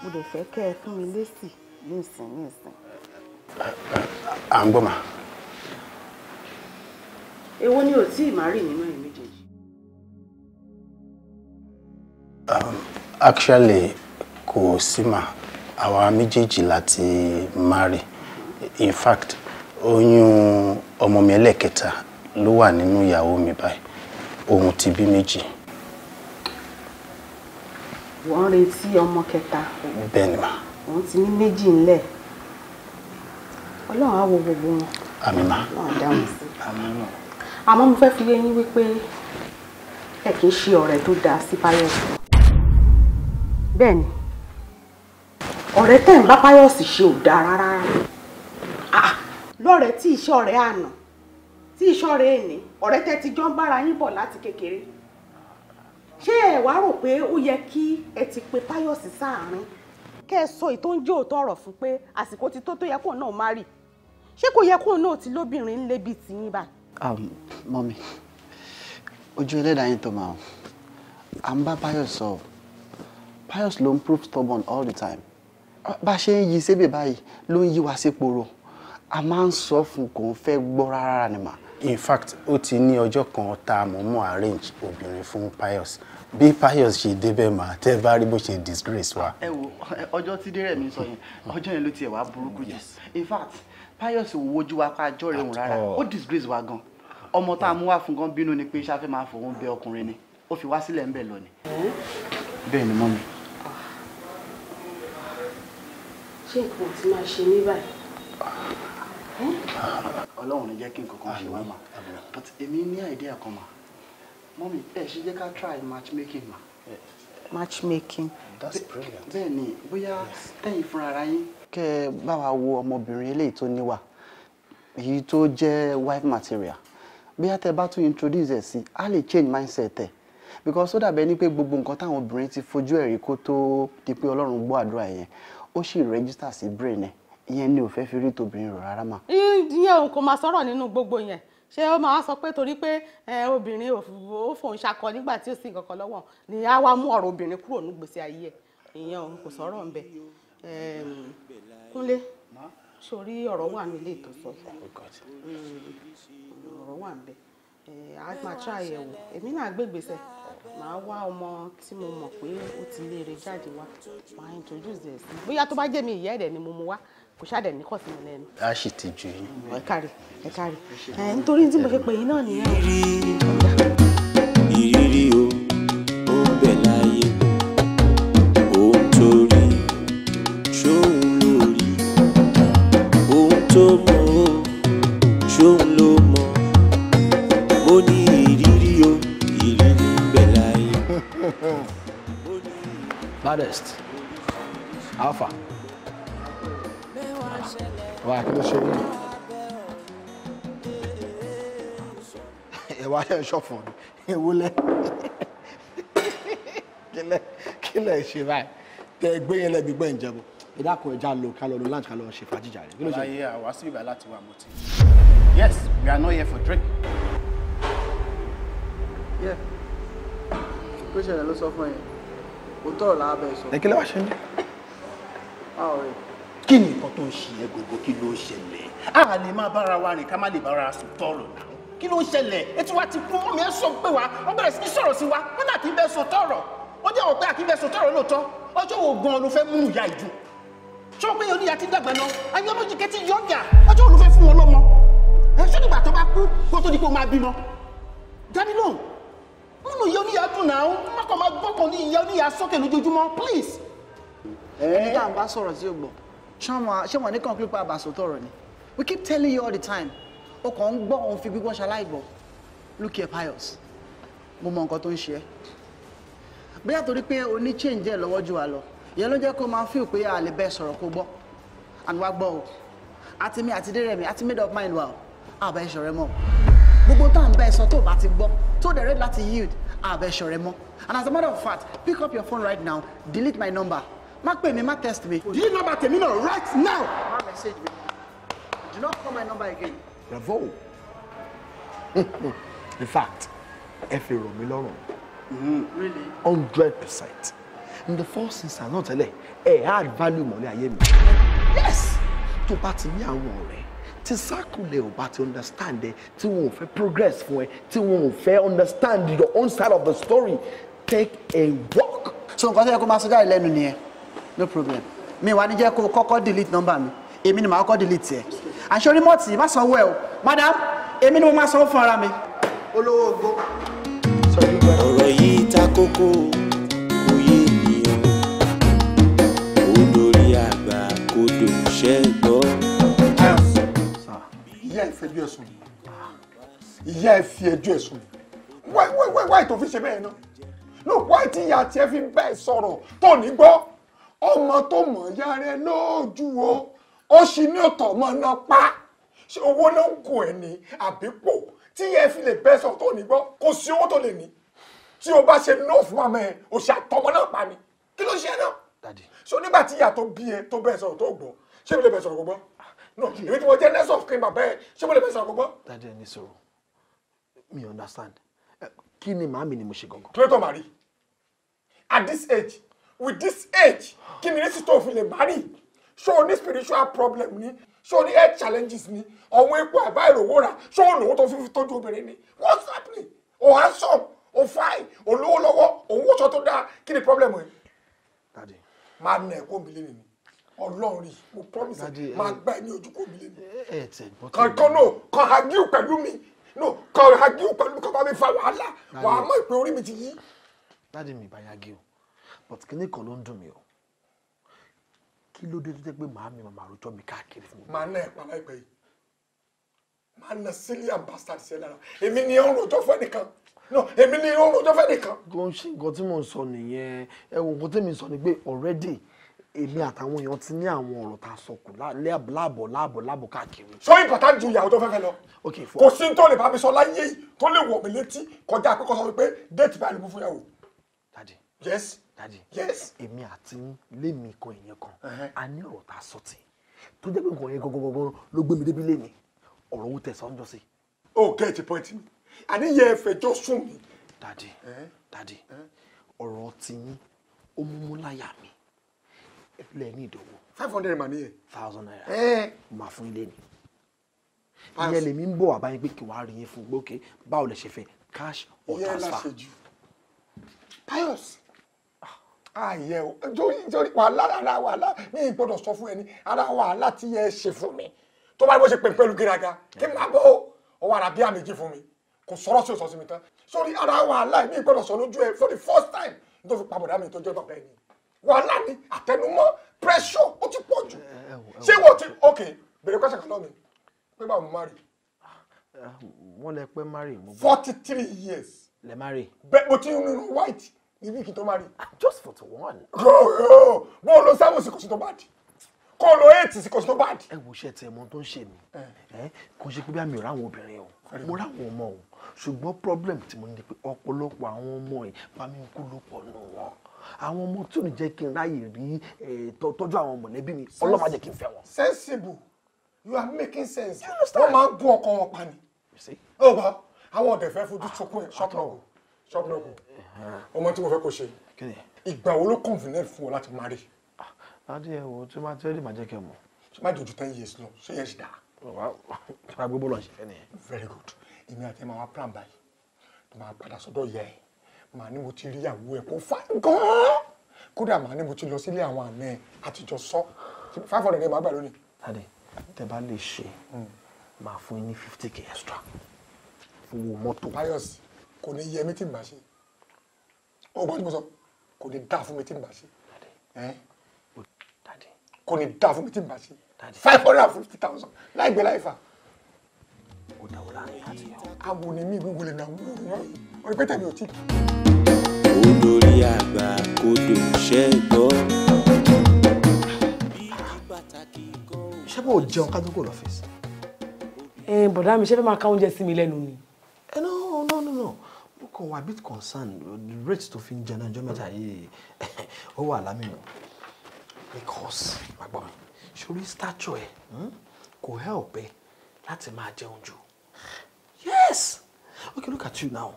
mo dẹ̀ fẹ́ kẹ́ ẹ fún mi lésì nísìn nísìn. à ń gbọ́ mà. èwo ni ò tí ì máa rí nínú ẹ̀yin méjèèjì. Um, actually kò sí mà àwa méjèèjì láti marry in fact oyún ọmọ mi ẹlẹ́kẹta ló wà nínú ìyàwó mi báyìí òun ti bí méjì wọ́n ń retí ọmọ kẹta. bẹ́ẹ̀ ni mà. wọ́n ti ní méjì ńlẹ̀ ọlọ́run á wo gbogbo wọn. àmín mà. ọlọ́run dáhùn sí. àmín mà. àmọ́ mo fẹ́ fi yé yín wípé ẹ kì í ṣe ọ̀rẹ́ tó dáa sí páyọ̀sì. bẹ́ẹ̀ ni ọ̀rẹ́ tẹ̀ ń bá páyọ̀sì ṣe ò dáa rárá. Ah, lọ́rẹ̀ẹ́ tí iṣẹ́ ọ̀rẹ́ àná tí iṣẹ́ ọ̀rẹ́ èní ọ̀rẹ́ tẹ́ ti jọ ń bára yín bọ̀ láti kékeré ṣé ẹ wá rò pé ó yẹ kí ẹ ti pe Táyọ̀sí sáàárín kẹ́ ẹ sọ èyí tó ń jẹ́ òótọ́ ọ̀rọ̀ fún pé àsìkò ti tó tó yẹ kóun náà má rì ṣé kò yẹ kóun náà ti lóbìnrin ń lébi tìyín báyìí. Um, mọ́mi ojú ẹlẹ́dàá yín tó máa à ń bá Pius sọ Pius ló ń prove stubborn all the time bá a ṣe ń yí sébè báyìí ló ń yí wa sí poro a máa ń sọ fún kò ń fẹ́ gbọ́ rárá ni màá in fact ó ti ní ọjọ́ kan tá a arrange obìnrin fún Pius bí Pius ṣe débẹ̀ mà tẹ́ bá rí bó ṣe disgrace wa. ẹ wo ọjọ́ tí dẹ́rẹ́ mi sọ yẹn ọjọ́ yẹn ló tiẹ̀ wá burúkú jù in fact Pius ò wojú wa pa àjọ rẹ̀ òun rárá ó disgrace wa gan ọmọ tá a mú wá fún gan bínú ni pé ṣáfẹ́ máa fòun bẹ ọkùnrin ni ó fi wá sílẹ̀ ń bẹ̀ lọ ni. bẹ́ẹ̀ ni mọ́ mi. ṣé nǹkan ti máa ṣe ní báyìí ọlọ́run ní jẹ́ kí nǹkan kan ṣe wá mà but èmi ní idea kan mà mọ́mí ẹ ṣe jẹ́ ká try matchmaking ma. matchmaking. that's brilliant. bẹ́ẹ̀ ni bóyá tẹ̀yìn fúnra ara yín. kẹ́ ẹ bá wa wo ọmọbìnrin eléyìí tó níwà èyí tó jẹ́ wife material bóyá tẹ bá tún introduce ẹ sí a lè change mindset ẹ because ó dàbẹ́ ni pé gbogbo nǹkan táwọn obìnrin ti fojú ẹ̀rí kó tó di pé ọlọ́run gbọ́ àdúrà yẹn ó sì register sí brain eh. ìyẹn ni ò fẹ́ fi rí tobìnrin rò rárá mà. ìyẹn òun kò máa sọ̀rọ̀ nínú gbogbo yẹn ṣé ó máa sọ pé torí pé obìnrin ò fòun ṣakọ nígbà tí ó sì kankan lọ́wọ́ ni á wá mú ọ̀rọ̀ obìnrin kúrò ní gbèsè ayé ẹ̀ ìyẹn kò sọ̀rọ̀ ń bẹ̀. kúnlé sórí ọ̀rọ̀ wà oh hmm, ọ̀rọ̀ wà ń bẹ̀ a máa àyẹ̀wò èmi náà gbégbèsè màá wá ọmọ tí mo mọ̀ pé ó ti léèrè jáde wá màá introduce ẹ̀ sí bóyá tó bá jẹ́ mi ni mo wá kò ṣàdẹ̀ ní kọ̀sí mi lẹ́nu. a sì ti ju yín. ẹ kárí ẹ kárí ẹ nítorí tí mo ṣe pè yín náà nìyẹn. ìrírí o ó bẹ̀ láyé ó ń torí ṣóun lórí ó ń tó mọ́ o ṣóun ló mọ́ mo ní ìrírí o Modest. [laughs] Alpha wà kí ló ṣe yín. ẹ̀wà ẹ̀ ṣọ̀fọ̀ ni ewúlẹ̀ kílẹ̀ ṣe báyìí tẹ gbé yẹn lẹ́bi gbẹ́ ìjẹ́bù ìdá kan ẹja lò ká lọ lọ lunch ká lọ ṣe fàájìjà rẹ̀ kí ló àwa sí ìbá láti wà mọ́tì. yes we are not here for drink. yẹ kó ṣẹlẹ̀ ló sọ fún ẹ òótọ́ ọ̀la abẹ́ sọ. ẹ kí ló wá ṣe ń dé. báwo rẹ̀ kí ni nǹkan tó ń ṣe ẹ gbogbo kí ló ṣẹlẹ̀ a lè má bára wa rìn ká má lè bára sùn tọrọ náà kí ló ṣẹlẹ̀ etí wa ti kú mọ́mí ẹ sọ pé wa wọ́n bẹ̀rẹ̀ sí ní sọ̀rọ̀ sí wa wọ́n náà kì í bẹ́ẹ̀ sọ tọrọ ó jẹ́ òpé àkíbẹ̀ sọ tọrọ lóòótọ́ ọjọ́ wo gan-an ló fẹ́ mú ìyá ìjù ṣọ́ pé oníyà ti dàgbà náà ayé ọmọ jìkẹ́ ti yọ̀ǹgà ọjọ́ wo ló fẹ́ fún wọn lọ́mọ ẹ ṣé nígbà tó bá kú kó tó di pé o máa bímọ dání lóhùn múnú ìyá oníyà dùn náà má kàn máa gbọ́kàn ní ìyá oníyà sókè lójoojúmọ́ please. ẹ ẹ yá à ń bá sọ̀rọ̀ sí ògbọ̀n ṣé wọn ní kàn pípa àbàsọ tọrọ ni we keep telling you all the time o kàn ń gbọ́ òun fi gbígbọ́ ṣaláìgbọ́ look here Pius mo mọ nǹkan tó ń ṣe ẹ́ bóyá torí pé o change ẹ̀ lọ́wọ́ ju wa lọ ìyẹn ló jẹ́ kó máa feel pé a lè bẹ́ẹ̀ sọ̀rọ̀ kó gbọ́ and wá gbọ́ o àti mi àti dérẹ̀mí àti made up mind wa o àbá ẹ̀ṣọ̀ rẹ mọ́ o gbogbo tá à ń bẹ́ẹ̀ sọ tó bá ti gbọ́ tó dẹ̀ ready láti yield àbá ẹ̀ṣọ̀ mọ́ and as a matter of fact pick up your phone right now delete my number má pè mí má test mi. do you know about tèmi náà right now. má message mi do not call my number again. bravo [laughs] in fact ẹ fi rọ̀ mm-hmm. really. hundred percent in the first instance náà tẹ́lẹ̀ ẹ add value mọ́lẹ́ ayé me. yes To bá me ní àwọn To circle sákùlẹ̀ but to understand ẹ to wọn progress for, ẹ tí wọn ò fẹ́ understand your own side of the story take a walk. so nǹkan tó yẹ kó máa sọ jáde lẹ́nu nìyẹn no problem mi wà ní jẹ́ kó kọ́kọ́ delete number mi èmi ni màá kọ́ delete ẹ̀ àṣọ rímọ́ọ̀tì má sanwó ẹ o madam èmi ni mo máa sanwó fún ara mi olówó ogbó. ọ̀rọ̀ yìí ta kókó kò yé ènìyàn olórí àgbà kò dòṣẹ́ gbọ́. ìyá ẹ fẹjọ́ ẹ̀sùn ìyá ẹ fi ẹjọ́ ẹ̀sùn wáì wáì wáì tó fi ṣe bẹ́ẹ̀ náà lóòpọ̀ àti ìyá tiẹ̀ fi bẹ́ẹ̀ sọ̀rọ̀ tó ní gbọ́ ọmọ tó mọ̀ ya rẹ lójú o ó sì ní ọ̀tọ̀ ọmọ náà pa ṣé owó ló ń kó ẹ̀ ní àbípò tí ẹ fi lè bẹ́ sọ tó ní gbọ́ kò sí owó tó lè ní tí o bá ṣe náà fún ọmọ ẹ o ṣe àtọmọ náà pa ni kí ló ṣe náà so nígbà tí ìyá tó bí ẹ tó bẹ́ẹ̀ sọ̀rọ̀ tó gbọ́ ṣé mi lè bẹ̀ sọ̀rọ̀ gbọ́ no èmi tí mo jẹ́ nurse of kin bàbá ẹ ṣé mo lè bẹ̀ sọ̀rọ̀ gbọ́. dadi ẹni sọ̀rọ̀ mi understand kí ni màámi ni mo ṣe gangan. tó yẹ tó màá at this age with this age kí ni rísì tó fi lè bá rìn ṣó ní spiritual problem ni so o ní health challenges ni ọ̀wọ́n epo àbá so rà ṣó tó fi fi tọ́jú obìnrin ni what's happening o handsome o fine o lówó lọ́wọ́ òun wọ́sọ tó dáa kí ni problem rẹ. dadi máa na ẹ̀kọ́ mi lẹ́nu ọlọ́run rí mo promise máa gbá ẹ ní ojú kò mi lẹ́nu kankan náà kan hagiu pẹ̀lú mi no kan hagiu pẹ̀lú mi kan bá mi fa wàhálà wàá mọ̀ ìpè orí mi ti yí. dadi mi bá yagi o but kíní kan ló ń dùn mí o kí ló dé tó jẹ́ pé màá mi màmá àròjọ mi káàkiri fún mi. màá ná ẹ̀pà láìpẹ́ yìí màá ná sílíà bastard sí lára èmi ni ọrùn tó fẹ́ nìkan no èmi ni ọrùn tó fẹ́ nìkan. kò ṣe nǹkan tí mò ń sọ nìyẹn ẹ nǹkan tí mi sọ ni pé already èmi àtàwọn èèyàn ti ní àwọn ọ̀rọ̀ tá a sọ kù láàbọ̀ láàbọ̀ láàbọ̀ káàkiri. sọ ìbàtà ju ìyàwó tó fẹ́ fẹ́ lọ. kò sí tó lè bá mi sọ láyé yìí tó lè wọ̀ mí létí kọjá akẹ́kọ̀ọ́ sọ pé déètì bá lè mú fún yàwó. yes dájì èmi àti lémi kan èèyàn kan a ní ọ̀rọ̀ tá a sọ tì tó jẹ́ pé nǹkan yẹn gangan ló gbé mi débi lémi ọ̀rọ̀ owó tẹ̀sán jọ sí. o get the point mi àníyẹ ẹfẹjọ sùn mi. dájì dájì ọ̀rọ̀ tiyín ó múmú láyà mi lẹ ní ìdánwò. five hundred mà níyẹn. thousand naira. ẹ máa fún ilé ni. ìyẹn lèmi ń bọ̀ àbáyé pé kí wàá rí yín fún gbókè báwo lè ṣe fẹ́ cash or transfer. ìyẹn la ṣe jù. pius ààyè o torí wàhálà ara wàhálà ní ìgbọ́dọ̀ sọ fún ẹni ara wàhálà tí ẹ ṣe fún mi tó bá ní bó ṣe pè pẹ̀lú gíraga kí n máa bọ́ ọwọ́ ara bíi àmì jí fún mi kò sọ̀rọ̀ sí òsọ̀sí mi tán sórí ara wàhálà ní ìgbọ́dọ̀ sọ lójú ẹ for the first time tó fi pàbọ̀dá mi tó jẹ́ bàbá ẹni wàhálà ni àtẹnumọ́ pressure ó ti pọ̀ jù ṣé wọ́n ti ok bèrè kọ́sẹ̀ kan lọ́ mi pé báwo mo marry. rí. Ah, wọ́n lẹ pé má forty three years. lẹ marry. rí. bẹ́ẹ̀ mo ti ń rìn white ibi kì í tó má rí. Ah, just for one. yóò bó lo seven sí kò sí tó bá di kó lo eight sí kò sí tó bá di. ẹ wo iṣẹ́ tí ẹ mọ tó ń ṣe mi kò ṣe pé bí àmì ò ráwọn obìnrin o mo ráwọn ọmọ o ṣùgbọ́n problem tí mo ní pé ọ̀pọ̀lọpọ̀ àwọn ọmọ ẹ̀ bá mi kú ló pọ̀ nù wọn àwọn ọmọ tí ò ní jẹ́ kí n ráyè rí tọ́jú àwọn mọ̀lẹ́bí mi ọlọ́mọ á jẹ́ kí n fẹ́ wọn. sensible you are making sense wọ́n máa ń gún ọkọ wọn pa ni. ọba àwọn ọ̀dẹ̀ fẹ́ fojú sunkún ẹ̀ ṣọ́kọ̀ ṣọ́ọ̀bù kù ọmọ tí mo fẹ́ kó ṣe ìgbà wo ló convenient fún ọ láti máa rí. láti wo tí ó máa ti máa jẹ́ kẹ́ mọ̀. ṣé má dojú ten years lọ ṣé yẹn ṣì dáa. Oh, wà á gbé bọ́ọ̀lù àṣẹ fẹ́ nìyẹn. very good èmi àti ẹ máa wá plan báyìí tó máa padà sọ́dọ̀ yẹ ẹ màá ní mo ti rí ìyàwó ẹ kó fà gan-an kódà màá ní mo ti lọ sílé àwọn àna àtijọ́ sọ five hundred máa gbà lónìí. láti tẹ kò ní yẹ mí bá ṣe ọgbọ́n tí mo sọ kò ní dáa fún mi bá ṣe kò ní dáa fún mi bá ṣe five hundred and fifty thousand láì gbé láì fà. àwò ni mí ìwé wọlé náà wọ́n rí pé tẹ̀mí ò tí. olórí àgbà kò dùn ṣẹ́ gbọ́. ṣé bó o jẹun ká tó kò lọ́fíìsì. bọ̀dá mi ṣé fẹ́ máa ká oúnjẹ sí mi lẹ́nu ni. ẹ náà no, no, no kò wá bit concerned rate tó fi ń jẹun ọjọ́ mẹ́ta yìí [laughs] ó wà lámìnà because gbàgbọ́ mi sórí stature ẹ̀ hmm, kò help ẹ láti máa jẹun jù yes okay look at you now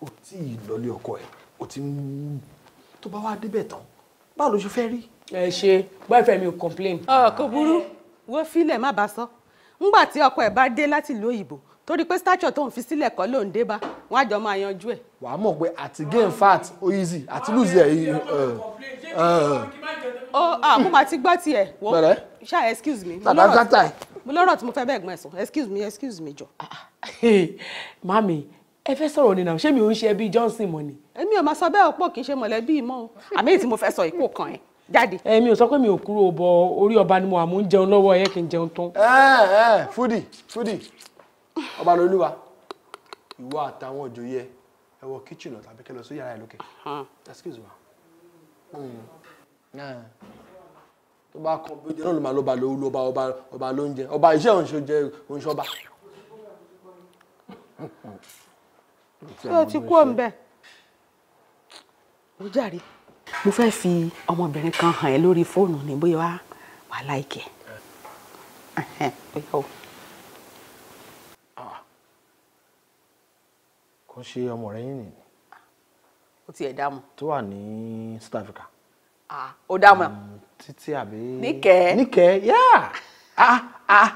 o tí ì lọlé ọkọ ẹ o ti ń tó bá wá débẹ̀ tán báwo ló ṣe fẹ́ rí. ẹ ṣe boyfriend mi ò complain. ọ kò burú wọ́n filẹ̀ má bàa sọ ńgbà tí ọkọ ẹ̀ bá dé láti ìlú òyìnbó torí pé stature tó ń fi sílẹ̀ kọ́ ló ń dé bá wọn àjọ máa yanjú ẹ̀. wàá mọ̀ pé àti gain fat ó easy àti lose ẹ̀ ó àmú ma ti gbọ́ tiẹ̀ wọ́n ṣá excuse me mo lọ́rọ̀ tí mo fẹ́ bẹ́ẹ̀ gbọ́n ẹ̀sán excuse me excuse me jọ. Ah, ah, mami ẹ fẹ́ sọ̀rọ̀ nínú ṣé mi ò ń ṣe ẹbí Johnson mọ̀ ni. èmi ò máa sọ bẹ́ẹ̀ ọ̀pọ̀ kì í ṣe mọ̀lẹ́bí mọ́ o àmì tí mo fẹ́ sọ ìpò kan ẹ̀ jáde. èmi ò sọ pé mi ò kúrò bọ orí ọba ni mo àmú ń jẹun lọ́wọ́ ẹ kí n jẹun tán. ẹ eh, ẹ eh, fúdì fúdì ọba lolúwa ìwọ àtàwọn òjòyè ẹ wọ kíchìn lọ tàbí kẹ́ lọ sí yàrá ẹ lókè excuse wa hmm. tó bá kan bí oúnjẹ náà ló máa lọ́ba lówó lọ́ba ọba lóúnjẹ ọba iṣẹ́ òǹṣọ jẹ òǹṣọ ọba. ṣé o ti kú ọ̀nbẹ? ó jàre mo fẹ́ fi ọmọbìnrin kan hàn ẹ́ lórí fóònù ní bóyá wàá láìkẹ́. kò ṣe ọmọ rẹ yín nìyí. ó tiẹ̀ dáàmú. tó wà ní South Africa. ah O dáàmú. títí àbí. níkẹ́. níkẹ́ yáà ah ah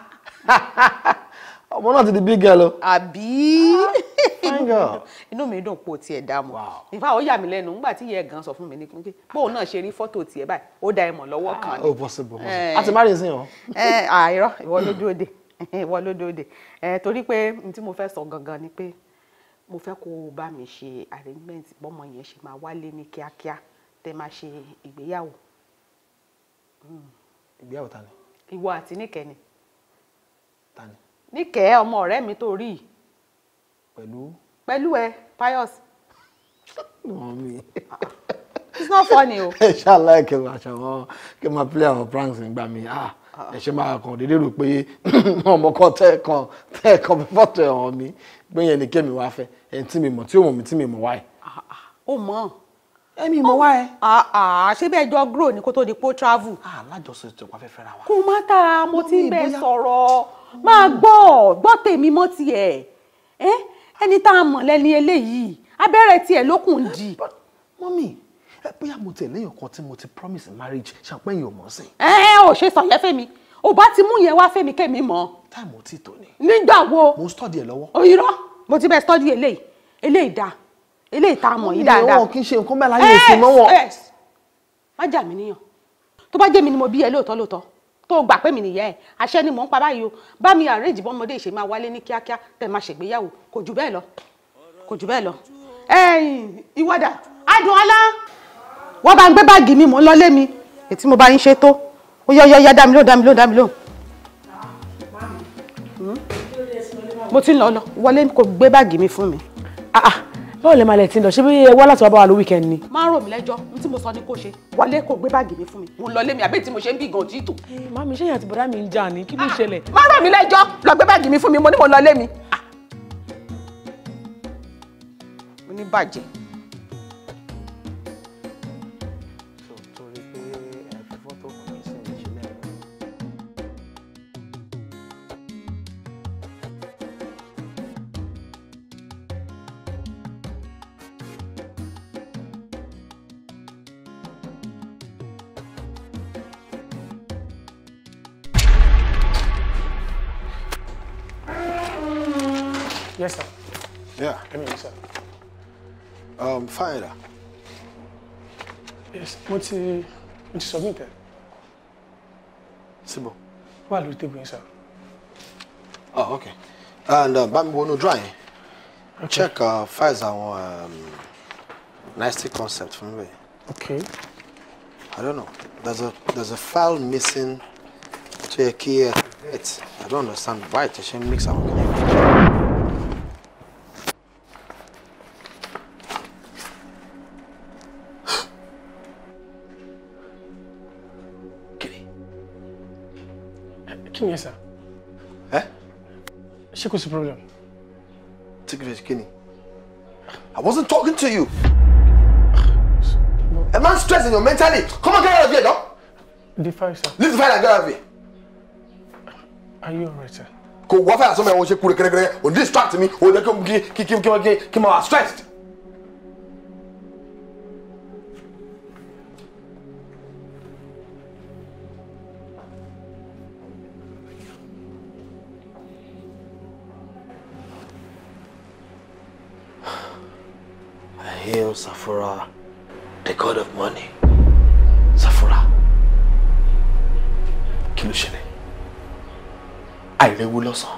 ọmọ náà ti di big girl o. àbí. Ah, fine girl. [laughs] inú mi dùn pò tiẹ̀ dáàmú. ìfà ó yà mí lẹ́nu nígbà tí ìyá ẹ̀ gan sọ fún mi ní pé bóun náà ṣe rí fọ́tò tiẹ̀ báyìí ó da ẹ̀mọ̀ lọ́wọ́ kan ni. ó ah, oh, possible possible àti márùn-ún sí wọn. àìrọ ìwọ lójú òde [laughs] ìwọ lójú òde eh, torí pé n tí mo fẹ́ sọ gangan ni pé mo fẹ́ kó o bá mi ṣe arrangement bọ́mọ yẹn ṣe máa wálé ní kíákíá tẹ́ máa ṣe ìgbéyàwó. Hmm. ìgbéyàwó ta ni. ìwọ àti níkẹ́ ni. ta ni. níkẹ́ ọmọ ọ̀rẹ́ mi tó rí i. pẹ̀lú. pẹ̀lú ẹ Pius. mọ̀mí. it's not funny o. [laughs] ẹ ṣáà láì kí n máa ṣàwọn kí n máa play àwọn pranks nígbà mi ah ẹ ṣe máa kàn déédéé rò pé [clears throat] ọmọ kan tẹ́ẹ̀kan tẹ́ẹ̀kan fọ́tò ẹ̀hàn mi pé yẹn ni kémi wá fẹ́ ẹni tí mi mọ̀ tí ó mọ̀ mi tí mi mọ̀ wáyé. ó mọ̀ ẹ̀mí mọ̀ wáyé. Ah, ah, ṣé bẹ́ẹ̀ jọ grow ní kó tó di pé ó travel. Ah, alájọsọ ètò ìpàfẹ́ fẹ́ra wa. kò má ta mo ti ń bẹ sọ̀rọ̀ máa gbọ́ gbọ́ tèmi mọ́ tiẹ̀ ẹni tá a mọ̀ lẹ́ni eléyìí abẹ́rẹ́ tiẹ̀ lókùn dì. mọ́mì bóyá mo tẹ̀lé èèyàn kan tí mo ti promise marriage ṣàpẹ́yìn ò mọ̀ sí. ẹ ẹ ò ṣe sọ yẹn fẹ́mi ò bá ti mú yẹn wá fẹ́mi kẹ́mi mọ́. táìmù tí tó ni. nígbà wo. mo ń study ẹ lọ́wọ́. òyìnbó mo ti bẹ study eléyìí eléyìí dáa eléyìí tá a mọ̀ yìí dáadáa. wọn kì í ṣe nǹkan mẹ́la yóò sí lọ́wọ́. má jà mí níyàn tó bá jẹ́ mi ni mo bí ẹ lóòótọ́ lóòótọ́ tó o gbà pé mi nìyẹn ẹ àṣẹ ni mò ń pa báyìí o bá mi arrange bọ́mọdé ìṣe máa wálé ní kíákíá tẹ̀ máa ṣègbéyàwó kò jù bẹ́ẹ̀ lọ kò jù bẹ́ẹ̀ lọ. ẹ̀yin ìwọ́dà adùn ọlá wọ́n bá ń gbé báàgì mi mò ń lọlé mi ètí mo bá ń ṣe tó ó yọ yọ yá dá mi lóhùn dá mi lóhùn dá mi lóhùn. Hmm? mo ti ń lọ lọ wọlé kò gbé báàgì mi fún mi. Ah, ah. báwo lè máa lẹ̀ tí ń lọ ṣé bí ẹ láti wá bá wa lọ wíkẹ́ndì ni. má rò mí lẹ́jọ́ ní tí mo sọ ni kò ṣe wọlé kò gbé báàgì mi fún mi mo lọlé mi àbí tí mo ṣe ń bí gan títù. màmí ṣé ìyá àti bọ̀dá mi ń jà ní kí ló ah, ṣẹlẹ̀. má rò mí lẹ́jọ́ lọ gbé báàgì mi fún mi mo ní mo lọlé mi. mo ní bàjẹ́. fáìlà. yes mo ti mo ti submit ẹ. síbò. wà lórí tèbù yẹn sá. oh ah, ok and uh, bá mi wọnú dry yẹn check uh, files àwọn um, nasty concept fún mi. okay. I don't know there's a there's a file missing to a key uh, I don't understand why it should mix àwọn kí ni ẹ sà. ẹ. ṣé kò sí problem. take it kí ni. I wasn't talking to you. A man stressing you mentally. Come on, get out of here, dog. The file, sir. Leave the file and get out of here. Are you alright, sir? Kò wá fẹ́ àsọ́mọ̀ ẹ̀wọ̀n ṣe kúrẹ́kẹ́rẹ́kẹ́rẹ́. O distract me. O jẹ́ kí n kí n kí n kí n máa stressed. of Safura, the god of money. Safura. Kí I ṣẹlẹ̀? Àìrèwú lọ́sàn.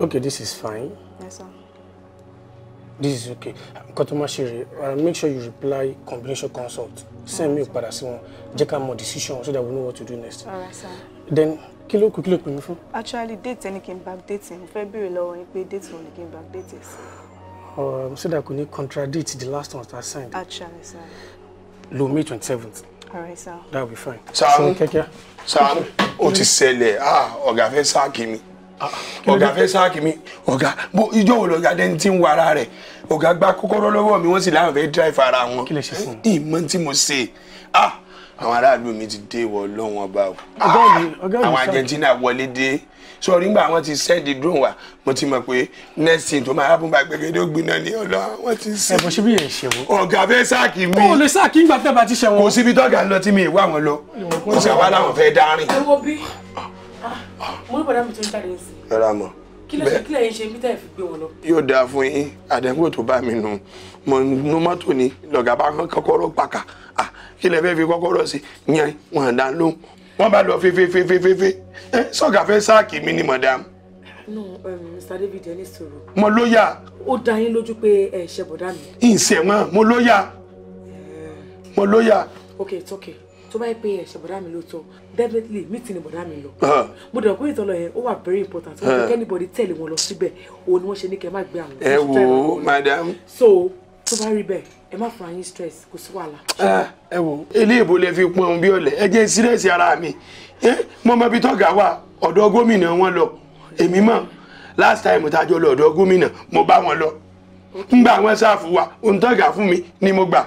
Okay, this is fine. Yes, sir this is okay nǹkan tó uh, make sure you reply combination consult send mail padà sí wọn jẹ́ ká mọ decision so that we know what to do next. all right sir. then kilo ló kilo, kí ló actually date and kì í back date mo fẹ́ béèrè lọ́wọ́ yín pé date when ni came back date sí. Um, so that kò ní contradict the last one that I signed. actually sir. lo may twenty seventh. all right sir. that will be fine. Sam, sàánú ó ti ṣẹlẹ̀ ah, ọ̀gá fẹ́ sáà kí ọ̀gá fẹ́ sáàkì mi ọ̀gá bó ijó wo lọ́gá dẹ́ni tí ń wa ara rẹ̀ ọ̀gá gba kọ́kọ́rọ́ lọ́wọ́ mi wọ́n sì láwọn fẹ́ dráìfà ara wọn ìmọ̀ tí mo ṣe ah, àwọn aráàlú mi ti dé ìwọ lọ́wọ́n bá o ah, àwọn Argentina wọlé dé sọrí nígbà wọn ti sẹ́ẹ̀dì drone wa mo ti mọ̀ pé next thing tó máa hábùn bá gbẹgẹdẹ ògbìnà ní ọ̀la wọn ti sẹ́ẹ̀. ẹ̀bùn ṣíbí yẹn ṣẹ̀wọ́. ọ̀gá fẹ́ sáàkì mi. o lè sáàkì ń gbà tẹ́ bá ti ṣẹ̀wọ́. kò síbi tọ́gà ń lọ tí mi ìwà wọn lọ. ó sì wá láwọn fẹ́ dárìn. ẹ wo bí mo rí bàdá mi tó ń jáde nísìn. ẹ ra kí ló kí lẹ́yìn ṣe mítà ẹ̀ fi gbé wọn lọ. yóò dáa fún yín àdẹ́gbò tó bá mi nù mo nu lọ́gà bá kọ́kọ́rọ́ pàkà kí lẹ fẹ́ fi kọ́kọ́rọ́ sí yẹn wọn dá lóhùn bá lọ fífífífífí sọ́gà fẹ́ sáàkì mi ni madam. no um, Mr. David ẹni sọ̀rọ̀. mo lóyà. ó dá yín lójú pé ẹ ṣe bọ̀dá mi. ìṣẹ̀wọ̀n mo lóyà. mo lóyà. okay it's okay tó bá yẹ pé ẹ̀ṣẹ̀ bọ̀dá mi ló definitely meeting ni bọ̀dá mi lọ. mo dẹ̀ pé ìtọ́lọ yẹn ó wà very important So fẹ́ kẹ́nìbọ̀dì tẹ̀lé wọn lọ síbẹ̀ òun ni wọ́n ṣe ní kẹ́ má gbé àwọn. ẹ wo madam. so tó bá rí bẹ́ẹ̀ ẹ má fara yín stress kò sí wàhálà. ẹ wo ilé ìbò lè fi pọn bí ọ̀lẹ ẹ jẹ́ sírẹ́sì ara mi mo mọ ibi tọ́gà wà ọ̀dọ̀ gómìnà wọn lọ èmi mọ̀ last time tá a jọ lọ ọ̀dọ̀ gómìnà mo bá wọn lọ ngbà àwọn sáàfù wa òǹtọ́gà fún mi ni mo gbà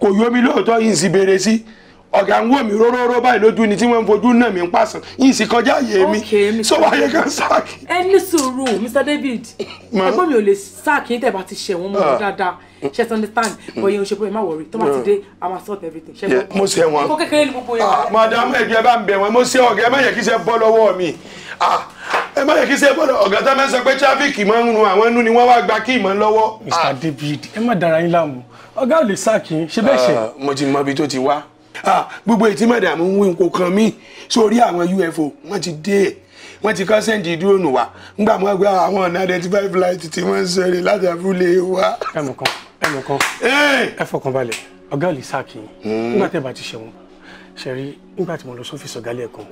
kò yọ mi lóòótọ́ yìí ń sì béèrè sí. Si ọ̀gá ń wò mí róróró báyìí lójú ni tí wọ́n ń fojú náà mi ń pàṣán yìí sì kọjá àyè mi so wáyé kan sáàkì. ẹ ní sùúrù Mr David ẹ̀gbọ́n mi ò lè sáàkì tẹ́ bá ti ṣe wọn mọ ah. dáadáa ṣe ti understand but yẹn ò ṣe pé má wọrí tó má ti dé a máa sort everything. mo ṣe wọn ah, madam ẹgbẹ́ bá ń bẹ̀ wọ́n mo ṣe ọ̀gá ẹ má yẹ kí ṣe bọ́ lọ́wọ́ mi ah, ẹ má yẹ kí ṣe bọ́dọ̀ ọ̀gá tá a pé tráfíìkì máa ń run àwọn inú ni wọ́n wá gba kí ìmọ̀ lọ́wọ́. Mr David ẹ má dara yín láàmú ọ̀gá ò lè sáàkì ṣe bẹ́ẹ̀ ṣe. mo ti mọ ibi tó ti wá Ah, gbogbo ètí mọ̀dàmú ń wí nǹkan kan mí sórí àwọn UFO wọ́n ti dé wọ́n ti kọ́ sẹ́ǹdì dúrónù wa ńgbà mọ́ gba àwọn ọ̀nà identify flight tí wọ́n ń sọ̀rọ̀ láti abúlé wa. ẹnu kan ẹnu kan ẹ fọkàn balẹ̀ ọ̀gá ò lè sáàkì hmm. nígbà tẹ́ bá ti ṣe wọn ṣẹ̀rí nígbà tí mo lọ sọ́fíìsì ọ̀gá lẹ́ẹ̀kan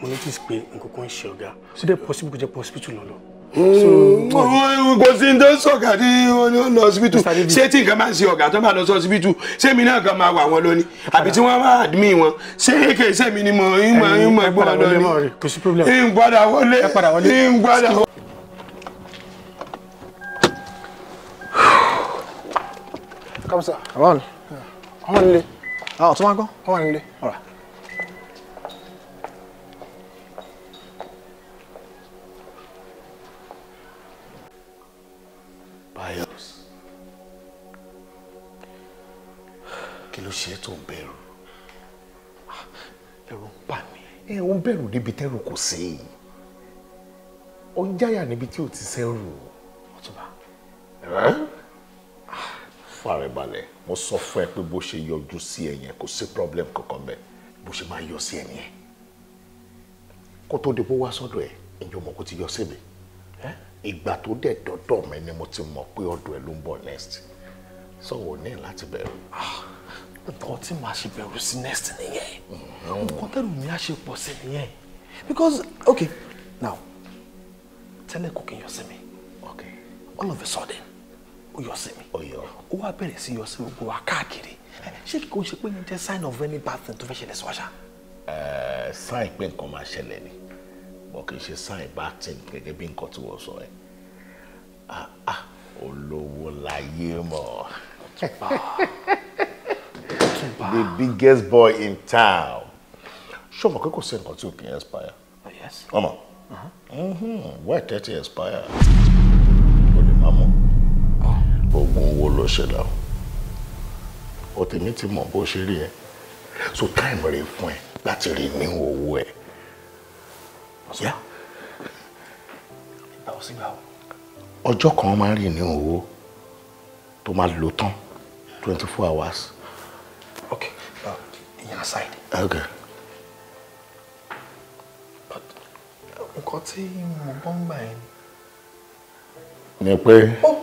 mo notice pé nǹkan kan ń ṣe ọ̀gá so dẹ́ possible kò jẹ́ possible tún lọ Mm. Oh, oh, kò sí tó sọ̀gá tí wọ́n lọ síbítù ṣé tí nǹkan máa ń ṣe ọ̀gá tó máa lọ sọ síbítù ṣé mi náà kan máa wà wọ́n lónìí àbí tí wọ́n máa admit wọn ṣé èké ṣé mi ni mo ń mọ ń mọ ẹgbọ́n lónìí ń padà wọlé ń padà wọlé. kàmsà ọmọ nílé. àwọn ọ̀tún máa ń ọmọ nílé. Ayọ̀s kí ló ṣe é tó ń bẹ̀rù ẹ̀rù ń bà mí ẹ ò ń bẹ̀rù níbi tẹ́rù kò sí ó ń jáyà níbi tí ò ti sẹ́rù ọ̀túnba fàrẹ̀balẹ̀ mo sọ fún ẹ pé bó ṣe yọjú sí ẹ yẹn kò sí problem kankan bẹ́ẹ̀ bó ṣe máa yọ sí ẹ nìyẹn kó tó di pé wá sọ́dọ̀ ẹ ǹjọ́ mọ̀ kó ti yọ sí mi ìgbà tó dẹ̀ dọ́dọ̀ mi ni mo ti mọ̀ pé ọ̀dọ̀ ẹ̀ ló ń bọ̀ next so ò ní láti bẹ̀rù. Ah, nǹkan tí màá ṣe bẹ̀rù sí next nìyẹn mm-hmm. nǹkan tẹ́lù mi á ṣe pọ̀ sí nìyẹn because okay now tẹ́lẹ̀ kò kí n yọ sí mi okay all of a sudden ó yọ sí mi ó wá bẹ̀rẹ̀ sí yọ sí gbogbo wa káàkiri ṣé kí kò ṣe pé yẹn jẹ́ sign of any bad thing tó fẹ́ ṣẹlẹ̀ sí wa ṣá. Eh, sign pé nǹkan máa ṣẹlẹ̀ ni but kì í ṣe sign bá tin gẹ́gẹ́ bí nǹkan tí wọ́n sọ ẹ̀ ah ah olówó láyé mọ̀ the biggest boy in town ṣọ́mọ̀ kókò sí nǹkan tí ò kì expire oh, ọmọ uh-huh. mm-hmm. wẹ́ẹ̀ tẹ́tí expire kò lè mú ah. oògùn owó ló ṣe lọ ọ̀tẹ̀mí ti mọ̀ bó ṣe rí ẹ so time rẹ̀ fún ẹ láti rí ní owó ẹ yá ọjọ́ kan máa ń rìn ní owó tó máa lò tán twenty four hours. ok uh, ìyẹn aside. ok. Uh, nǹkan tí mo gbọ́ ń gbà yẹn. ni pé. ó oh!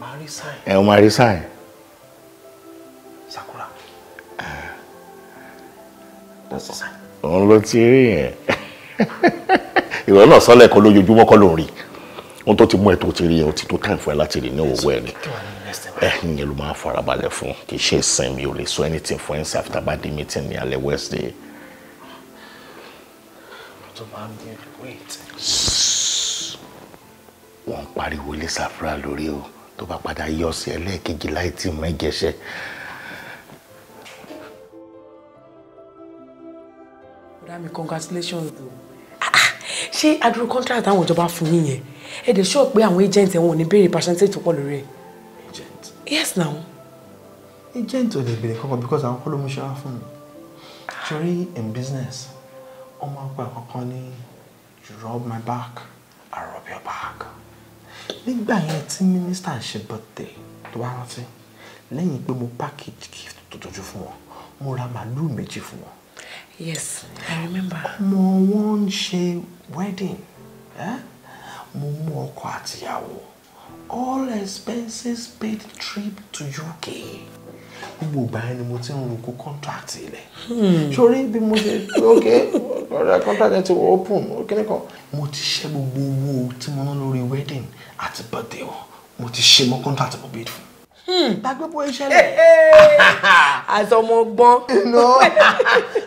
máa rí sáìn. ẹ̀ máa rí sáìn. sakura. Ah. that's the sign òun ló ti rí yẹn ìwọ náà sọlẹ̀ kan lójoojúmọ́ kọ́ ló ń rí ohun tó ti mú ẹ tó ti rí yẹn ó ti tó time fún ẹ láti rí ní òwò ẹ ni ẹ̀yìn yẹn ló máa farabalẹ̀ fún kì í ṣe ìsinmi ò lè sọ anything for ẹ̀sìn after bad day meeting ní alẹ́ wednesday. wọ́n ń pariwo ilé sàfúrà lórí o tó bá padà yọ sí ẹlẹ́ẹ̀kejì láì tí mẹ́jẹsẹ̀ ìyá mi congratulations o ah, ah, ṣé adúrú contract àwọn ìjọba fún yín yẹn ẹ dẹ̀ sọ pé àwọn agent ẹ̀ wọn ò ní béèrè percentage tó pọ̀ lórí ẹ̀. agent yes now. agent ò lè béèrè kankan because àwọn kọ́lọ́mù ṣe wá fún mi torí in business wọ́n máa ń pa àkọ́kọ́ ní you rub my back I rub your back nígbà yẹn tí mínísítà ṣe birthday tó wá rántí lẹ́yìn pé mo package gift tó tọ́jú fún wọn mo ra màálù méjì fún wọn Yes, I remember. Mo wọn ń ṣe wedding. Eh? Mo mú ọkọ àtìyàwó. All expenses paid trip to UK. Gbogbo ìgbà yẹn ni mo ti ń roko contract ilẹ̀. Hmm. Sori bí mo ṣe ok contract ti open kíní kan. Mo ti ṣe gbogbo owó tí mo ná lórí wedding àti birthday wọn. Mo ti ṣe mọ́ contract mo bid fún gbàgbé hmm. bó ṣẹlẹ̀ àti ọmọ ọgbọ́n. no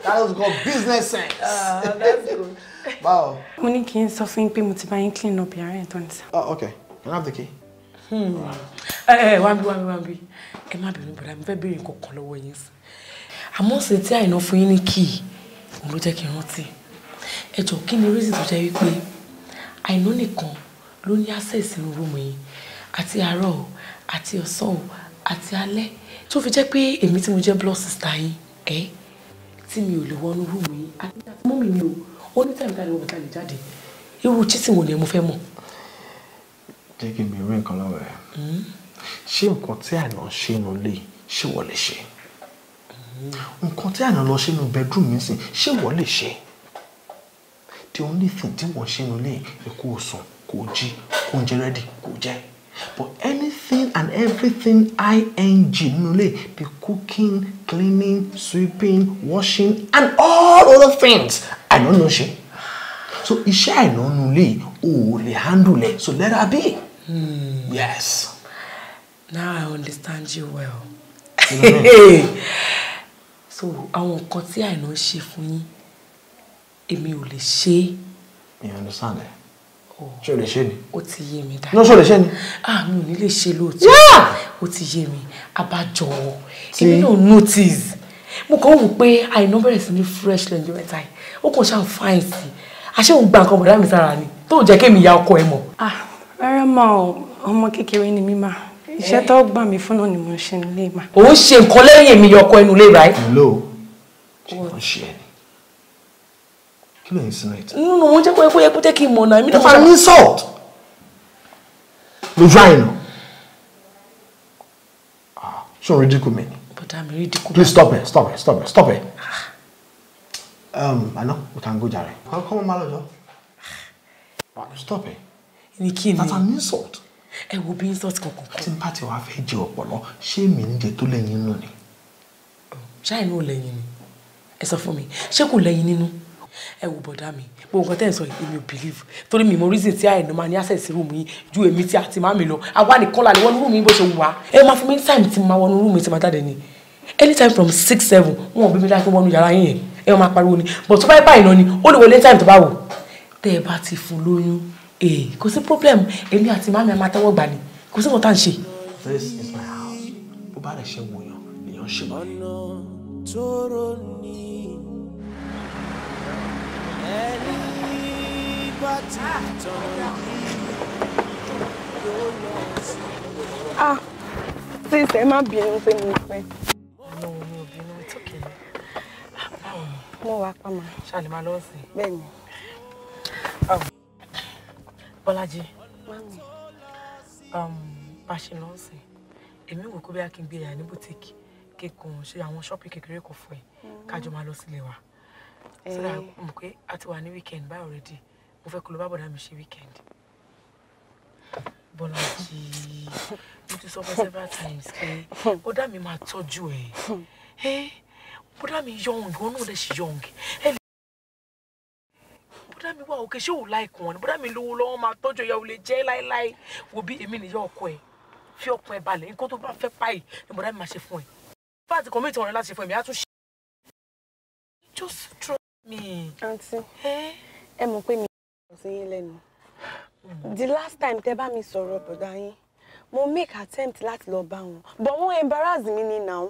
that was called business sense. Uh, that's good. báwo. mo ní kí n sọ fún yín pé mo ti bá yín clean up yàrá yẹn tó ń sá. oh okay can I have the key. ẹ ẹ wá bí wá bí wá bí ẹ má bínú bọ̀dá mi fẹ́ béèrè nǹkan kan lọ́wọ́ yín sí. àmọ́ ṣe tí àìná fún yín ní kíì òun ló jẹ́ kí n rántí ẹ jọ kí ni reason tó jẹ́ wípé àìná nìkan ló ní access sí rúùmù yín àti àárọ̀ o àti ọ̀sán o àti alẹ́ tó fi jẹ́ pé èmi tí mo jẹ́ blood sister yín ẹ́ tí mi ò lè wọnú rúùmù yín àti mọ́ mi ni o ó ní tàbí tàbí ọ̀gá lè jáde irú chítì wo ni mo fẹ́ mọ̀. jẹ́ kí n bèrè nǹkan lọ́wọ́ ẹ̀ hmm? ṣé nǹkan tí àná ṣe nù lè ṣé wọ́n lè ṣe hmm. nǹkan tí àná lọ ṣe nù bedroom mi sìn ṣé wọ́n lè ṣe the only thing tí wọ́n ṣe nù lè kó o sùn kó o jí kó o jẹ rẹ́dì kó o jẹ́. But anything and everything ing nule be cooking, cleaning, sweeping, washing, and all other things. I don't know she. So iṣẹ́ àìná nulẹ̀ ò le handle ẹ̀ so let her be. Hmm. Yes. Now I understand you well. Mm -hmm. [laughs] so àwọn nǹkan tí àìná ṣe fún yín èmi ò lè ṣe. You understand? Eh? ṣé o lè ṣe ni. ó ti yé mi dáadáa. lọ́sọ̀ lè ṣe ni. àmì ah, ò ní lè ṣe lóòótọ́. ó ti yé mi abájọ èmi náà notice mo kàn wò pé àìná bẹ̀rẹ̀ sí ní fresh lẹ́yìn mẹ́ta yìí ó kàn ṣáà fine sí i àṣé òun gba nǹkan bọ̀dá mi sára ni tó jẹ́ kémi ya ọkọ ẹ mọ̀. Ah, rárá mà ọ ọmọ kékeré ni mí mà iṣẹ́ tó gbà mí fún náà ni mo ń ṣe nílé mà. ò ń ṣe nǹkan lẹ́yìn èmi yọkọ ẹnu lé ra ẹ. hello ṣe kàn ṣe ẹni kí ló insinuate. nínú wọn jẹ́ kó yẹ kó jẹ́ kí n mọ̀ náà. if insult lójú àìnà ah, ṣé o ridicule mi. But I'm ridicule. please stop it stop it stop it stop it. Ah. Um, àná o tàn gò jàre. kọ́ mọ́ máa lọ jọ. Ah. stop it. ní that's an insult. It will be insult kankan. tí n you have wàá fẹ́ jẹ Shame ṣé mi ń jẹ tó lẹ́yìn nínú ni. ṣáà It's ò lẹ́yìn ni ẹ sọ fún mi ẹ wò bọ̀dá mi gbogbo nǹkan tẹ́ ń sọ yìí èmi ò believe torí mi mo reason tí àìní máa ní access room yìí ju èmi tí a ti mi lọ àwa nìkan là ní wọnú room yìí bó ṣe wù wá ẹ máa fún mi time tí máa wọnú room yìí tí máa jáde ni anytime from six seven wọn ò bí mi láti wọnú yàrá yìí yẹn ẹ máa pariwo ni but tó bá yẹ báyìí lọ ni ó lè wọlé anytime tó bá wò tẹ́ ẹ bá ti fún lóyún ee eh, kò sí problem èmi àti màmí àmà tẹ́wọ́ gbà ni kò sí nǹkan tá this is my house bó bá rẹ̀ ṣe wòyàn lèèyàn ṣe Ah, please, ẹ má bínú pé No, pẹ́. Ah, mo wà pa mà. Ṣàlè máa lọ sí. Bẹ́ẹ̀ni. Um, Bọ́lájí. Mami. Um, bá ṣe lọ sí. Èmi wò kó bí a kì í gbé yàrá ní boutique kíkun ṣe àwọn shopping kékeré kan fún ẹ. Kájọ máa lọ sílé wa. Sọ́dà eh. mọ̀ pé a ti wà ní weekend báyìí already mo fẹ́ kó lọ bá bọ̀dá mi ṣe weekend. Bọ́lájí mo ti sọ fún several times pé bọ́dá mi máa tọ́jú ẹ̀ bọ́dá mi young wọn náà lè ṣe young bọ́dá mi wà òkè ṣé ò láìkùn wọn ni bọ́dá mi lówó lọ́wọ́ máa tọ́jú ìyàwó lè jẹ́ láéláé wo bí èmi nìyá ọkọ ẹ̀ fi ọkàn ẹ̀ balẹ̀ nǹkan tó bá fẹ́ páyì ni bọ́dá mi máa ṣe fún ẹ̀ bá àti kọ́mẹ́tì wọn láti ṣe fún ẹ̀mí á tún ṣe. just trust me. aunty ẹ mọ̀ pé mi sí yín lẹ́nu the last time tẹ́ bá mi sọ̀rọ̀ bọ̀dá yín mo make attempt láti lọ bá wọn but wọ́n embarrass mi ní now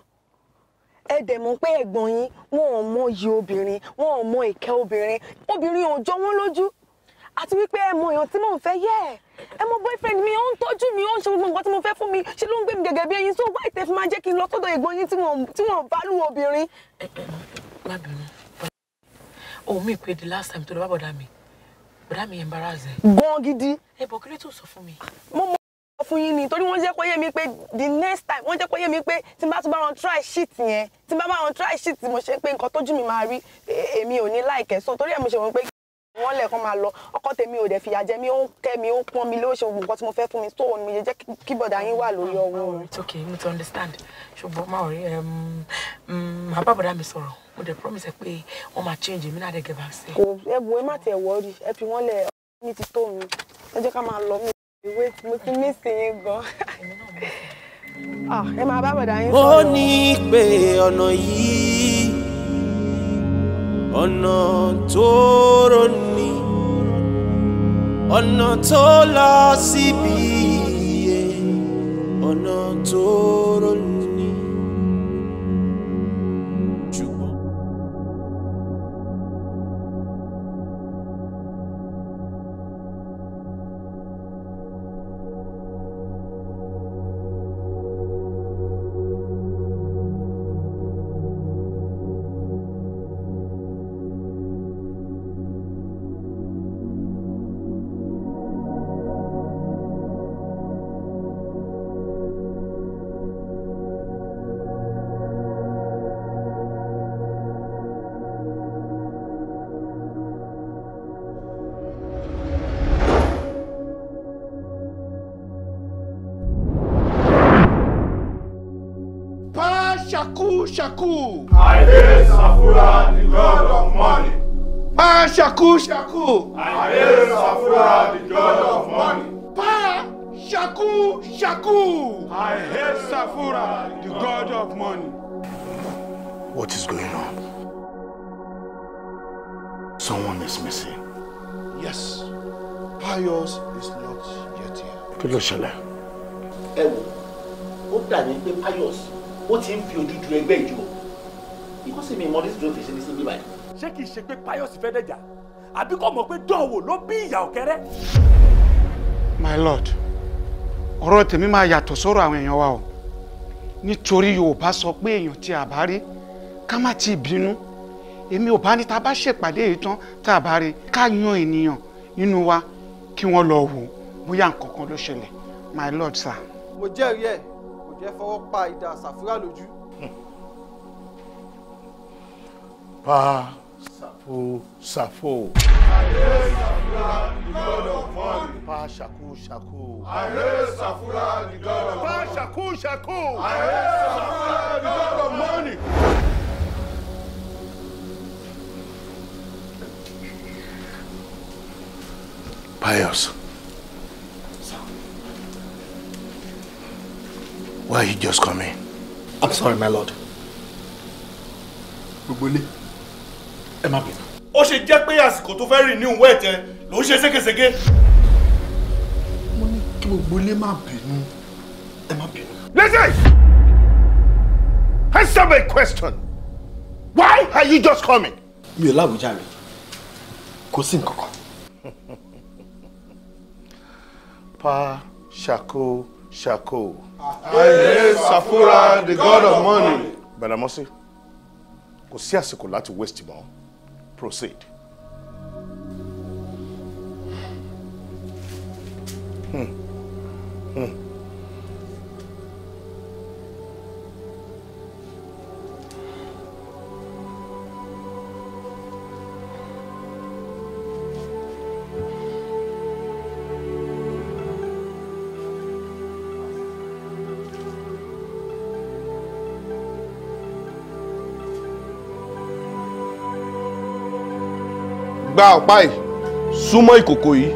ẹ dẹ̀ mọ̀ pé ẹ̀gbọ́n yín wọn ò mọ iye obìnrin wọn ò mọ ìkẹ́ obìnrin obìnrin ò jọ wọ́n lójú àti wípé ẹ mọ èèyàn tí mò ń fẹ́ yẹ ẹ mọ boyfriend mi ó ń tọ́jú mi ó ń ṣe gbogbo nǹkan tí mo fẹ́ fún mi ṣe ló ń gbé mi gẹ́gẹ́ bí ẹyin so why tẹ́ fi máa jẹ́ kí n lọ sọ́dọ̀ ẹ̀gbọ́n yín tí wọn ò bá lù obìnrin. ẹ ẹ má bínú òun mi pé the last time tó lọ bá bọ̀dá mi bùdá mi embarrass ẹ. gan gidi. ẹ bọ̀ kí ló tún sọ fún mi. mo mọ ọ fún yín ni torí wọ́n jẹ́ kó yé mi pé the next time wọ́n jẹ́ kó yé mi pé tí n bá tún bá wọn try shit yẹn tí n bá wọn try shit mo ṣe pé nǹkan tójú mi máa rí e, èmi ò ní láìkẹ́ so torí ẹ̀ mo ṣe wọ́n pé wọ́n lẹ̀ máa lọ ọkọ tèmi ò dẹ̀ fìyà jẹ mi ó kẹ́ mi ó pọ́n mi ló nǹkan tí mo fẹ́ fún mi tó òun mi jẹ́ kí bọ̀dà yín wà lórí ọwọ́. it's okay You need to understand ṣùgbọ́n máa rí um, màá mm, bá bọ̀dà mi sọ̀rọ̀ mo dẹ̀ promise pé wọ́n máa change mi náà dẹ̀ gẹ̀ bá ṣe. kò ẹ ẹ má tẹ wọrí ẹ fi wọn lẹ mi ti tó mi ẹ jẹ́ ká máa lọ mi ìwé mo ti mí sí yín gan. Ah, ẹ máa bá bọ̀dà yín sọ̀rọ̀. ọ̀nà tó roni ọ̀nà tó lọ ọ̀nà tó ṣẹlẹ̀. ẹ wò ó dàbí pé pius ó ti ń fi ojú ẹgbẹ́ ìjọ ikú sì mi mọ ní ìdúró fèsì ní síbí báyìí. ṣé kìí ṣe pé pius fẹ́ dẹ̀jà àbí kò mọ̀ pé dánwò ló bí ìyà ọ̀kẹ́rẹ́. my lord ọ̀rọ̀ tèmi máa yàtọ̀ sọ́rọ̀ àwọn èèyàn wa o nítorí yorùbá sọ pé èèyàn tí a bá rí ká má ti bínú èmi ò bá ní ta bá ṣèpàdé yìí tán tá a bá rí ká yan ènìyàn nínú wa kí wọ́n lọ wò bóyá nǹkan kan ló ṣẹlẹ̀ my lord sir. mo jẹ́rìí ẹ̀ kò jẹ́ fọwọ́ pa idà sàfúrà lójú. pa sàfo sàfo. àyè sàfúrà the god of money. pa ṣàkú ṣàkú. àyè sàfúrà the god of money. pa ṣàkú ṣàkú. àyè sàfúrà the god of money. Pious. Why are you just coming? I'm sorry, my lord. Gbogbo ilé, ẹ má bínú. Ó ṣe jẹ́ pé àsìkò tó fẹ́ rìn ní òun ẹ̀tẹ̀ ló ń ṣe ségesège. Mo ní kí gbogbo ilé má bínú. Ẹ má bínú. Listen! Answer my question. Why are you just coming? Mi ò láwùjáre. Kò sí nǹkan kan. Pa Shako. Shako. Ayé Safura, the god of money. Bẹ̀rẹ̀mọ́sí, kò sí àsìkò láti waste mọ́. Proceed. Hmm. Hmm. gba ọ̀pá yìí súnmọ́ ìkòkò yìí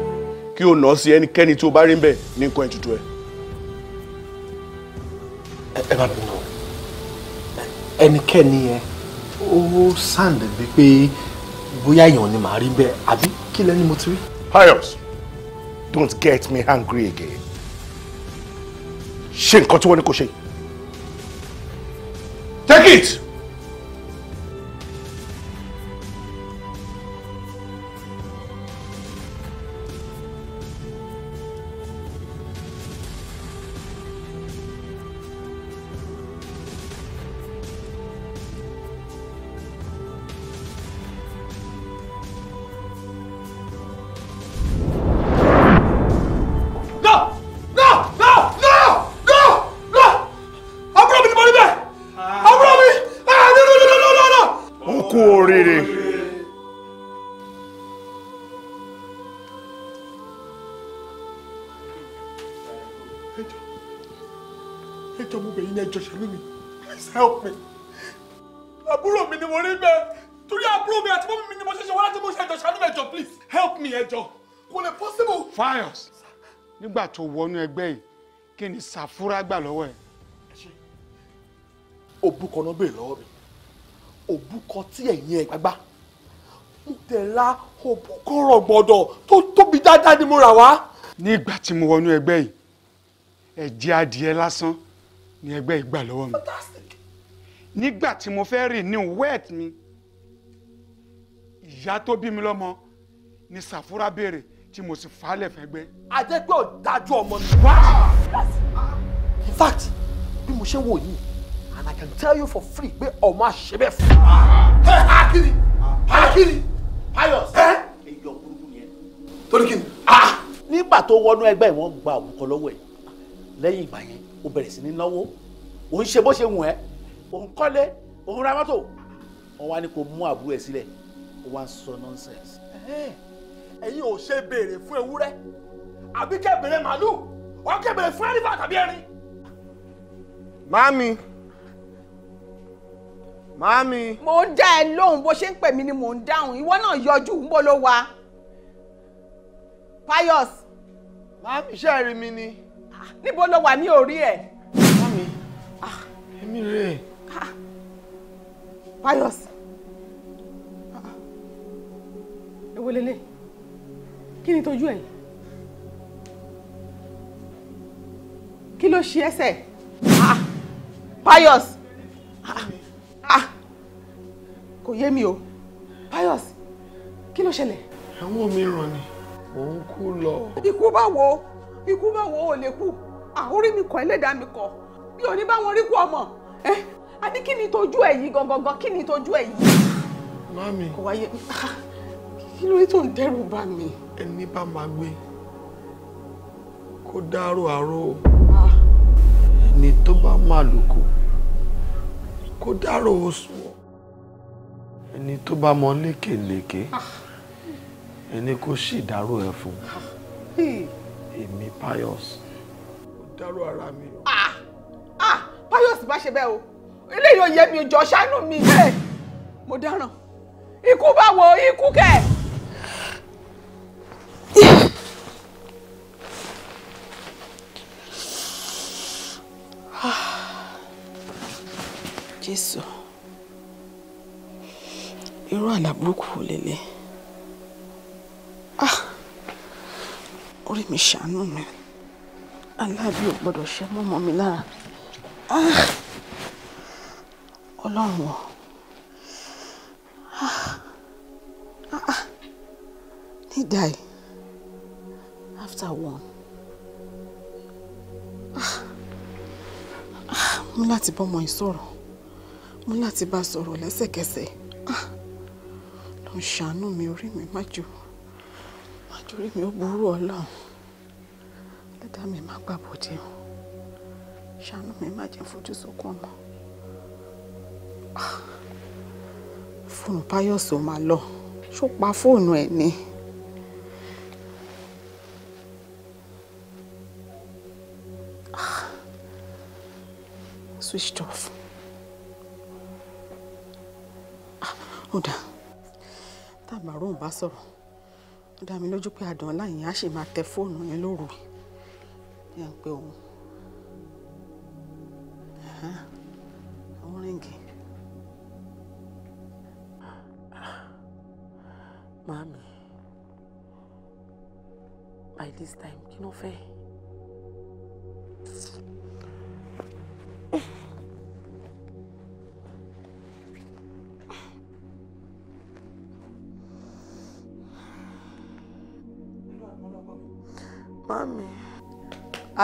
kí o nà á sí ẹnikẹ́ni tí o bá rí ń ní nǹkan ètùtù ẹ. ẹ bá bínú ẹnikẹ́ni ẹ ó sàǹdẹ̀ pé bóyá èèyàn ni màá rí ń àbí kí lẹ́ni mo ti rí. Pius don't get me angry again ṣe nǹkan tí wọ́n ní kó ṣe take it. tó wọnú ẹgbẹ́ yìí kí ni sàfúrà gbà lọ́wọ́ ẹ̀. òbúkọ náà bèrè lọ́wọ́ mi òbúkọ tí ẹ̀yìn ẹ̀ gbàgbá ń tẹ̀lá òbúkọ rọ̀gbọ̀dọ̀ tó tóbi dáadáa ni mo rà wá. ní ìgbà tí mo wọnú ẹgbẹ́ yìí ẹ̀jẹ̀ adìẹ lásán ni ẹgbẹ́ yìí gbà lọ́wọ́ mi nígbà tí mo fẹ́ rìn ní wẹ́ẹ̀t mi ìyá tó bí mi lọ́mọ ni sàfúrà béèrè tí mo sì falẹ̀ fẹ́gbẹ́. a jẹ́ pé ò dájú ọmọ mi. in fact bí mo ṣe wò yìí and i can tell you for free pé ọmọ àṣẹbẹ̀ fún. ẹ akiri akiri pius ẹ èyí ọkùnrin yẹn. torí kí ni. Ah! nígbà tó wọnú ẹgbẹ́ ìwọ̀n gba òkùnkàn lọ́wọ́ ẹ̀ lẹ́yìn ìgbà yẹn o bẹ̀rẹ̀ sí ní náwó o ń ṣe bó ṣe wù ẹ́ o ń kọ́lé o ń ra mọ́tò wọ́n wá ní kó mú àbúrò ẹ̀ sílẹ̀ o wá ń sọ nonsense ẹ̀yin ò ṣe béèrè fún ewúrẹ́ àbí kẹ́bèrè màlúù wọ́n kẹ́bèrè fún ẹ̀rífà tàbí ẹ̀rín. Màámi. Màámi. Mo ń dá ẹ lóhùn bó ṣe ń pè mí ni mò ń dáhùn. Ìwọ náà yọjú ń bó ló wà. Pius. Màámi ṣe rí mi ni. Ah, níbo ló wà ní orí ẹ̀? Màámi. Ah. Èmi rè ah. Pius. Ewo lele kí ni tójú ẹ̀ kí ló ṣe ẹsẹ̀ ah Pius ah ah kò yé mi o Pius kí ló ṣẹlẹ̀. àwọn mìíràn ni mò ń kú lọ. ikú bá wo ikú bá wo ò lè kú àórí mi kọ ẹlẹ́dàá mi kọ mi ò ní bá wọn rí kú ọmọ ẹ a ní kí ni tójú ẹ yìí gangan kí ni tójú ẹ yìí. mami kò wáyé ah, kí ló dé tó ń dẹ́rù bà mí ẹni bá máa gbé kó dárò àrò ah. ẹni tó bá máa lòkò kó dárò oṣù ẹni tó bá mọ lékèlékè ah. ẹni kó sì dárò ẹ fún ah. èmi pius ó dárò ara mi. pius bá ṣe bẹ́ẹ̀ o eléyìí ò yẹ mi ò jọ ṣàánú mi mo dáràn ikú bá wo ikú kẹ́ẹ̀ jésù irú àlá burúkú wo lélẹ̀ ah, orí mi ṣàánú mi aláàbí ò gbọ́dọ̀ ṣe mọ́mọ́ mi lára ah, ọlọ́run o ah, nídàá yìí after one. Ah. Ah. mo láti bọ́mọ yìí sọ̀rọ̀ mo láti bá sọ̀rọ̀ lẹ́sẹ̀kẹsẹ̀ ah. lọ ṣàánú mi orí mi májú májú orí mi ó burú ọlọ́run lẹ́dàá mi má gbàbọ̀dé o ṣàánú mi má jẹ́ fojú sunkún ọmọ fóònù páyọ̀sì ó máa lọ ṣó pa fóònù ẹ̀ ni. switched off. Oda, ah, that tá a bá rò ń bá sọ̀rọ̀ ó dá mi lójú pé àdán láyìn á sì máa tẹ fóònù yẹn lóru yẹn ń pe òun òun ríǹgì. by this time you know fair.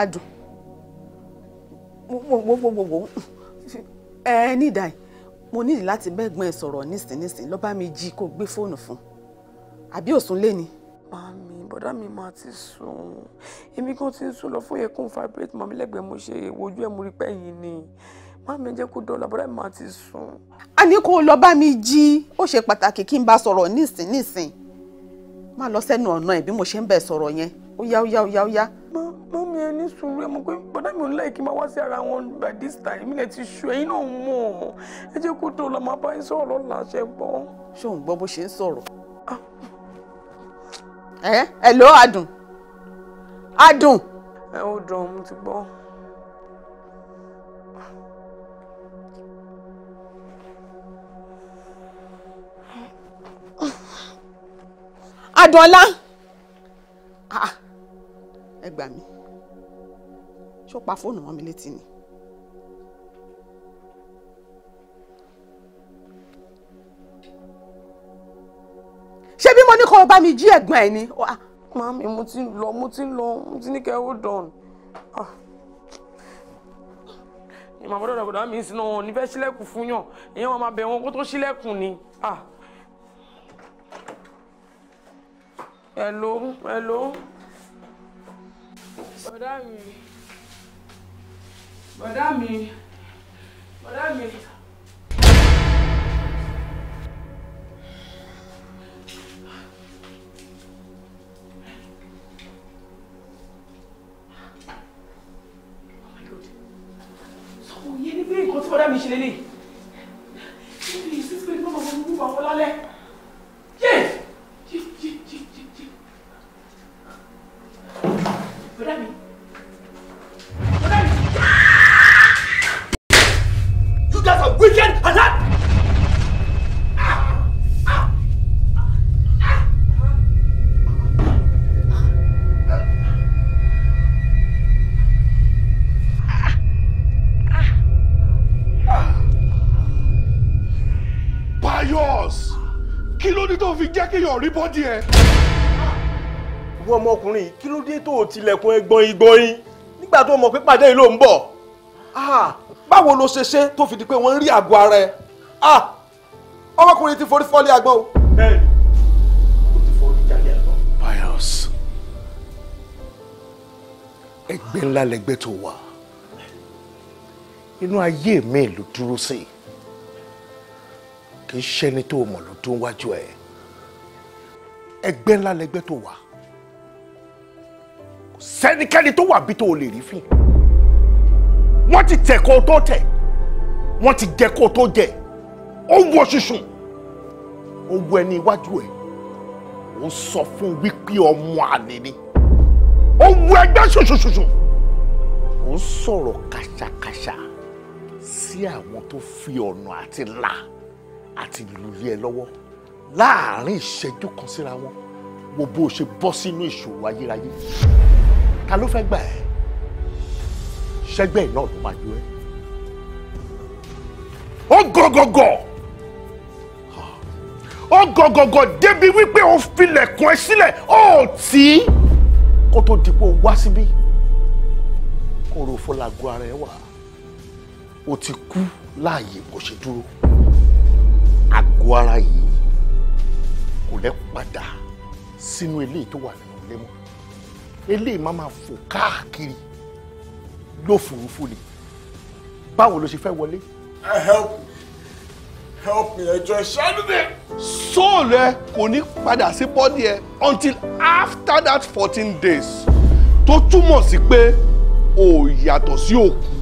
adùn wọ́wọ́wọ́wọ́ ẹ nídà ẹ̀ mo nídìí láti bẹ́gbọ́n ẹ sọ̀rọ̀ nísinsìnyí lọ́ba mi jí kó gbé fóònù fún àbí òsùn lé ni. màmí bọ́dá mi máa ti sùn èmi kan ti ń sùn lọ fún yẹkùn vibrate màmí lẹ́gbẹ̀ẹ́ mo ṣe wojú ẹ̀ mo rí pẹ́ yìí ni màmí jẹ́ kó dọ́là bọ́dá mi máa ti sùn. a ní kó lọ bá mi jí ó ṣe pàtàkì kí n bá sọ̀rọ̀ nísinsìnyí má lọ sẹ́nu ọ̀nà ẹ̀ bí mo ṣe ń bẹ̀ sọ̀rọ̀ yẹn ó yá ó yá ó yá ó yá mọ́ mi ẹ ní sùúrù ẹ mọ̀ pé bọ́dá mi ò láì kí n máa wá sí ara wọn by this time mi lè ti ṣu ẹ̀yin náà mọ̀ ẹ jẹ́ kó tó lọ́ọ́ máa bá yín sọ̀rọ̀ lọ́la ṣe gbọ́. ṣé òun gbọ́ bó ṣe ń sọ̀rọ̀. Ah. ẹ ẹ ló adùn adùn. ẹ ó dùn mo ti gbọ́. adùn ọlá. Ah. ah ẹ gbà mí ṣó pa fóònù mọ́ mi létí ni. ṣé bí mo ní kó o bá mi jí ẹ̀gbọ́n ẹ̀ ni. Ah, màámi mo ti ń lọ mo ti ń lọ mo ti ní kẹ́ ó dọ̀n. ìmọ̀ bọ́dọ̀ bọ́dọ̀ mi sínú wọn ní fẹ́ sílẹ̀kùn fún yàn ìyẹn wọn máa bẹ̀ wọn kó tó sílẹ̀kùn ni. Ah. hello hello bọ̀dá mi bọ̀dá mi bọ̀dá mi. Oh, yeah, the way you go to what I'm kéèyàn rí bọ́dì ẹ. ìwọ ọmọkùnrin kí ló dé tó o tilẹ̀kùn ẹgbọ́n igbóyin nígbà tó mọ̀ pé pàdé yìí ló ń bọ̀ ah, báwo ló ṣe ṣe tó fi di pé wọ́n ń rí àgọ́ ara ẹ ah, ọmọkùnrin ti forí fọ́lé àgbọn o. bẹ́ẹ̀ni o ti forí jáde àgbọn. Pius ẹgbẹ́ ńlá lẹgbẹ́ tó wà inú ayé mi ló dúró sí kì í ṣẹni tó mọ̀ ló dún wájú ẹ̀ ẹgbẹ́ ńlá lẹgbẹ́ tó wà kò sẹ́nikẹ́ni tó wà bí tó o lè rí fín wọ́n ti tẹ̀ kó o tó tẹ̀ wọ́n ti jẹ kó o tó jẹ ó wọ ṣùṣùn ó wọ ẹni iwájú ẹ̀ ó sọ fún wípé ọmọ àlè ni ó wọ ẹgbẹ́ ṣùṣùṣùṣùn ó sọ̀rọ̀ kàṣàkàṣà sí àwọn tó fi ọ̀nà àti là àti lulẹ̀ lọ́wọ́ láàárín ìṣẹ́jú kan síra wọn wo bó o ṣe bọ́ sínú ìṣòro ayérayé ta ló fẹ́ gbà ẹ́ ṣẹ́gbẹ́ náà ló máa jó ẹ́ ó gọgọgọ ó gọgọgọ débi wípé ó filẹ̀kùn ẹ sílẹ̀ ó tì í kó tó di pé ó wá síbí kó ro fọlágọ ara ẹ wà ó ti kú láàyè kó ṣe dúró àgọ́ ara yìí kò lè padà sínú eléyìí tó wà nínú ilé mọ́ eléyìí máa máa fò káàkiri lófurufú ni báwo ló ṣe fẹ́ wọlé. help help me ẹjọ ṣáájú dé. sóòlù ẹ kò ní padà sí bọ́dí ẹ until after that fourteen days tó túmọ̀ sí pé ó yàtọ̀ sí òkú.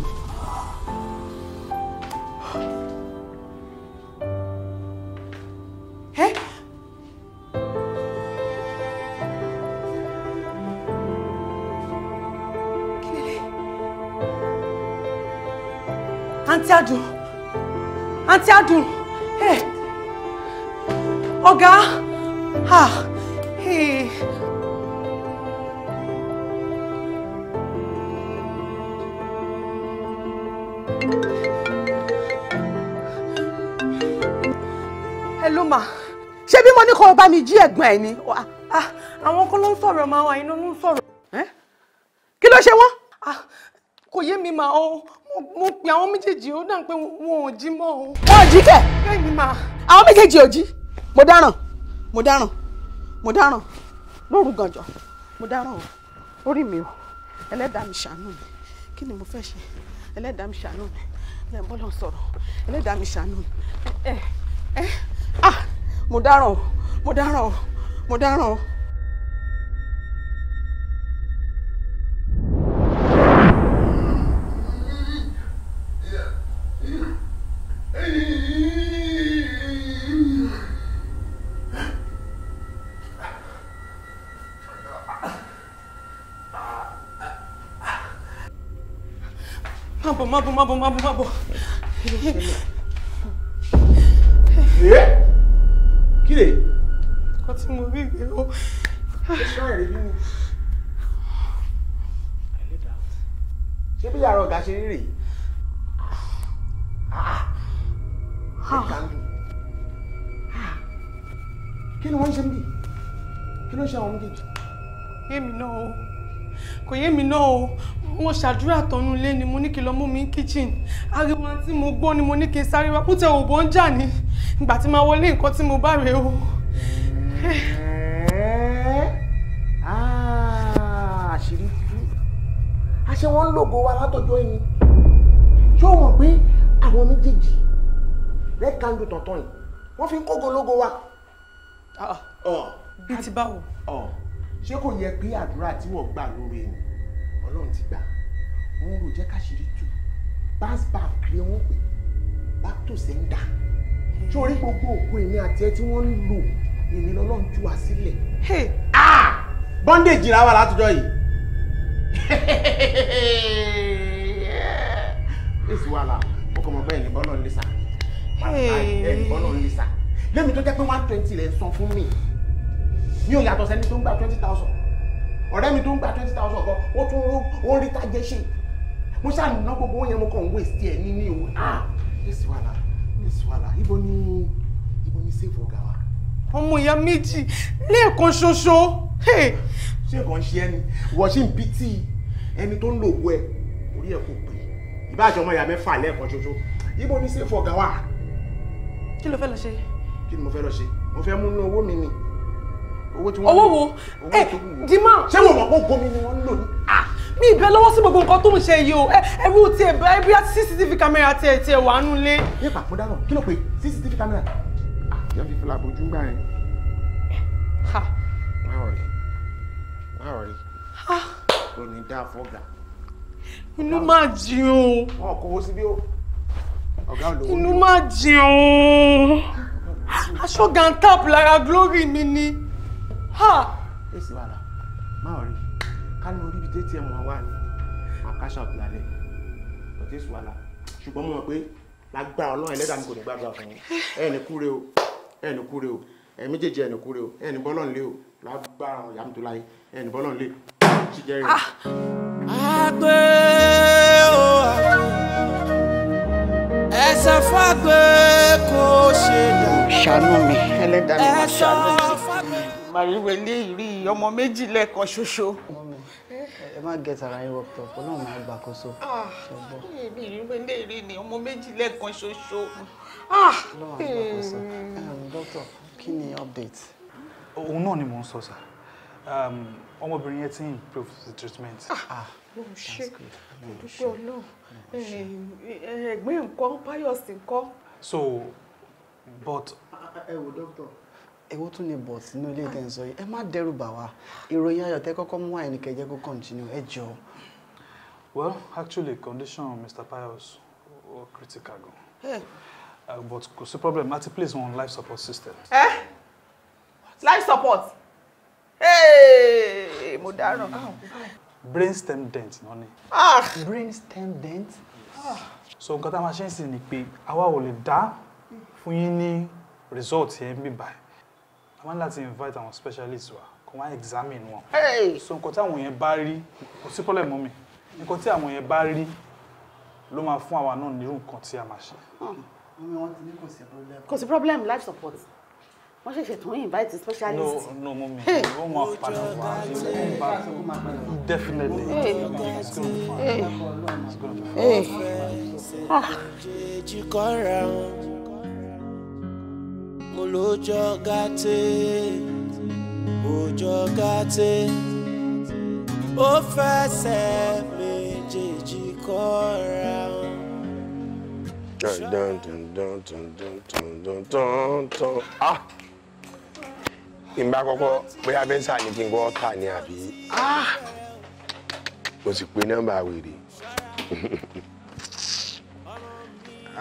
gbádùn ọ̀gá hello ma ṣé bí mo ní kó o bá mi jí ẹ̀gbọ́n ẹ̀ ni ah, àwọn kan ló ń sọ̀rọ̀ máa wà iná ló ń sọ̀rọ̀ kí ló ṣe wọ́n ah, kò yé mi mà ó pé àwọn méjèèjì ó dàn pé wọn ò jí mọ́ o. wọn ò jí kẹ. bẹ́ẹ̀ ni màá. àwọn méjèèjì ò jí mo dáràn mo dáràn mo dáràn lóru gànjọ́ mo dáràn o orí mi o ẹlẹ́dàá mi ṣàánú mi kí ni mo fẹ́ ṣe ẹlẹ́dàá mi ṣàánú mi ẹ bọ́lọ̀ sọ̀rọ̀ ẹlẹ́dàá mi ṣàánú mi ẹ ẹ ah mo dáràn o mo dáràn o mo dáràn o. mabu mabu mabu mabu bọ̀ má bọ̀ eh? má bọ̀. Ṣé kí lè? Kọ́ tí mo rí rèé o. Ṣé ṣáà rí bí mi? Ṣé bí yàrá ọ̀gá ṣe rí rèé? Ah, ah. ah. Kí ni wọ́n ń ṣe níbi? Kí ló ń ṣe àwọn méjèèjì? Yé mi náà o. Kò yé mi náà o mo ṣàdúrà tọ́nu ilé ni mo ní kí n lọ mú mi kitchen ariwo àti mo gbọ́ ni mo ní kí n sáré wá pútẹ òbọ̀ ń jà ní ìgbà tí máa wọlé nǹkan tí mo bá rè o. Ah, àṣírí tú àṣẹ wọn ń lògo wa látọjọ́ yìí ṣé o pé àwọn méjèèjì red candle tọ̀tàn yìí wọ́n fi ń kógo lógo wa. Ah, ah. bíi ti báwo. ṣé kò yẹ pé àdúrà tí wọ́n gbà lórí ẹni ọlọ́run ti gbà wọ́n rò jẹ́ káṣírí tù basbaf kiri wọ́n pè back to sender sórí gbogbo òkú èmi àti ẹ tí wọ́n ń lò èmi lọ́lọ́run tú wa sílẹ̀. bondage ra wa látọjọ́ yìí èsì wa la ọkọ̀ ọmọ bẹ́ẹ̀ ni bọ́lọ̀ ń lé sá bẹ́ẹ̀ ni bọ́lọ̀ ń lé sá lẹ́mi tó jẹ́ pé one twenty lẹ̀ ń san fún mi mi ò yàtọ̀ sẹ́ni tó ń gba twenty thousand ọ̀rẹ́ mi tó ń gba twenty thousand gan ó tún ó ń rí tajẹ́ ṣe mo ṣáà ná gbogbo oúnjẹ mo kàn ń waste ẹ̀ ní ní òun ah èsì wàhálà èsì wàhálà ibo ni ibo ni save ọ̀gá wa. ọmọ ìyá méjì lẹ́ẹ̀kan ṣoṣo. ṣé kàn ń ṣe ẹni wọ́n ṣì ń pitì ẹni tó ń lò wọ ẹ̀ orí ẹ̀ kò pè ìbáàjọ́ ọmọ ìyá mẹ́fà lẹ́ẹ̀kan ṣoṣo ibo ni save ọ̀gá wa. kí ló fẹ́ lọ ṣe. kí ni mo fẹ́ lọ ṣe mo fẹ́ mú inú owó mi ni owó tí wọ́n owó wo ẹ jimá eh, ṣé wọ́n mọ̀ pé gomi ni wọ́n ń lò ní. Ah, mi ìbẹ lọ́wọ́ sí gbogbo nǹkan tó ń ṣe yìí o eh, ẹrú ti ẹ bẹ bí cctv camera ti ẹ ti ẹ wà á nulẹ̀. ní pàpọ̀ dáná kí ló pe cctv camera. àjọ ah, fi fìlà bojú gbà yẹn. má wọrí má wọrí kò ní dáa fọ́gà. inú máa jìn o. wọn kò wọ́n síbí o. ọ̀gá olówó. inú máa jìn o. [laughs] aṣọ gantap lára glory mi ni èsì wàhálà má ò rí ká ní orí ibi tí atm wà wà ní àkàṣà òtún lálẹ́ òtún èsì wàhálà ṣùgbọ́n mo mọ̀ pé lágbára ọlọ́run ẹlẹ́dàá mi kò ní gbàgbà fún yín ẹ̀ ní kúre o ẹ̀ ní kúre o ẹ̀ méjèèjì ẹ̀ ní kúre o ẹ̀ ní bọ́lọ́run lé o lágbára ọ̀yà mi tó láyé ẹ̀ ní bọ́lọ́run lé ṣì jẹ́ rẹ̀. Ah! àgbẹ̀ o ẹsẹ̀ fàgbẹ̀ kò ṣe dà. ṣàánú mi ẹlẹ́dàá mi máa ṣàánú mi màríwé lé ìrí ọmọ méjì lẹ́ẹ̀kan ṣoṣo. ẹ má gẹ tara yín wọpọ Ọlọ́run máa gbàkóso. Ah, màríwé lé ìrí ni ọmọ méjì lẹ́ẹ̀kan ṣoṣo. Ah! Ah! Um, dókítà kí ni update. òun náà ni mò ń sọ sá um, ọmọbìnrin yẹn ti ń improve the treatment. ṣe ìdúpẹ́ nǹkan eh, eh, Pius nǹkan. so but. ẹ wo dókítà ewo tún ni bọ̀ sínú ilé tẹ̀ ń sọ yìí ẹ má dẹ́rù bà wá ìròyìn ayọ̀ tẹ́ kọ́kọ́ mú àyìn kẹ́ kó continue ẹ jọ. well actually condition Mr. Pius ó critical gan hey. uh, but kò sí problem láti place one life support system. Eh? life support hey, mo dáràn. Mm. brain stem dent náà ni. Ah. brain stem dent. Yes. Ah. so nǹkan tá a máa ṣe ń sìn ni pé àwa ò lè dá fún yín ní result yẹn bíbáyìí wọ́n láti invite àwọn specialist wa kó wọ́n examine wọn. so nǹkan tí àwọn yẹn bá rí kò sí problem mọ́ mi nǹkan tí àwọn yẹn bá rí ló máa fún àwa náà nírú nǹkan tí a máa ṣe. Hmm. kò sí problem life support wọ́n ṣẹ̀ṣẹ̀ tún invite specialist. no no mummy ó máa padà wá definitely it's gonna be fun it's gonna be fun mo lójọ́ gàtẹ́ òjọ́ gàtẹ́ ó fẹsẹ̀ méjèèjì kọ́ra wọn. dun dun dun dun dun dun dun dun dun ah ìgbà àkọ́kọ́ bóyá bẹ́ńsà ni kí n kọ́ ta ni àbí ah mo sì pe nọ́mbà wèrè [laughs]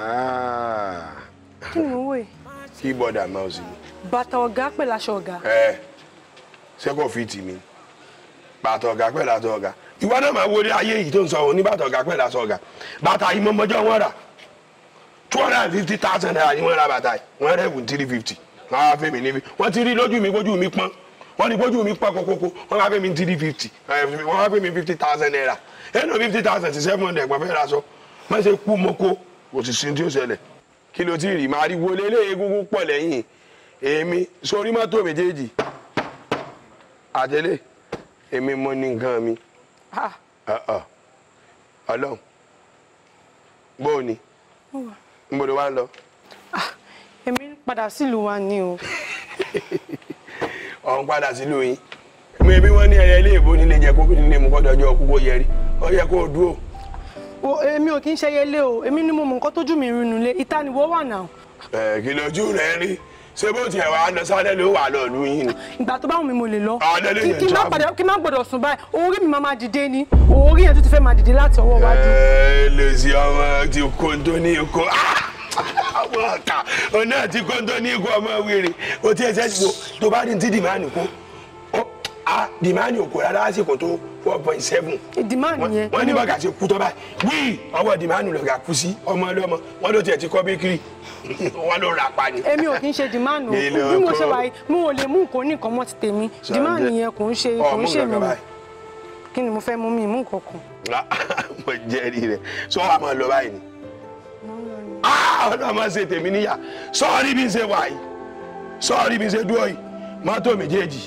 ah. kí ni mo wò keyboard and mouse ni. bàtà ọ̀gá pẹ̀lú aṣọ ọ̀gá. ẹ sẹ́kọ̀ fìtì mi bàtà ọ̀gá pẹ̀lú aṣọ ọ̀gá ìwọ náà máa wọlé ayé yìí tó ń sọ òní bàtà ọ̀gá pẹ̀lú aṣọ ọ̀gá bàtà yìí mọ́mọ́jọ́ wọn rà two hundred and fifty thousand naira ni wọ́n ra bàtà yìí wọ́n rẹ̀ wù three fifty wọ́n á fẹ́ mi níbi wọ́n ti rí lójú mi kójú mi pọ́n wọ́n ní kójú mi pọ́n kókókó wọ́n á fẹ́ mi three fifty wọ́n á fẹ́ mi fifty thousand naira ẹnu fifty thousand ti seven hundred gbọ́n fẹ́ ra sọ mọ̀ ṣe kú mọ́kó kò sì sí ní tí ó ṣẹlẹ̀ kí ló ti rí màá rí wọlé ilé egungun pọ̀ lẹ́yìn èmi sórí mọ́tò méjèèjì àtẹlé èmi mo ní nǹkan mi ah. uh-uh. ọlọ́run bóò ni n bolo wa lọ. Ah, èmi padà sílùú wa ni o. ọ̀hún [laughs] padà sílùú yín mi bí wọ́n ní ẹyẹ ilé ìbò nílé jẹ́ kó nílé mu kọ́dọ̀ ọjọ́ kúkó yẹrí ó yẹ kó o dúró èmi ò kí ń ṣẹyẹ lé o èmi ni mo mọ nǹkan tójú mi rinnu lé ìta ni wọ́n wà náà. ẹ kí lójú rẹ rí ṣé bó tiẹ̀ wá lọ sálẹ̀ ló wà lọ lù yín. ìgbà tó bá wù mí mo lè lọ kí má padà kí má gbọ́dọ̀ sùn báyìí orí mi máa dìde ni orí yẹn tó ti fẹ́ máa dìde láti ọwọ́ wájú. ẹ lè ṣe ọmọ ti kó tó ní kó àwọn ah! ọ̀tá ọ̀nà àti kó tó ní kó ọmọ wèrè o ti ẹsẹ̀ tó bá rí ti máa nìkú a demand yòókù rárá àsìkò tó one point seven. demand yẹn. wọ́n ní bàgà ti kú tọ́ báyìí wíì ọwọ́ demand lọ gà kú sí ọmọ ọlọ́mọ wọ́n ló tiẹ̀ ti kọ́ bíkírì [laughs] wọ́n ló ra pa ni. èmi ò kí ń ṣe demand o bí mo ṣe wà yìí mo ò lè mú nǹkan oníkan mọ́ ti tèmi demand yẹn kò ń ṣe kò ń ṣe mi kí ni mo fẹ́ mú mi mú nǹkan kan. Ah, [laughs] mo jẹ́rìí rẹ̀ sọ wa máa lọ báyìí ni ah, ọlọ́mọ ṣe tèmi níyà sọ́ọ́rí bí ń ṣe wà yìí sọ́ọ́rí bí ń ṣe dúró yìí mọ́tò méjèèjì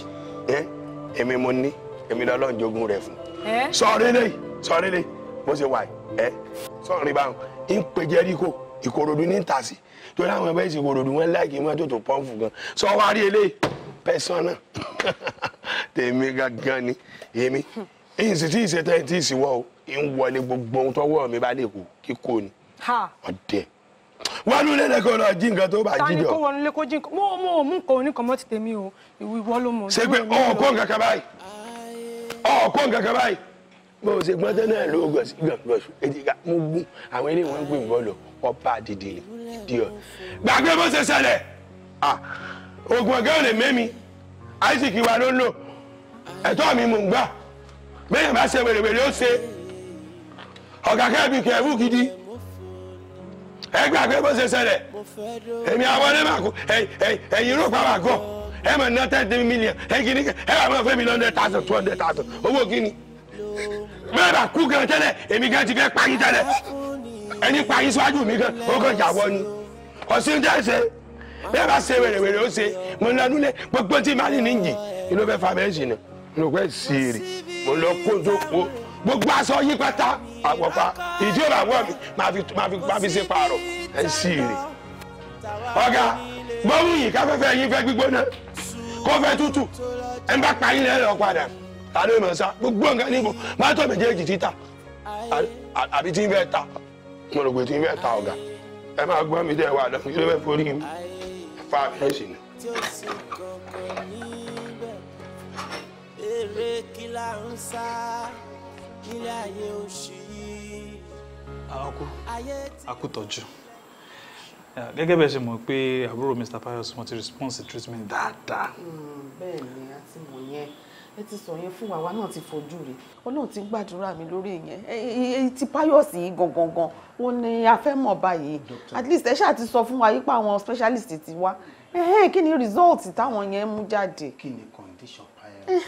ẹ́ èmi mo ní èmi lọ́lọ́run jogún rẹ̀ fún. sọ̀rí lè sọ̀rí lè bó ṣe wà ẹ́ sọ̀rí báwọn ń pe Jẹ́ríkò Ìkòròdú ní tàṣí torí àwọn ẹgbẹ́ ìsìn Ìkòròdú wọn láìkí mọ́tò tó pọ́ǹfù gan sọ wá rí eléyìí pẹ́sọ́nà [laughs] tèmi gangan ni èmi èyí sì tí ìṣètò ẹ̀ tí ì sì wọ́ o ń wọlé gbogbo ohun tọ́wọ́ mi bá lè kú kíkó ni ọ̀dẹ̀ wọnú lẹ́lẹ́kọ̀ọ́ lọ jí nǹkan tó bá jí jọ. ta ni kó wọnú lé kó jí nǹkan mo mo mú nǹkan oníkan mọ́ ti tèmi o ìwọ ló mọ. ṣé pé ọkọ nǹkan kan báyìí ọkọ nǹkan kan báyìí bó o ṣe gbọ́n tẹ́ náà ló gbọ̀n sí gbọ̀ngbọ̀sù ètí ká mú gún àwọn eléyìí wọ́n ń gbìn bọ́ọ̀lù ọba àdìdì ìdí ọ. gbàgbé bó ṣe ṣẹlẹ̀ oògùn ọ̀gá ò lè mẹ́mi isaac wa ló lò ẹ̀tọ́ mi mò ń gbà bẹ́ẹ̀ bá ṣe wèrèwèrè ó ṣe ọ̀gá kẹ́ẹ̀bì kẹ́ẹ̀bù gidi ẹ gbàgbé bó ṣe ṣẹlẹ̀ èmi àwọn ẹlẹ́màkú ẹ̀yìn ló pa wà gọ̀ọ́ ẹ máa ná ten ten million ẹ kìíní kẹ ẹ wà máa fẹ́ mi ní hundred thousand two hundred thousand owó kìíní. bẹ́ẹ̀ bá kú gan tẹ́lẹ̀ èmi gan ti fẹ́ parí tẹ́lẹ̀ ẹni parí síwájú mi gan ó kàn jàwọ́ ni ọ̀sìn jẹ́ ṣe bẹ́ẹ̀ bá ṣe wèrèwèrè ó ṣe mo ní ọdún lé gbogbo tí màá ní níyì inú fẹ́ fa bẹ́ẹ̀ sì ni inú fẹ́ sí èrè mo lọ kó tó kó gbogbo aṣọ yí pátá àwọ̀pá ìdí òrò àwọ̀ mi máa fi ṣe pààrọ̀ ẹ̀ sí èrè ọ̀gá gbọ́wùyìn káfẹ́fẹ́ yín fẹ́ gbígbóná kọfẹ tútù ẹ ń bá parí lẹ́yìn lọ padà ta ló mọ̀ sá gbogbo nǹkan níbo máa tọ̀ méjèèjì títà àbí tí ń fẹ́ ta mo rò pé tí ń fẹ́ ta ọ̀gá ẹ máa gbọ́ mi dẹ́ wà lọ́mọ kí ló fẹ́ forí mi fa abẹ́rẹ́ sí ni. eré kí la ń sá nílé ayé òṣì yìí. àkú àkútọ́jú. Ah, gẹ́gẹ́ bẹ́ẹ̀ ṣe mọ̀ pé àbúrò Mr. Pius wọ́n ti response treatment dáadáa. Hmm, bẹ́ẹ̀ ni a ti mọ̀ yẹn ẹ ti sọ yẹn fún wa wa náà ti fojú rẹ̀ Ọlọ́run ti gbàdúrà mi lórí yẹn èyí ti Pius yìí gangan wọ́n ní a fẹ́ mọ̀ báyìí at least ẹ ṣáà ti sọ fún wa yípa àwọn specialist ti wá kí ni result táwọn yẹn mú jáde. kí ni condition Pius.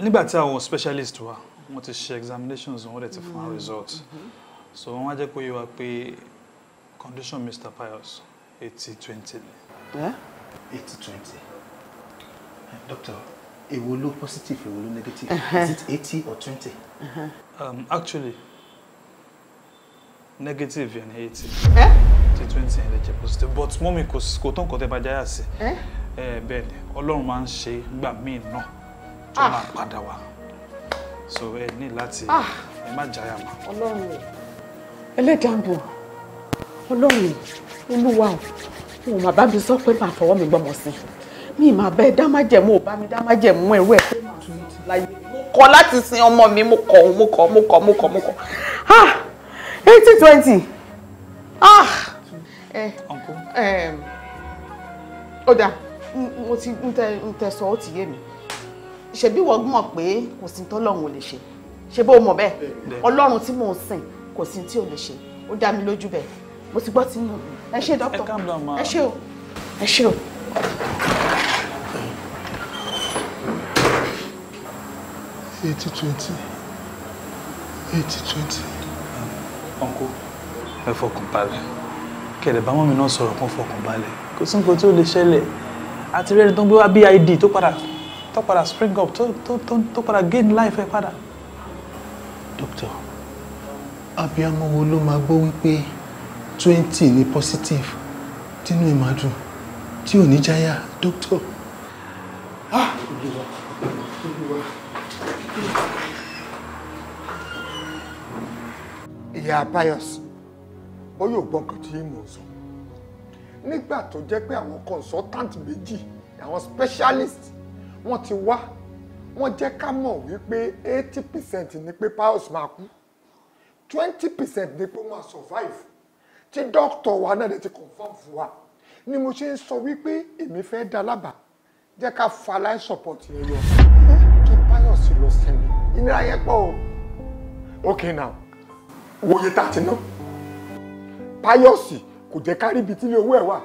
nígbà tí àwọn specialist wa wọ́n ti ṣe examinations wọ́n dẹ̀ ti fún wa hmm, result mhm. so wọ́n á jẹ́ kó yé wa pé Condition Mr. Pius, 80-20. Eh? 80-20. Eh, doctor, it will look positive, It will look negative. [laughs] Uh -huh. Is it 80 or 20? Uh -huh. Um, actually, negative and 80. Eh? 20 and the positive. But mommy kò kò tán kò tẹ́ bá jaya sí. Eh? Eh bẹ́ẹ̀ ni. Ọlọ́run máa ń ṣe gbà mí náà. Ah! So eh ní láti ah! ẹ má jaya mọ́. Ọlọ́run. Ele dambo ọlọ́run olúwa o mo mà bá mi sọ pé màá fọwọ́ mi gbọ́mọ sí mi mà bẹ́ẹ̀ dámájẹ̀mú ò bá mi dámájẹ̀mú ẹ̀rú ẹ̀ pé màá tún láyé mo kọ̀ láti sin ọmọ mi mo kọ̀ mo kọ̀ mo kọ̀ mo kọ̀ mo kọ̀ ah eighteen twenty ah ẹ ẹ ó dáa mo ti ń tẹ sọ ó ti yé mi ṣebí wọ́n mọ̀ pé kò sí tọ́lọ́run ò lè ṣe ṣe bó mọ̀ bẹ́ẹ̀ ọlọ́run tí mò ń sìn kò sí tí ò lè ṣe ó dá mi lójú bẹ́ẹ̀ mo ti gbọ́ ti yín o ẹ ṣé dókítà ẹ ṣé o ẹ ṣé o. eighty twenty eighty twenty. ọ̀nkú ẹ fọkàn balẹ̀ kẹ̀lẹ̀ bá mọ́mi náà sọ̀rọ̀ kó fọkàn balẹ̀ kò sí nǹkan tí ó lè ṣẹlẹ̀ àti rẹ́ni tó ń gbé wá bid tó padà tó padà spring up tó tó tó padà gain life ẹ padà. dókítà abiyamọ wo ló máa gbọ́ wípé twenty ní positive tínú ẹ̀ máa dùn tí ò ní ah olùwà olùwà. ìyá Pius ó yóò gbọ́ nǹkan tí mò ń sọ nígbà tó jẹ́ pé àwọn consultant méjì àwọn specialist wọ́n ti wá wọ́n jẹ́ ká mọ̀ wípé eighty percent ni pé Pius máa kú twenty percent ni pé ó máa survive tí dókítọ̀ wa náà lè ti confam fún wa ni mo ṣe ń sọ wípé èmi fẹ́ dá lábàá jẹ́ ká fa life support yẹn lọ kí Páyọ̀sí lọ sẹ́mi ìnira yẹn pọ̀ o okay now wòye tá a ti ná Páyọ̀sí kò jẹ́ ká rí ibi tí ilé owó ẹ̀ wà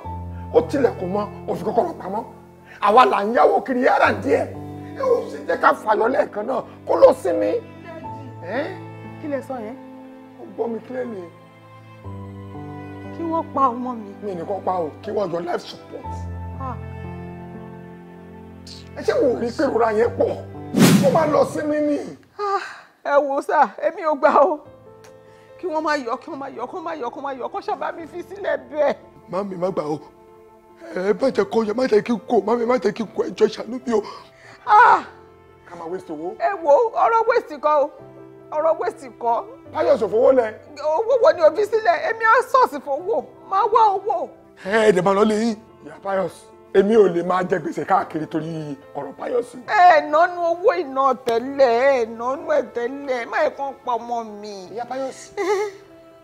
ó tilẹ̀kùn mọ́ ó fi kọ́kọ́rọ́ pamọ́ àwa là ń yáwó kiri yàrá díẹ̀ ẹ ò sì jẹ́ ká fàyọ lẹ́ẹ̀kan náà kó lọ sinmi. kí lẹ sọ yẹn. ó gbọ́ mi kílẹ̀ nìyẹn kí wọ́n pa ọmọ mi. mi ní kọ́ pa o kí wọ́n yọ life support. ẹ ṣé wò ó rí pé ìrora yẹn pọ̀ kó má lọ sí mi nì. ẹ wò ó sà èmi ò gbà o kí wọ́n má yọ kí wọ́n má yọ kó má yọ kó má yọ kó ṣàbá mi fi sílẹ̀ bẹ́ẹ̀. màmí má gbà o ẹ bá jẹ kó yẹ má jẹ kí n kó màmí má jẹ kí n kó ẹjọ ṣàánú mi o. ká máa wéṣì owó. ẹ wo ọ̀rọ̀ wéṣì kọ́ ọ̀rọ̀ wéṣì kọ́ káyọ̀sọ̀ fowó lẹ. owó wo ni òbí sílẹ̀ èmi á sọ̀ọ̀sì fowó máa wá owó. ẹ ẹ dẹ̀ máa lọ lè yín ìyá pius èmi ò lè máa jẹ gbèsè káàkiri torí ọ̀rọ̀ pius. ẹ ẹ nánú owó iná tẹ́lẹ̀ ẹ nánú ẹ tẹ́lẹ̀ má ẹ kàn pa ọmọ mi. ìyá pius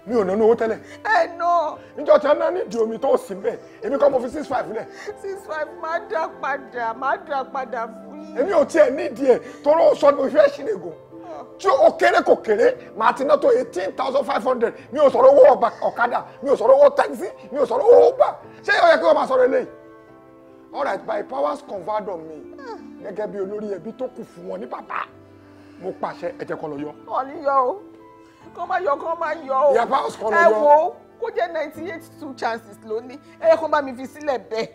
mi ò nánú owó tẹ́lẹ̀. [laughs] ẹ nà. níjọ́ tí a ná nídìí omi tó sì bẹ́ẹ̀ èmi kọ́ mo fi six five lẹ̀. six five máa dá padà máa dá padà fún yín. èmi ò tiẹ̀ nídìí ẹ̀ tọ́rọ sọ́dún ìfẹ́ tí o kéré kò kéré màá ti ná tó eighteen thousand five hundred mi ò sọ̀rọ̀ owó ọ̀kadà mi ò sọ̀rọ̀ owó taxi mi ò sọ̀rọ̀ owó uber ṣé ó yẹ kí wọ́n máa sọ̀rọ̀ eléyìí all right by powers conferred on me gẹ́gẹ́ bí olórí ẹbí tó kù fún wọn ní bàbá mo pàṣẹ ẹ jẹ́ lọ yọ. wọn ní yọ o kó má yọ kó má yọ o ẹ wo kó jẹ́ ninety eight two chances lónìí ẹ kó bá mi fi sílẹ̀ bẹ́ẹ̀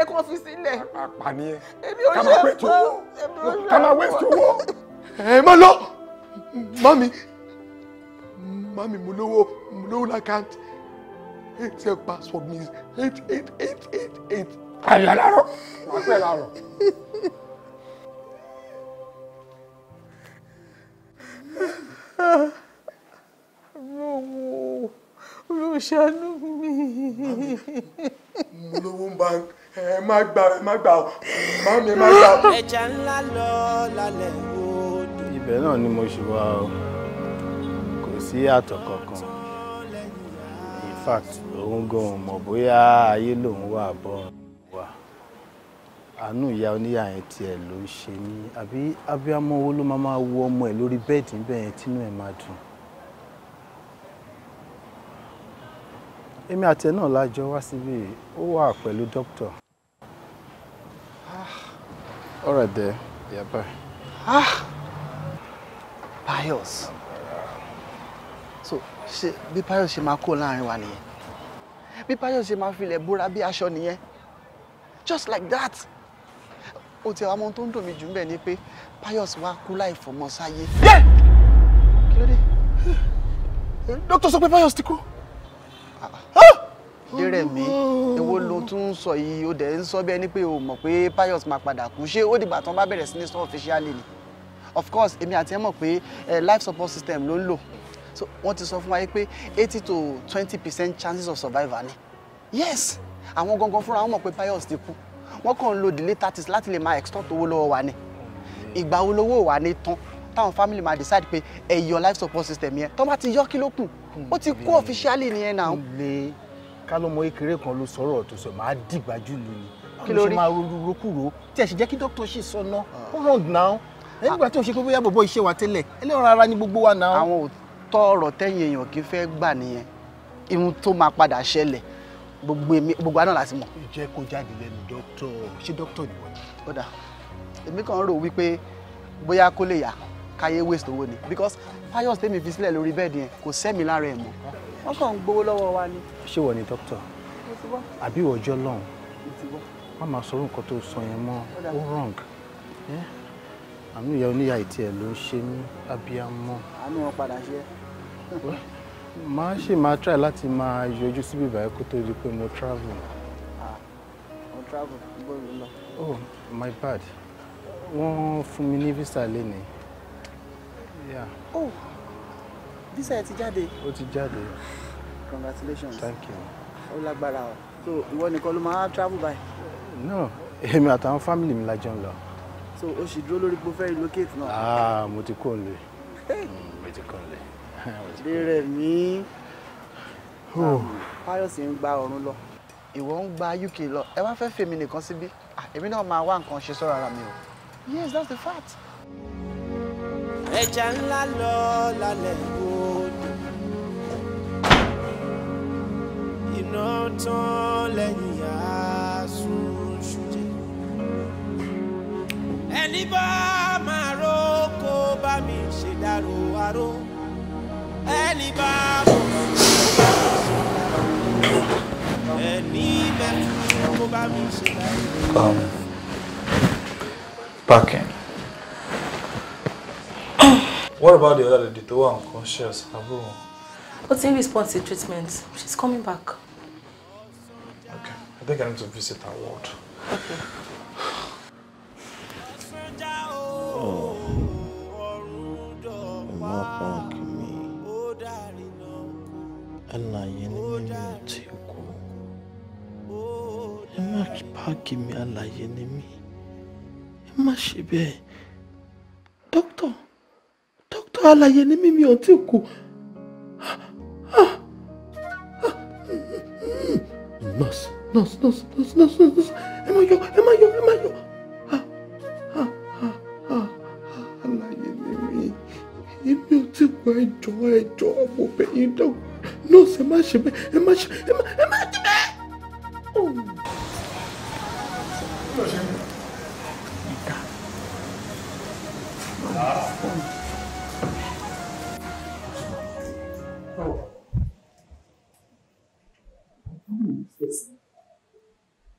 ẹ kó fi sílẹ̀. àpàní ẹ ká wé tí owó ká wé tí owó ẹ má lọ mami mami mo lówó mo lówó lákàntì ATM password mi is eight eight eight eight eight. àyà lárọ wà pẹ́ lárọ. lówó ló ṣàánú mi. mo lówó bank ẹ má gbà ẹ má gbà ọ má mi ẹ má gbà ọ. ẹja ńlá lọ lálẹ́ wo bẹ́ẹ̀ náà ni mo ṣe wá o kò sí àtọ̀ kankan in fact òun gan mọ̀ bóyá ayé lòun wà bọ́ wà àánú ìyá oníyà yẹn tiẹ̀ ló ń ṣe mí àbí abiyamọ owó ló máa máa wo ọmọ ẹ̀ lórí bẹ́ẹ̀dì níbẹ̀ yẹn tínú ẹ̀ máa dùn. èmi àti náà lájọ wá síbí ó wà pẹ̀lú dókítà. ọ̀rọ̀ ah. ẹ̀dẹ̀ ìyá Pius so ṣe bí Pius ṣe máa kó láàrin wa nìyẹn Be Pius ṣe máa filẹ̀ búra bí aṣọ nìyẹn just like that o ti àwọn ọmọ tó ń dùn mí jù ń bẹ̀ ni pé Pius wá kú láì fọmọ sáyé. kí ló dé dókítà sọ pé Pius ti kú. Ah! dérè mi èwo ló tún ń sọ yìí o dẹ̀ ń sọ bí ẹni pé o mọ̀ pé Pius máa padà kú ṣé ó dìgbà tán bá bẹ̀rẹ̀ sí ní sọ officially ni of course èmi àti ẹ mọ̀ pé eh, life support system ló ń lò so wọ́n ti sọ fún wa pé eighty to twenty percent chances of survival ni yes àwọn gangan fúnra wọn mọ̀ pé pius ti kú wọ́n kàn ń lo delay tactics láti lè máa extort owó lọ́wọ́ wa ni ìgbà wo lówó wa ni tán táwọn family máa decide pé ẹ yọ life support system yẹn tó bá ti yọ kí ló kù ó ti kú officially nìyẹn náà. ilé kálọ́mọ ekere kan ló sọ̀rọ̀ tó sọ máa dìgbàjú lu ni kí ló rí máa ronú rokúro tí ẹ ṣe jẹ́ kí dókítà ṣì sọ ná ó ràn náà nígbà tó ṣe pé bóyá bòbó iṣẹ́ wa tẹ́lẹ̀ ẹlẹ́rọ ara ni gbogbo wa náà. àwọn òótọ́ ọ̀rọ̀ tẹ́yìn èèyàn kì í fẹ́ gbà nìyẹn irun tó máa padà ṣẹlẹ̀ gbogbo èmi gbogbo àná láti mọ̀. jẹ́ kó jáde lẹ́nu dókítọ̀ ṣé dókítọ̀ ni wọ́n. ó dà èmi kàn ń rò wípé bóyá kó lè yà káyé waste owó ni because fayos tèmi fi sílẹ̀ lórí bẹ́ẹ̀dì yẹn kò sẹ́mi lára ẹ̀ mọ́ wọ́n kàn ń gbowó lọ́wọ́ wa ni. ṣé wọ ni dókítọ̀ àbí ìwọ ọjọ́ lọ́hùn-ún má máa sọ orúkọ tó sọ yẹn mọ́ ó wrong. Yeah? àánú ìyá oníyà ìtì ẹ̀ ló ń ṣe mí abiyamọ. àánú wọn padà ṣe. máa ṣe máa try láti máa yọjú síbi ìbàyẹ̀ kó tó di pé mo travel. ah mo travel gbọ́dọ̀ lọ. oh my bad wọ́n fún mi ní visa lẹ́nìí. Yeah. oh visa ẹ ti jáde. ó ti jáde. congratulations. thank you. ó lágbára o so ìwọ nìkan ló máa travel by? no èmi àtàwọn fámìlì mi la jẹun lọ so o sì dúró lórí pé relocate náà. ah mo ti kó n lè mo ti kó n lè. rírẹ̀ mi Fáyọ̀sì ń gba ọ̀run lọ ìwọ ń gba UK lọ ẹ wá fẹ́ fèmí nìkan síbí èmi náà máa wá nǹkan ṣe sọ́ra ara mi o yes that's the fact. ẹja ńlá lọ lálẹ́ odò iná tán lẹ́yìn àásùn ẹni bá máa ró kó bá mi ṣe dárò aró ẹni bá kó bá mi ṣe dárò ẹni bá kó bá mi ṣe dárò. Um, packing. [coughs] What about the other lady tó wà unconscious, Abu? What's in response to treatment? She's coming back. Okay, I think I need to visit her ward. Okay. mọ́ pọ́ǹkì mi alààyè ni mí mi ò tí ì kú ẹ má pààkì mi alààyè ni mí ẹ má ṣe bẹ́ẹ̀ dókítà dókítà alààyè ni mí mi ò tí ì kú. nurse nurse nurse nurse nurse nurse ẹ má yọ ẹ má yọ ẹ má yọ. ibi ò tí kò ẹjọ́ ẹjọ́ mo bẹ̀ yín dáhùn nọ́ọ̀sì ẹ má ṣe bẹ́ẹ̀ ẹ má ṣe ẹ má ẹ má ṣe bẹ́ẹ̀.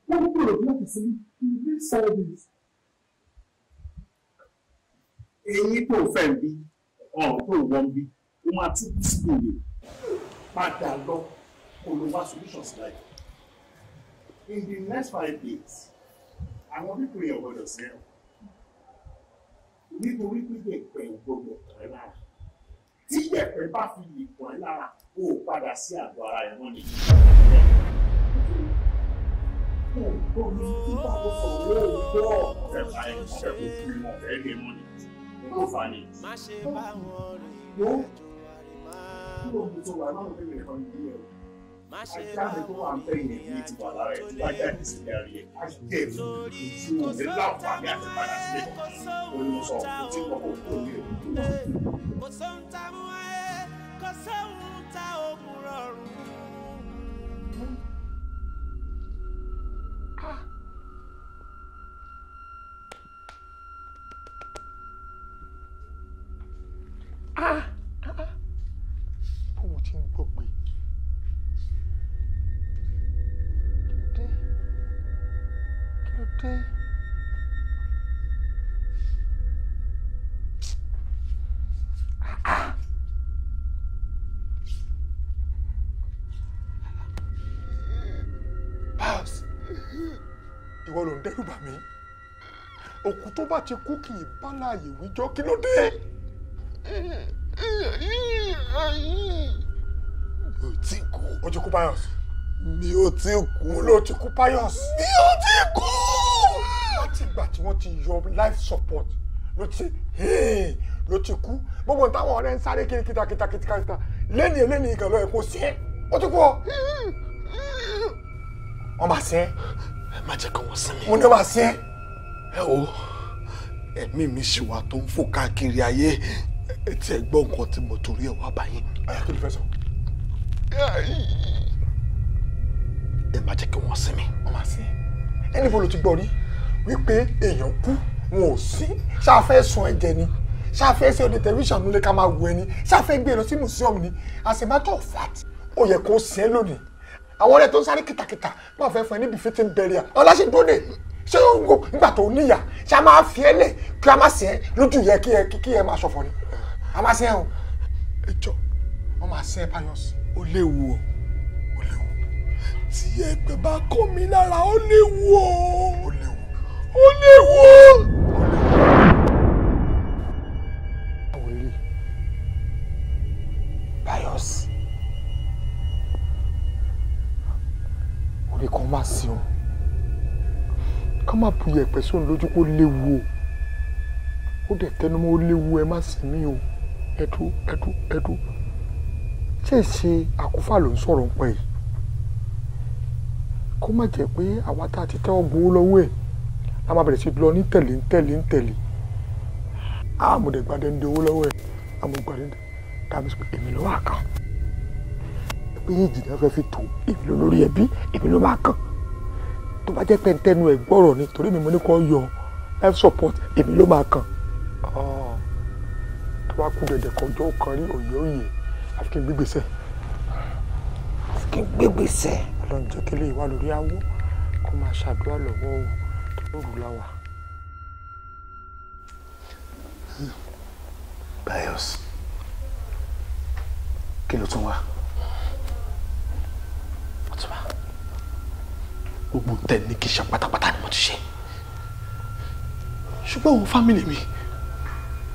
Wọ́n ń pèrò láti sinmi ní fẹ́ bí ọ̀hún tó wọ́n bí ó máa tún kú sí gbòòrò padà lọ kó solutions like in the next five days àwọn pípò yẹn gbọdọ̀ sẹ́wọ̀n nítorí pé yẹ̀pẹ̀ gbọdọ̀ tẹ̀ lára tí yẹ̀pẹ̀ bá fi lè pọ̀ ẹ́ lára ó padà sí àgọ́ ara ẹ̀ wọ́n ni. Olùkọ́ mi ti bá wọn sọ̀rọ̀ lóòótọ́ ọ̀rẹ́ báyìí ọ̀rẹ́ kò fún ìmọ̀ ọ̀rẹ́ ni wọ́n ni kò fà ní. wo kí ló tó wà náà lórí ìkan ìdí ẹ̀ ajáde tó wà ń bẹ yẹn ní ti wà lára ẹ̀ bá jáde sílẹ̀ rí ẹ̀ ajé mi ojú òde láǹfààní àti padà sílẹ̀ olùmọ̀ sọ kò tí kò kò tó ní ìlú. kò sóhun tá a mú ayé kò sóhun tá a ó mú rọrùn. ìwọ ló ń dẹ́rù bà mí òkú tó bá ti kú kì í bá láàyè wíjọ́ kí ló dé. mi ò tí kú. o ti kú Pius. mi ò tí kú. o ti kú Pius. mi ò tí kú. láti ìgbà tí wọ́n ti yọ life support ló ti ló ti kú gbogbo táwọn ọ̀rẹ́ ń sáré kiri kíta kíta kíta kíta lẹ́nìí lẹ́nìí ìgànlọ́ ẹ̀ kò sí ẹ́ ó ti kú ọ. wọ́n máa sẹ́ ẹ má jẹ́ kí wọ́n sin mi. mo ní wàá sin ẹ. ẹ o ẹ̀mí mi ṣì wà tó ń fò káàkiri ayé ẹ ti ẹ gbọ́ nǹkan tí mo torí ẹ wá báyìí. ayé kí ló fẹ́ sọ. ẹ má jẹ́ kí wọ́n sin mi. wọ́n máa sin ẹ. ẹni bó ló ti gbọ́ rí wípé èèyàn kú wọn ò sí ṣáfẹ́ sun ẹ̀jẹ̀ ni ṣáfẹ́ sí ọdẹ tẹlifíṣàn ló lè ká máa wù ẹni ṣáfẹ́ gbé e lọ sí museum ni as a matter of fact ó yẹ kó sin lónìí àwọn ọ̀rẹ́ tó ń sáré kìtàkìtà máa fẹ́ fún ẹ níbi fitting burial ọlásìdóde ṣé o ń go nígbà tó níyà ṣé a máa fi ẹ lẹ kí a máa sìn lójú yẹ kí ẹ kí ẹ máa ṣọ̀fọ̀ ni a máa sìn ẹ o ẹ jọ wọn máa sìn ẹ ó léwu o ó léwu tí ẹgbẹ́ bá kọ́ mi lára ó léwu o ó léwu ó léwu o. payọs. wọ́n lè kàn wá sí wọn ká má bu yẹ̀pẹ̀ lójú kó léwu o ó dẹ̀ tẹnumọ́ ó léwu ẹ má sì mí o ẹdú ẹdú ẹdú ṣé ẹ ṣe àkúfà ló ń sọ̀rọ̀ ń pẹ́ yìí kó má jẹ́ pé àwa tá a ti tẹ́wọ́ gbowó lọ́wọ́ ẹ̀ la máa bẹ̀rẹ̀ sí lọ ní tẹ̀lé ní tẹ̀lé ní tẹ̀lé àmọ̀dẹ̀gbàdẹ̀ ń de owó lọ́wọ́ ẹ̀ àmọ̀dẹ̀gbàdẹ̀ ń de tàbí èmi lọ́wọ́ àkàn méjèèjì náà fẹ́ fi tó èmi ló lórí ẹbí èmi ló máa kàn tó bá jẹ́ pé ẹ̀ gbọ́rọ̀ ni torí mi mo ní kó yọ life support èmi ló máa kàn ah. tó bá kú dẹ̀dẹ̀ kan ọjọ́ kan rí òye òye àfi kí n gbégbèsè àfi kí lè wà lórí awó kó máa ṣàdúrà lọ́wọ́ o tó lóru láwà. Bios, kí ló tún wá? ọtúnba gbogbo tẹ̀ ní kí n ṣe pátápátá ni mo ti ṣe ṣùgbọ́n òun fámìlì mi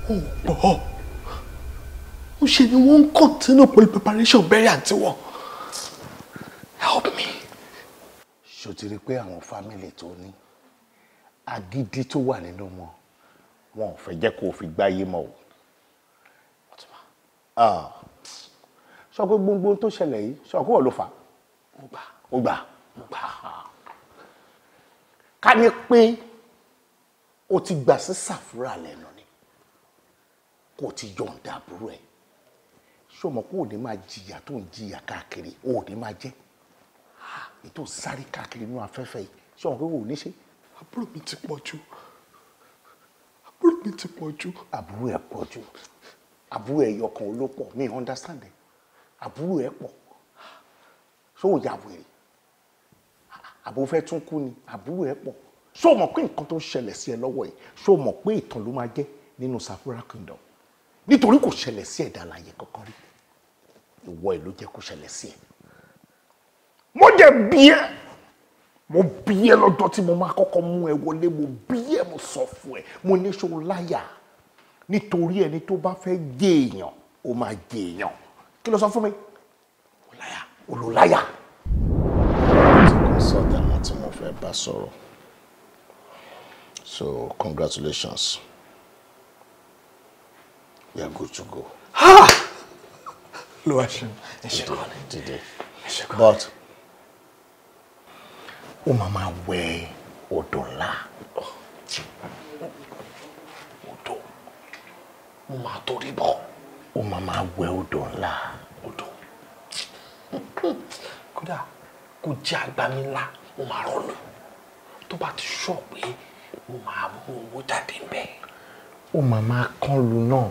ò gbọ́ ó ṣe ni wọ́n ń continue pẹ̀lú preparation burial àti wọn help me. ṣó pé àwọn fámìlì tó ní agídí tó wà nínú wọn wọn ò fẹ́ jẹ́ kó o fi gbáyé mọ́ o sọ ah. pé gbogbo tó ṣẹlẹ̀ yìí sọ pé wọ́n ló fà á mo gbà mo gbà ká ní pé o ti gbà sí sàfúrà lẹ́nu ni kò ti yọ̀ǹda àbúrò ẹ̀ ṣé o mọ̀ pé òní máa jìyà tó ń jìyà káàkiri òní máa jẹ́ ètò sáré káàkiri inú afẹ́fẹ́ yìí ṣé o mọ̀ pé òní ṣe. àbúrò mi ti pọ̀ jù àbúrò mi ti pọ̀ jù. àbúrò ẹ̀ pọ̀ jù àbúrò ẹ̀ yọkan olópọ̀ mi understand ẹ̀ àbúrò ẹ̀ pọ̀ sóò yà wèrè àbò fẹ́ tún kú ni àbúrò ẹ̀ pọ̀ sóò mọ̀ pé nǹkan tó ń ṣẹlẹ̀ sí ẹ lọ́wọ́ yìí sóò mọ̀ pé ìtàn ló máa jẹ́ nínú Sakura Kingdom nítorí kò ṣẹlẹ̀ sí ẹ̀dá alààyè kankan rí ìwọ ẹ̀ ló jẹ́ kó ṣẹlẹ̀ sí ẹ. mo jẹ bí ẹ mo bí ẹ lọ́jọ́ tí mo máa kọ́kọ́ mú ẹ wọlé mo bí ẹ mo sọ fún ẹ mo ní ṣó láyà nítorí ẹni tó bá fẹ́ jẹ èèyàn ó máa jẹ èèyàn kí ló sọ fún mi olùláyà. ti consult àwọn tí mo fẹ́ bá sọ̀rọ̀ so congratulations we are good to go. ló wá ṣe ẹ ṣe kọ́ ẹ ṣe kọ́ but ó máa máa wẹ odò ńlá odò ó máa torí bọ̀ ó máa máa wẹ odò ńlá kódà kó jẹ́ àgbà mi ńlá mo máa rọ́nà tó bá ti sọ pé mo máa mú owó jáde ń bẹ̀. ó máa máa kán lu náà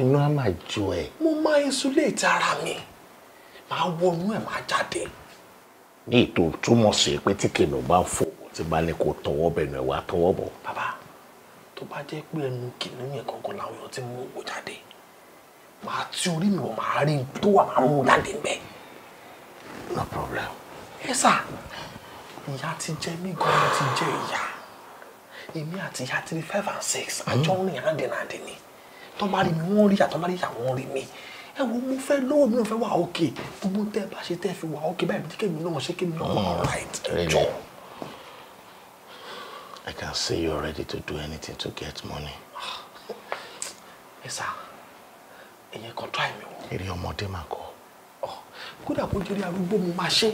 iná á máa jó ẹ. mo máa insulate ara mi máa wọnú ẹ máa jáde. ní ètò túmọ̀ sí pé tí kìnìún bá ń fò tí bá ní kó tọwọ́ bẹ̀nu ẹ̀ wá tọwọ́ bọ̀. bàbá tó bá jẹ́ pé ẹnu kìnìún yẹn kankan làwọn èèyàn ti mú owó jáde màá ti orí mi wọ̀ màá rí tó wà máa mú jáde bẹ́ẹ̀ no problem. yes sir ìyá ti jẹ mí gan-an ti jẹ ìyá èmi àti ìyá three five and six àjọ ń rìn àdínàdín ni tó bá rí mi wọ́n rí àtọ́ bá rí ìyá wọ́n rí mi ẹ wo mo fẹ́ lówó mi ò fẹ́ wà ókè gbogbo tẹ́ ẹ bá ṣe tẹ́ ẹ fi wà ókè báyìí bí kémi náà ṣe kémi náà wà right jọ. I can see you're ready to do anything to get money. Ah. Yes, sir. Ẹ̀yẹ kan try mi wò. Èrè ọmọdé máa kọ́ kódà kó jẹ́rí arúgbó mo máa ṣe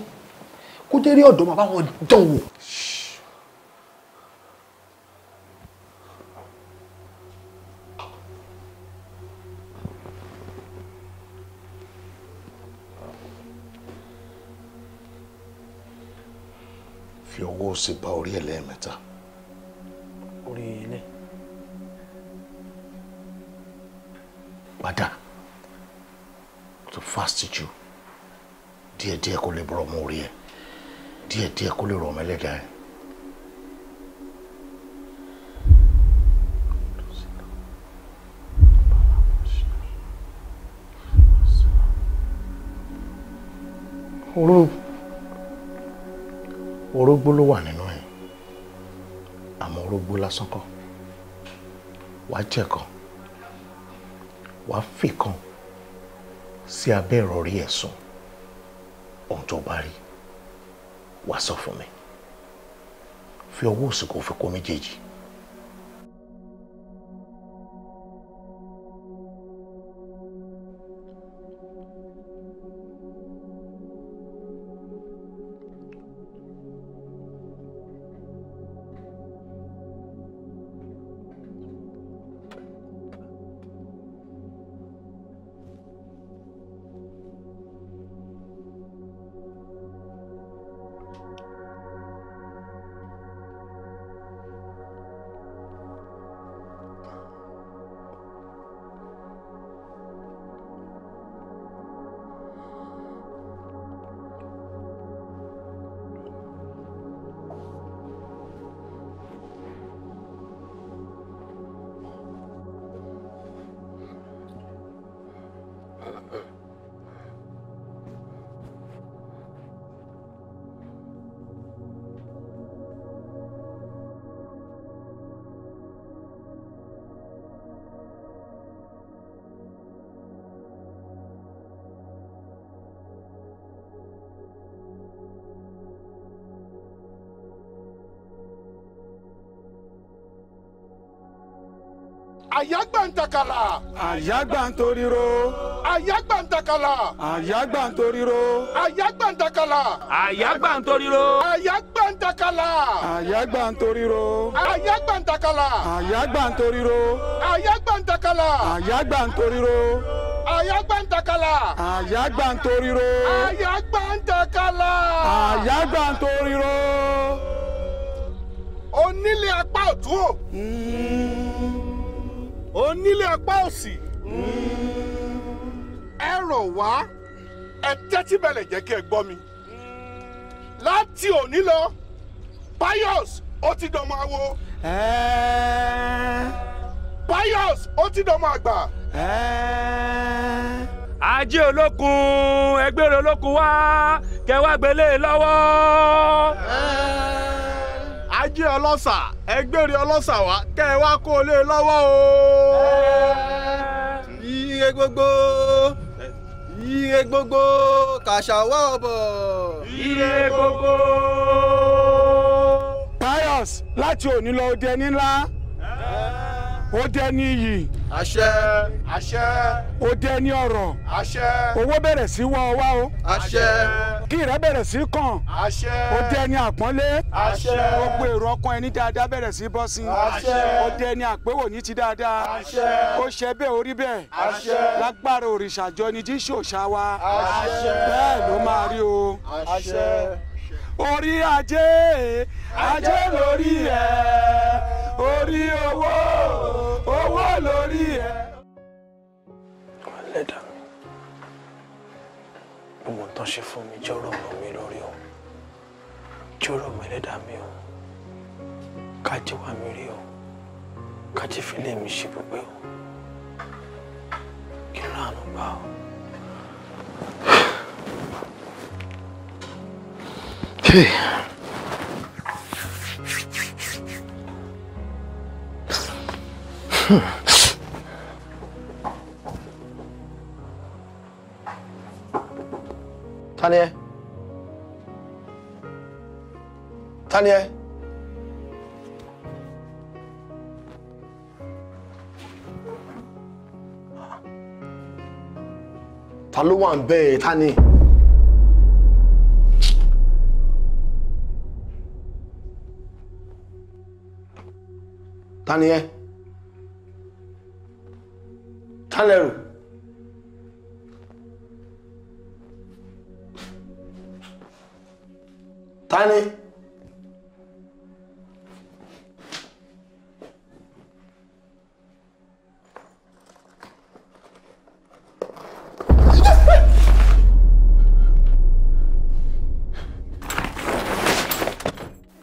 kó jẹ́rí ọ̀dọ́ màá bá wọn dán wò. fi ọwọ́ òsì bá orí ẹ̀ orí ilé. padà to fast you díẹ̀díẹ̀ kó lè bọ̀rọ̀ ọmọ orí ẹ̀ díẹ̀díẹ̀ kó lè rọ̀ ọmọ ẹlẹ́dàá ẹ̀. oró orógbó ló wà nínú ẹ̀ àmọ́ orógbó lásán kọ́ wàá jẹ́ kan wàá fìkan sí abẹ́ ìrọ̀rí ẹ̀ ohun tó bá rí wàá sọ fún mi fi ọwọ́ òsì fi kó méjèèjì àyágbàntakàlà. àyágbàntoriro. àyágbàntakàlà. àyágbàntoriro. àyágbàntakàlà. àyágbàntoriro. àyágbàntakàlà. àyágbàntoriro. àyágbàntakàlà. àyágbàntoriro. àyágbàntakàlà. àyágbàntoriro àyágbàntakàlà. àyágbàntoriro. àyágbàntakàlà. àyágbàntoriro. onílé apá ọ̀tún o. Mm nílé apá òsì ẹ rọ̀ wá ẹ tẹ́tí bẹ̀lẹ̀ jẹ́ kí ẹ gbọ́ mi láti òní lọ pius ó ti dọmọ awo pius ó ti dọmọ àgbà. ajé olókun ẹgbẹ́rẹ́ olókun wá kẹwàá gbélé lọ́wọ́. ajé ọlọ́sà ẹgbẹ́rẹ́ ọlọ́sà wá kẹ́ ẹ wá kó o lé e lọ́wọ́ o. ire gbogbo ire gbogbo kàṣà wá ọbọ. ire gbogbo. pius láti òní lọ òde ẹni ńlá òde ẹni iyì. àṣẹ àṣẹ. òde ẹni ọ̀rọ̀. àṣẹ. owó bẹ̀rẹ̀ sí wọ́ ọ wá o. àṣẹ. àṣẹ kí rẹ bẹ̀rẹ̀ sí kàn ó dé ẹni àpọ́nlé gbogbo èrò ọkàn ẹni dáadáa bẹ̀rẹ̀ sí bọ́ sí ó dé ẹni àpéwò ní ti dáadáa ó ṣe bẹ́ẹ̀ orí bẹ́ẹ̀ lágbára òrìṣà jọ ni jí ṣòṣà wa bẹ́ẹ̀ ló máa rí o orí ajé ajé lórí ẹ̀ orí owó. tó ń ṣe fún mi jọ́rọ̀ mọ́ mi lórí o jọ́rọ̀ mọ́ ẹlẹ́dàá mi o kájí wà mí rí o kájí fílẹ̀ mi ṣe pípé o kí ló àánú gbà o. Hmm. Ta ni Ta ló wà ń bẹ́ẹ̀ ta ni? Ta ẹ? Ta lẹ́rù? tani.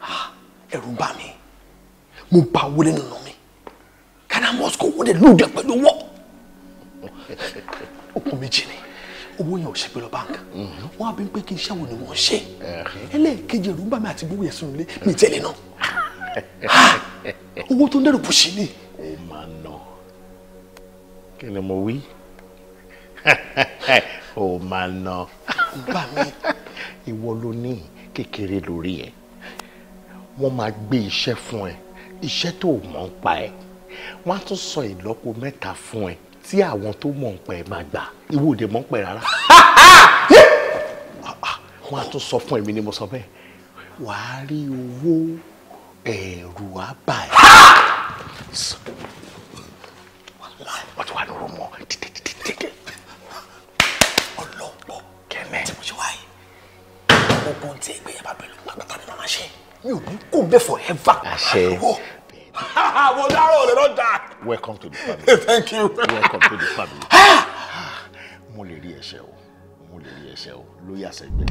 Ah, ẹ̀rù ń bà mí mo bá wọlé nínú mi ghana moscow wọ́n dẹ̀ lóde pẹ̀lú wọ́ ọkùnrin méjì ni owó yẹn ò ṣe pé lọ bank mhm. wọn á bí pé kí iṣẹ́ wo ni wọ́n ṣe ẹlẹ́ẹ̀kejì ẹ̀rù ń bà mí àti gbówó yẹn sínú ilé mi tẹ́lẹ̀ náà owó tó ń dẹ̀rù bùṣí ni. ó máa ná kí ni mo wí [laughs] ó máa ná gbà mí ìwọ ló ní kékeré lórí ẹ wọ́n máa gbé iṣẹ́ fún ẹ iṣẹ́ tó mọ̀ ń pa ẹ wọ́n á tún sọ ìlọ́po mẹ́ta fún ẹ tí àwọn tó mọ̀ ń pa ẹ máa gbà ìwọ òde mọ́ pẹ̀ rárá wọn á tún sọ fún èmi ni mo sọ bẹ́ẹ̀ wàá rí owó ẹ̀rù àbáyé wọ́n ti wà lóru mọ́ títítítítí ọlọ́pọ̀ kẹ́mẹ́ tí mo ti wáyé ogun tí ìgbéyàwó abẹ́lú pátá ni màmá ṣe mi ò ní kó bẹ́ẹ̀ forever. àṣẹ [laughs] mo dárò lè lọ welcome to the family. [laughs] thank you. welcome to the family mo lè rí ẹ̀ṣẹ̀ o mo lè rí ẹ̀ṣẹ̀ o ló yà sẹ́gbẹ́.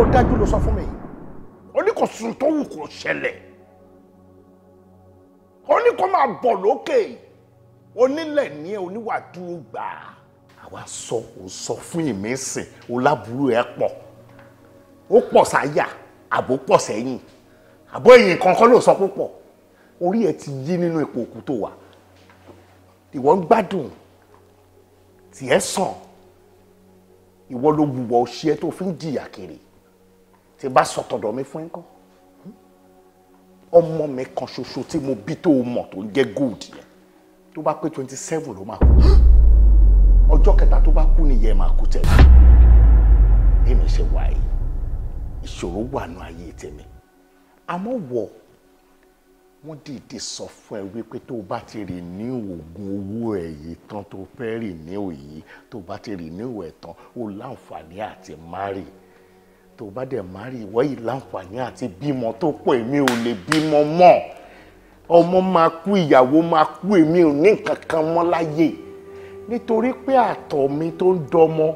ó dájú ló sọ fún mi ó ní kò sùn tó wù kó ṣẹlẹ̀ ó ní kó máa bọ̀ lókè onílẹ̀ ní ẹ oníwàdúró gbà. àwa sọ ò sọ fún ìmísìn o láburú ẹ pọ̀ ó pọ̀ sáyà àbò pọ̀ sẹ́yìn àbò ẹ̀yìn kankan ló sọ púpọ̀ orí ẹ ti yí nínú ipò òkú tó wà ìwọ ń gbádùn tiẹ̀ sàn ìwọ ló wùwọ òṣìẹ tó fi ń jìyà kiri tí bá sọ tọ̀dọ̀ mi fún ẹ̀kọ́ ọmọ mi kan ṣoṣo tí mo bí tó mọ̀ tó ń jẹ́ gold yẹn tó bá pé twenty seven ló máa kú ọjọ́ kẹta tó bá kú nìyẹn máa kú tẹ̀lé èmi ṣe wáyé ìṣòro wà nù ayé tèmi àmọ́ wọ̀ wọ́n dìde sọ fún ẹ wípé tó o bá ti rì ní oògùn owó ẹ̀ yìí tán tó fẹ́ rì ní òyì tó o bá ti rì ní òwò ẹ̀ tán o láǹfààní àti márì tó o bá dẹ̀ márì ìwọ yìí láǹfààní àti bímọ tó pọ̀ èmi ò lè bímọ mọ́ ọmọ máa kú ìyàwó máa kú èmi ò ní nǹkan kan mọ́ láyé nítorí pé àtọ̀ mi tó ń dọmọ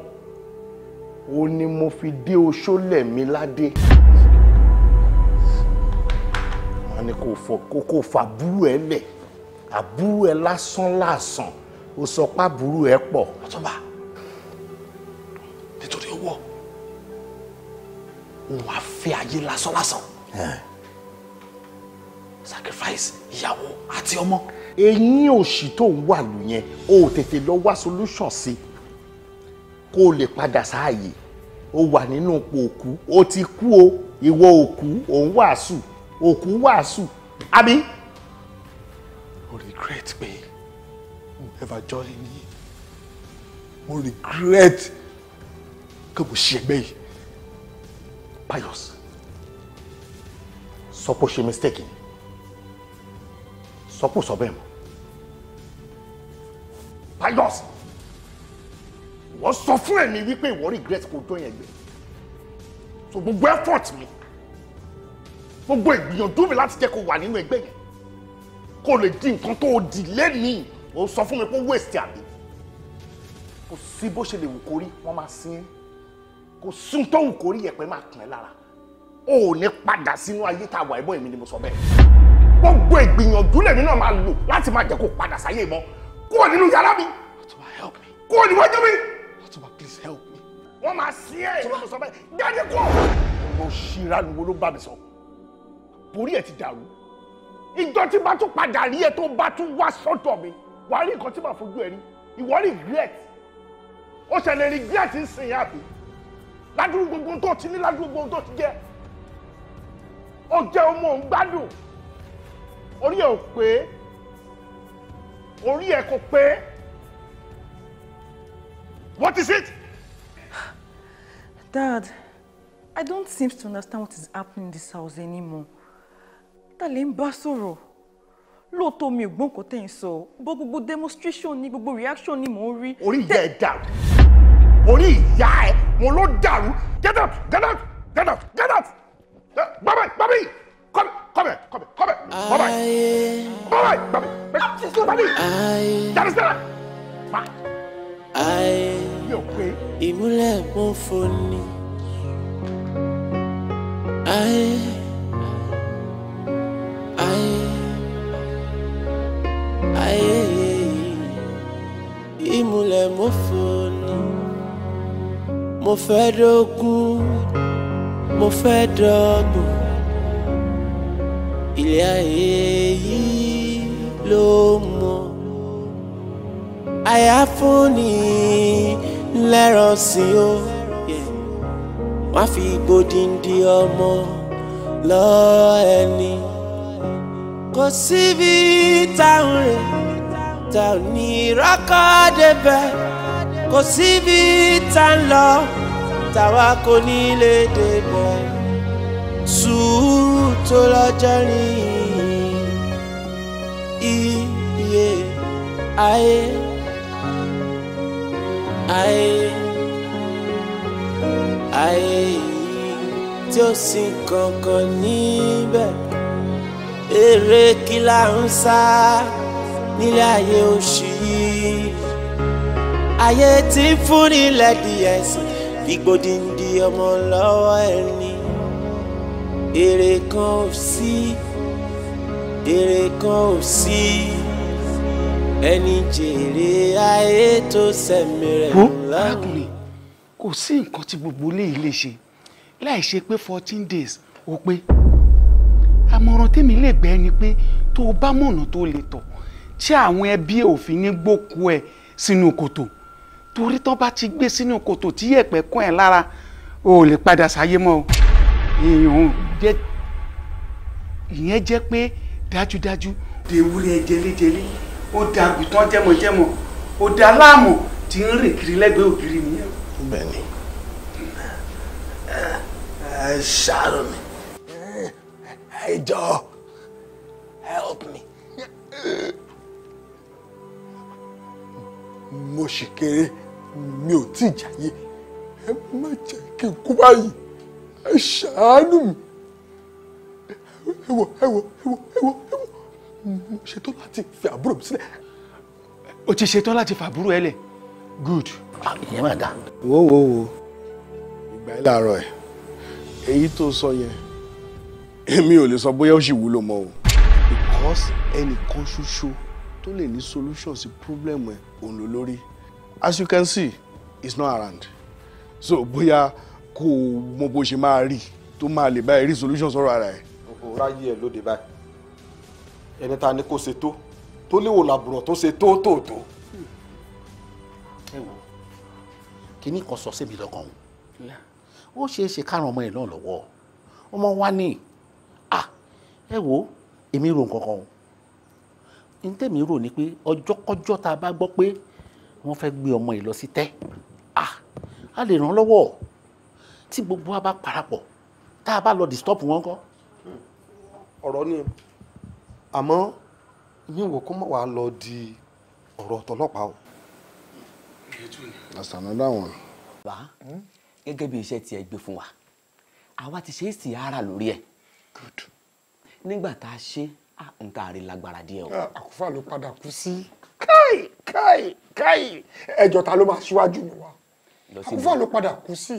òun ni mo fi dé oṣó lẹ̀ ládé. wọ́n ní kò fọ kókó fàbúrú ẹ̀ lẹ̀ àbúrú ẹ̀ lásán lásán ó sọ pé àbúrú ẹ̀ pọ̀. àtọ́ba nítorí owó òun á fẹ́ ayé lásán lásán sacrifice ìyàwó àti ọmọ. eyín òṣì tó ń wà lù yẹn o ò tètè lọ wá solution sí kó o lè padà sáàyè o wà nínú ipò òkú o ti kú o ìwọ òkú òun wàásù òkú wàásù Abi. mo regret pé mo never join yìí mo regret pé mo ṣe ẹgbẹ́ yìí Pius sọ pé ó ṣe mistake ni sọ pé ó sọ bẹ́ẹ̀ mọ́ Pius wọ́n sọ fún ẹ̀mí wípé ìwọ regret kò tó yẹn gbé so gbogbo effort mi gbogbo ìgbìyànjú mi láti jẹ́ kó wà nínú ẹgbẹ́ yẹn kó lè di nǹkan tó di lẹ́nìí ó sọ fún mi pé waste àbí kò sí bó ṣe lè wù kórí wọ́n máa sin kò sí tó wù kórí yẹ̀pẹ̀ máa kàn ẹ́ lára ó ní padà sínú ayé tá a wà ẹ̀bọ́n èmi ni mo sọ bẹ́ẹ̀ gbogbo ìgbìyànjú lèmi náà máa lò láti máa jẹ́ kó padà sáyé mọ́ kúrò nínú yàrá mi kúrò níwájú mi wọ́n máa sin ẹ̀ èmi ni mo sọ bẹ́ẹ̀ jáde kúrò. mo ṣíra ni wo ló bá mi sọ borí ẹ̀ ti dàrú ìjọ tí bá tún padà rí ẹ tó bá tún wá sọ́dọ̀ mi wàá rí nǹkan tí màá fojú ẹ rí ìwọ regret ó ṣẹlẹ̀ regret ń sìn yàbí ládùúgbò gbogbo tó ti ní ládùúgbò gbogbo tó ti jẹ́ ó jẹ́ ọmọ òun gbádùn orí ẹ̀ ò pé orí ẹ̀ kò pé what is it. Dad, I don't seem to understand what is happening in this house anymore ta lè ń bá sọ̀rọ̀ lóòótọ́ mi ò gbọ́n nǹkan tẹ̀ sọ bó gbogbo demonstration ni gbogbo reaction ni mò ń rí. orí ìyá ẹ dàrú orí ìyá ẹ wọn ló dàrú get out get out get out get out bàbá bàbá yìí come come come come bàbá yìí bàbá yìí bàbá yìí bàbá yìí jàdí sẹ́lẹ̀ má. ìmúlẹ̀ mọ́fọ́ ni ayé ìmùlẹ̀ mo fò ní mo fẹ́ dógún mo fẹ́ dọ́gbọ̀n ilé ayé yìí ló mọ̀ àyà fún ni lẹ́rọ̀ sí o wọ́n fi gbòdìndì ọmọ lọ ẹni kò síbi táwọn rẹ̀ táwọn ní ìrọ́kọ̀ débẹ̀ kò síbi tá ń lọ táwa kò ní lè débẹ̀ sùúrù tó lọ́jọ́ rìn iye ayé ayé ayé tí ó sì kankan níbẹ̀ eré kí là ń sá nílé ayé oṣù yìí ayé tí ń fún nílẹ̀ di ẹ̀sìn fìgbòdìndì ọmọ lọ́wọ́ ẹni èrè kan ò sí èrè kan ò sí ẹni jèrè ayé tó sẹ̀mí rẹ̀ lọ́wọ́. kò sí nǹkan tí gbogbo ilé yìí lè ṣe láì ṣe pé fourteen days ó pé. Okay àmọ̀ràn tèmi lè gbẹ́ ni pé tó o bá mọ̀nà tó lè tọ̀ tí àwọn ẹbí òfin ní gbókú ẹ sínú kòtò torí tó bá ti gbé sínú kòtò tí yẹ̀pẹ̀ kún ẹ lára o ò lè padà sáyé mọ́ o èèyàn jẹ́ ìyẹn jẹ́ pé dájúdájú dèwúrẹ́ jẹlẹ́jẹlẹ́ ó da àgùntàn jẹ́mọ̀jẹ́mọ̀ ó da láàmù tí ń rìn kiri lẹ́gbẹ̀ẹ́ ògiri nìyẹn. bẹ́ẹ̀ni ẹ ṣàárọ mi ẹ help me. mo ṣì kéré mi ò tí ì jáyé ẹ má jẹ́ kí n kú báyìí ẹ ṣàánú mi ẹ wò ẹ wò ẹ wò ẹ wò ẹ wò mo ṣetán láti fi àbúrò mi sílẹ̀. o ti ṣetán láti fi àbúrò ẹ lẹ̀ good. ìyẹn máa dà. wo wo wo ìgbà yìí làárọ̀ ẹ̀ èyí tó sọ yẹn èmi ò lè sọ bóyá ó sì wúlò mọ́ o. because ẹnìkan ṣoṣo tó lè ní solution sí problem ẹ òun ló lórí as you can see it's not around so bóyá kò mọ bó ṣe máa rí tó máa lè báyìí rí solution sọ̀rọ̀ ara ẹ̀. òun ráyè ẹ lóde báyìí ẹni ta ni kò ṣe tó tó léwò làbùrọ̀ tó ṣe tó tòótó. ẹ wò kíní kan sọ sí mi lọ́kàn o ó ṣeé ṣe kárùn ọmọ yẹn náà lọ́wọ́ ọmọ wa ní ẹ wo èmi rò nǹkankan o n tẹ̀mí rò ní pé ọjọ́kọ́jọ́ tá a bá gbọ́ pé wọ́n fẹ́ gbé ọmọ yìí lọ sí tẹ́ a lè ràn lọ́wọ́ tí gbogbo wa bá parapọ̀ tá a bá lọ disturb wọn kọ́. ọ̀rọ̀ ni àmọ́ mi wò kó mọ̀ wá lọ di ọ̀rọ̀ tọlọ́pàá o. àṣàna dáwọn. bá gẹ́gẹ́ bí iṣẹ́ tí ẹ gbé fún wa àwa ti ṣe é sì ara lórí ẹ̀. good nígbà tá a ṣe nǹkan àrí lágbára díẹ̀ o. àkúfà ló padà kú sí káì káì káì ẹjọ́ ta ló máa ṣíwájú mi wá àkúfà ló padà kú sí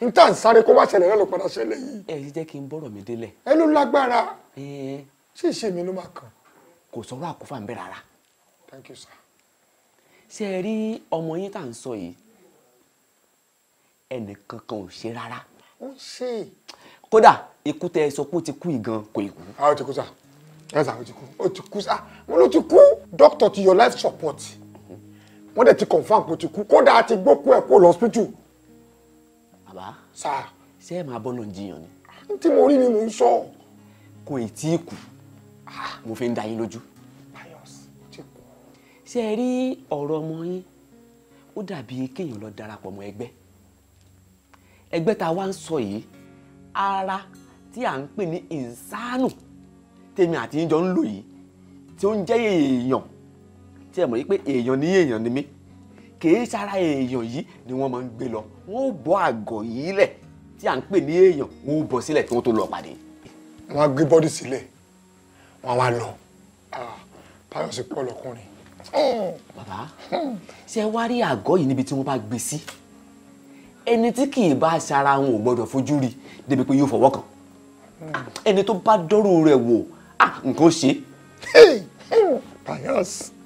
n tà ń sáré kó má ṣẹlẹ̀ náà ló padà ṣẹlẹ̀ yìí. ẹ yìí jẹ́ kí n bọ́rọ̀ mi délẹ̀. ẹ ló lágbára ṣé ìṣe mi ló máa kàn. kò sọ̀rọ̀ àkúfà ń bẹ̀ rárá. thank you sir. ṣé ẹ rí ọmọ yín tá à ń sọ yìí ẹnì kankan ò ṣe rárá. ó ń ṣe é kódà ikú tẹ ẹ sọ pé ó ti kú ìgan kò ikú. a ah, ó ti kú sá ẹ sá ó ti kú ó ti kú sá wọn ló ti kú dókítà ti yọ life support wọn dẹ ti confam pé ó ti kú kódà a ti gbókú ẹ kó lọ hospital. bàbá sá ṣé ẹ máa bọ́ lọ jiyàn ni. n tí mo rí ni mo ń sọ. kò ì tí ì kú ah, mo fi ń da yín lójú. ṣé ẹ rí ọ̀rọ̀ ọmọ yín ó dàbí kéèyàn lọ darapọ̀ mọ́ ẹgbẹ́ ẹgbẹ́ tá a wá ń sọ yìí ara tí à ń pè ní ìsánù tèmi àti ìjọ ń lò yìí tí ó ń jẹ́ èèyàn tí ẹ mọ̀ yìí pé èèyàn ní èèyàn ni mí kìí sára èèyàn yìí ni wọ́n máa ń gbé lọ wọ́n ó bọ́ àgọ̀ yìí lẹ̀ tí à ń pè ní èèyàn wọ́n ó bọ́ sílẹ̀ kí wọ́n tó lọ pàdé. wọ́n á gbé bọ́dì sílẹ̀ wọ́n á wá lọ táyọ̀ ah, pọ̀ lọ́kùnrin. bàbá ṣe wá rí àgọ́ yìí níbi tí wọ́n bá gbé sí ẹni tí kì í bá ṣara wọn ò gbọdọ̀ fojú rí débi pé yóò fọwọ́ kàn ẹni tó bá dọ́rù rẹ̀ wò nǹkan ṣe.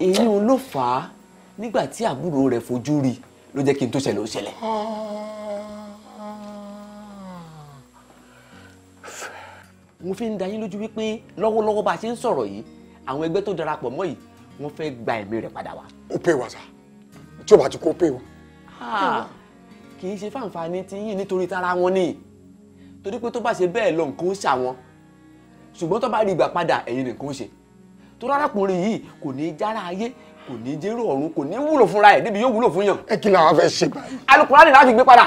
èyí òun ló fà á nígbà tí àbúrò rẹ̀ fojú rí ló jẹ́ kí n tó ṣẹlẹ̀ ó ṣẹlẹ̀. mo fi ń da yín lójú wípé lọ́wọ́lọ́wọ́ bá a ṣe ń sọ̀rọ̀ yìí àwọn ẹgbẹ́ tó darapọ̀ mọ́ yìí wọ́n fẹ́ gba ẹ̀mí rẹ̀ padà wá. ó pè wá sá tí ó bá ti kó pè wá. Ah kì í ṣe fáǹfààní ti yín nítorí tara wọn ni torí pé tó bá ṣe bẹ́ẹ̀ lọ nǹkan ó ṣà wọn ṣùgbọ́n tó bá rí ìgbà padà ẹ̀yin nìkan ó ṣe tó rárákùnrin yìí kò ní í jára ayé kò ní í jẹ́rọ ọ̀run kò ní í wúlò fúnra ẹ̀ níbi yóò wúlò fún yàn. ẹ kí ni àwọn fẹ́ ṣe báyìí. alukurani láti gbé padà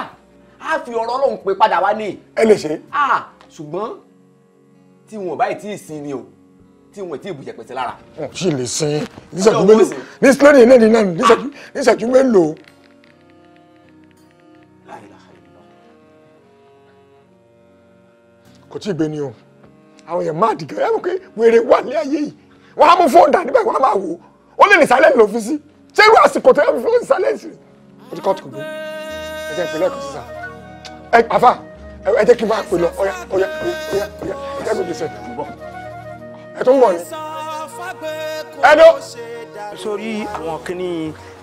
á fi ọ̀rọ̀ ọlọ́run pé padà wá ní. ẹ lè ṣe. ṣùgbọ́n tí wọn báyìí tí ì sin ni o tí wọn ti ìbùjẹ pẹ̀sẹ̀ lára. wọn sì lè sin nísàjú mélòó mélòó kò tí ì gbé ni o àwọn èèyàn máa dìgẹ́ ẹ mọ̀ pé wèrè wà ní ayé yìí wọ́n á mú fóònù dání báyìí wọ́n á máa wò ó lè ní sálẹ̀ ló fi sí ṣé irú àsìkò tó yẹ fún fóònù sálẹ̀ o ti kọ́ ti gbé ẹ jẹ́ ìpínlẹ̀ kan sísá ẹ àfà ẹ jẹ́ kí n máa pè lọ ọ̀yà ọ̀yà ọ̀yà ọ̀yà ẹ jẹ́ gbèsè ẹ tó ń wọ̀ ni ẹ dó. sórí àwọn kìnnì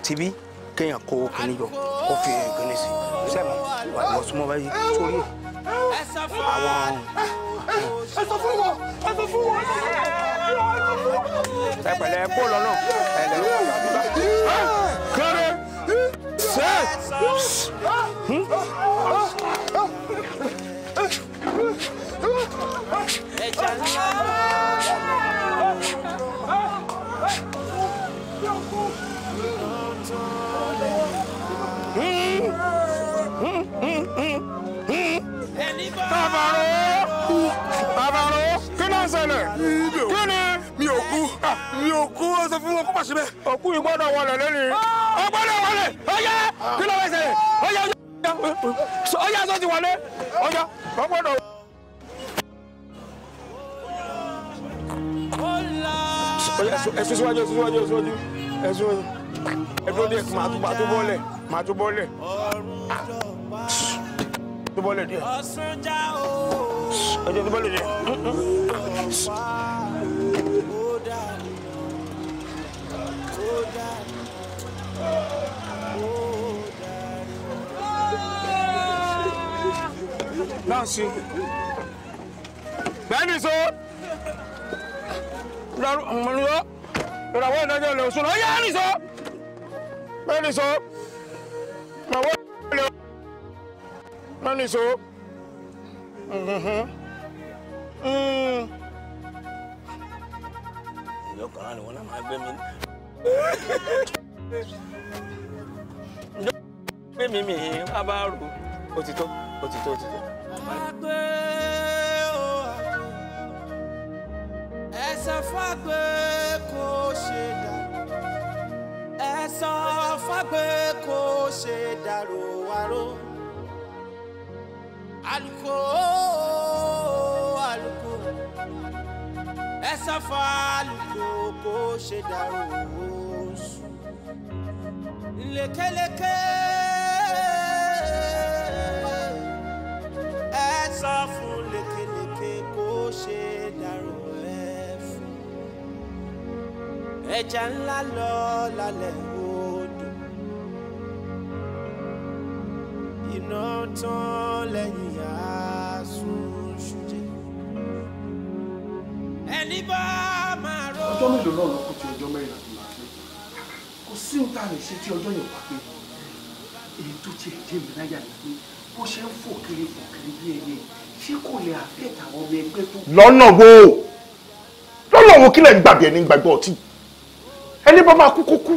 tìbí kéèyàn kó kíní yọ kó fi kíní sí sẹ́mi wà lọ súnmọ́ báyìí sórí àwọn. ẹ sọ fún wọn ẹ sọ fún wọn ẹ pẹ̀lẹ́ kó lọ náà ẹ lẹ kéré sẹ. Echa la àbàrò àbàrò kí ló ń ṣẹlẹ̀ kí ni. mi ò kú ah, mi ò kú ó sọ fún wọn kó pàṣẹ bẹ́ẹ̀. òkú yìí gbọ́dọ̀ wọlé lẹ́nu. Ah. ó gbọ́dọ̀ wọlé ọyá kí ló ń ṣẹlẹ̀ ọyá ọyá sọ ti wọlé ọyá ó ẹsùn síwájú ẹsùn síwájú ẹsùn síwájú ẹsùn ẹdúró díẹ̀ màá tún bọ́lẹ̀ màá tún bọ́lẹ̀ tó bọ́lẹ̀ díẹ̀ ẹjọ́ tó bọ́lẹ̀ díẹ̀. Nancy, bẹ́ẹ̀ni so, lọ́rọ̀ ìràwọ̀ ìdájọ́ ilẹ̀ òṣùlọ, ó yá ni so, bẹ́ẹ̀ni so, ìràwọ̀ ìdájọ́ ilẹ̀ òṣùlọ. Money so. Mm-hmm. Mm. Yo kan wọ́n máa gbé mi. Yo gbé mi mi wá bá rò. Òtítọ́, òtítọ́, òtítọ́. Agbe o agbe. Ẹsẹ̀ fagbe kò ṣe dà. Ẹsẹ̀ fagbe kò ṣe dàrò wàrò kó àlùkò ẹ sáfà àlùkò kó leke dàrú oṣù lékeleke leke sọ fún lékeleke kó ṣe dàrú la ẹja ńlá lọ lálẹ́ odò iná tán lẹ́yìn. ọjọ́ mélòó náà ló kù tí ọjọ́ mẹ́rin àti màájú kò sí ohun tá a lè ṣe tí ọjọ́ yẹn wá pé èyí tó tiẹ̀ jẹ́ mi láyà ni pé bó ṣe ń fò kiri fò kiri bí ẹyẹ ṣé kò lè àfẹ́ẹ̀tà àwọn ọmọ ẹgbẹ́ tó. lọ́nà wo lọ́nà wo kí lẹ̀ gbàgbé ẹni gbàgbọ́ ọtí ẹni bá máa kú kó kú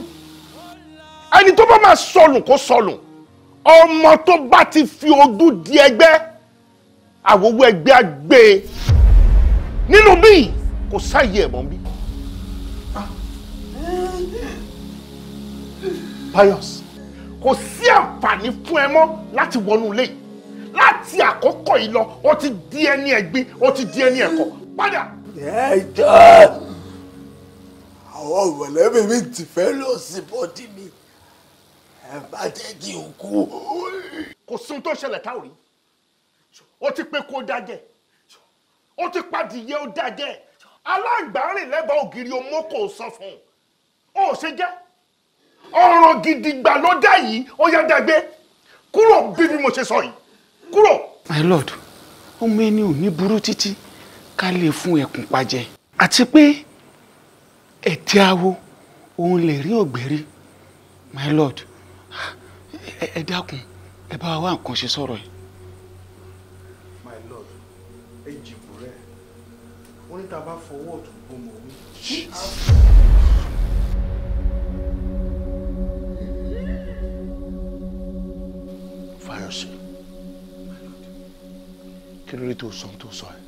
ẹni tó bá máa sọnù kó sọnù ọmọ tó bá ti fi ojú di ẹgbẹ́ àwòwò ẹgbẹ́ àgbẹ̀ e. nínú bíi kò sáàyè ẹ̀mọ́ bí. Pius kò sí àǹfààní fún ẹ mọ́ láti wọnú ilé láti àkókò yìí lọ ó ti di ẹni ẹ̀gbin ó ti di ẹni ẹ̀kọ́ padà. ẹ jọ àwọn mọ̀lẹ́bí mi ti fẹ́ lọ sí bọ́dí mi ẹ bá jẹ́ kí n kú. kò sun tó ṣẹlẹ̀ táwọn rí ó ti pé kó dájẹ́ ó ti padìyẹ ó dájẹ́ alágbàárìn lẹ́gbàá ògiri ọmọ kò sọ fún un ó ṣe jẹ́ ọ̀rọ̀ gidigba ló dá yìí ó yá dàgbé kúrò bí bí mo ṣe sọ yìí kúrò. my lord ọmọ ẹni ò ní burú títí ká lè fún ẹkùn pajẹ àti pé ẹtí awo òun lè rí ògbérí my lord ẹ dákun ẹ bá wa wá nǹkan ṣe sọ̀rọ̀ yìí. wọ́n ní tá a bá fọwọ́ ọ̀tún gbọmọ̀ wí. Fáyọ̀sẹ̀ kí ló dé tó sọ tó sọ ẹ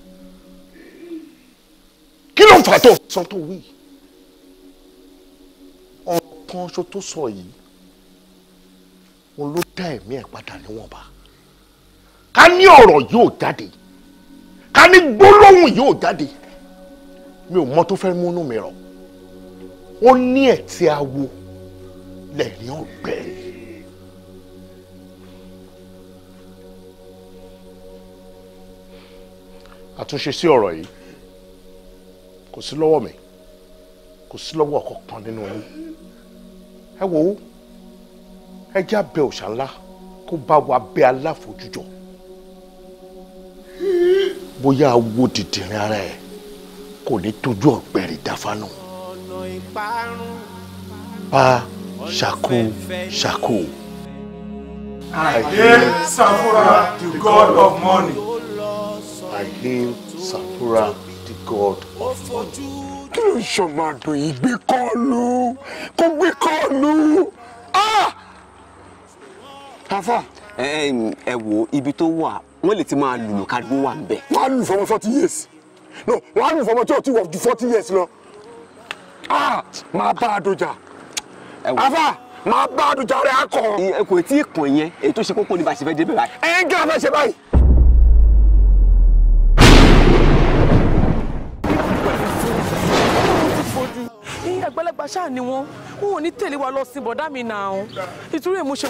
kí ló ń fà tó sọ tó wí ọ̀kan ṣo tó sọ yìí òun ló dá ẹ̀mí ẹ̀ padà níwọ̀nba ká ní ọ̀rọ̀ yóò jáde ká ní gbólóhùn yóò jáde mi ò mọ tó fẹ́ múnú mi rọ ó ní ẹ̀tí awo lẹ́yìn ọ̀gbẹ́. àtúnṣe sí ọ̀rọ̀ yìí kò sí lọ́wọ́ mi kò sí lọ́wọ́ kankan nínú yín ẹ wò ó ẹ jẹ́ abẹ òòṣà ńlá kó bá wa bẹ aláfojújọ bóyá awo dìdìrín ara ẹ̀ kò ní tójú ọ̀gbẹ̀rì dáfánù. pa ṣàkó ṣàkó. I hail Samphira, the god of money. I hail Samphira, the god of money. kí ló ń ṣọ̀gbàdùn yìí gbé kọ́ọ̀lù kó gbé kọ́ọ̀lù. àfà. ẹ ẹ wo ibi tó wà wọn lè ti máa lùlù kárí wọn wà ń bẹ. wọn á lù fọwọ́sọ ti yéèsì no wọ́n á lù fọmọ tí ò ti wọ̀ ju forty years no. ah máa bá a dojà afa máa bá a dojà rẹ̀ akọ. kò tí ì kàn yẹn èyí tó ṣe kókó ní bá a ṣe fẹ́ débẹ̀ báyìí. ẹ ń gé afẹ́ ṣe báyìí. àgbàlagbà ṣáà ni wọn wọn ò ní tẹ̀lé wa lọ sin bọ̀dá mi náà o ìtúrú èmu ṣe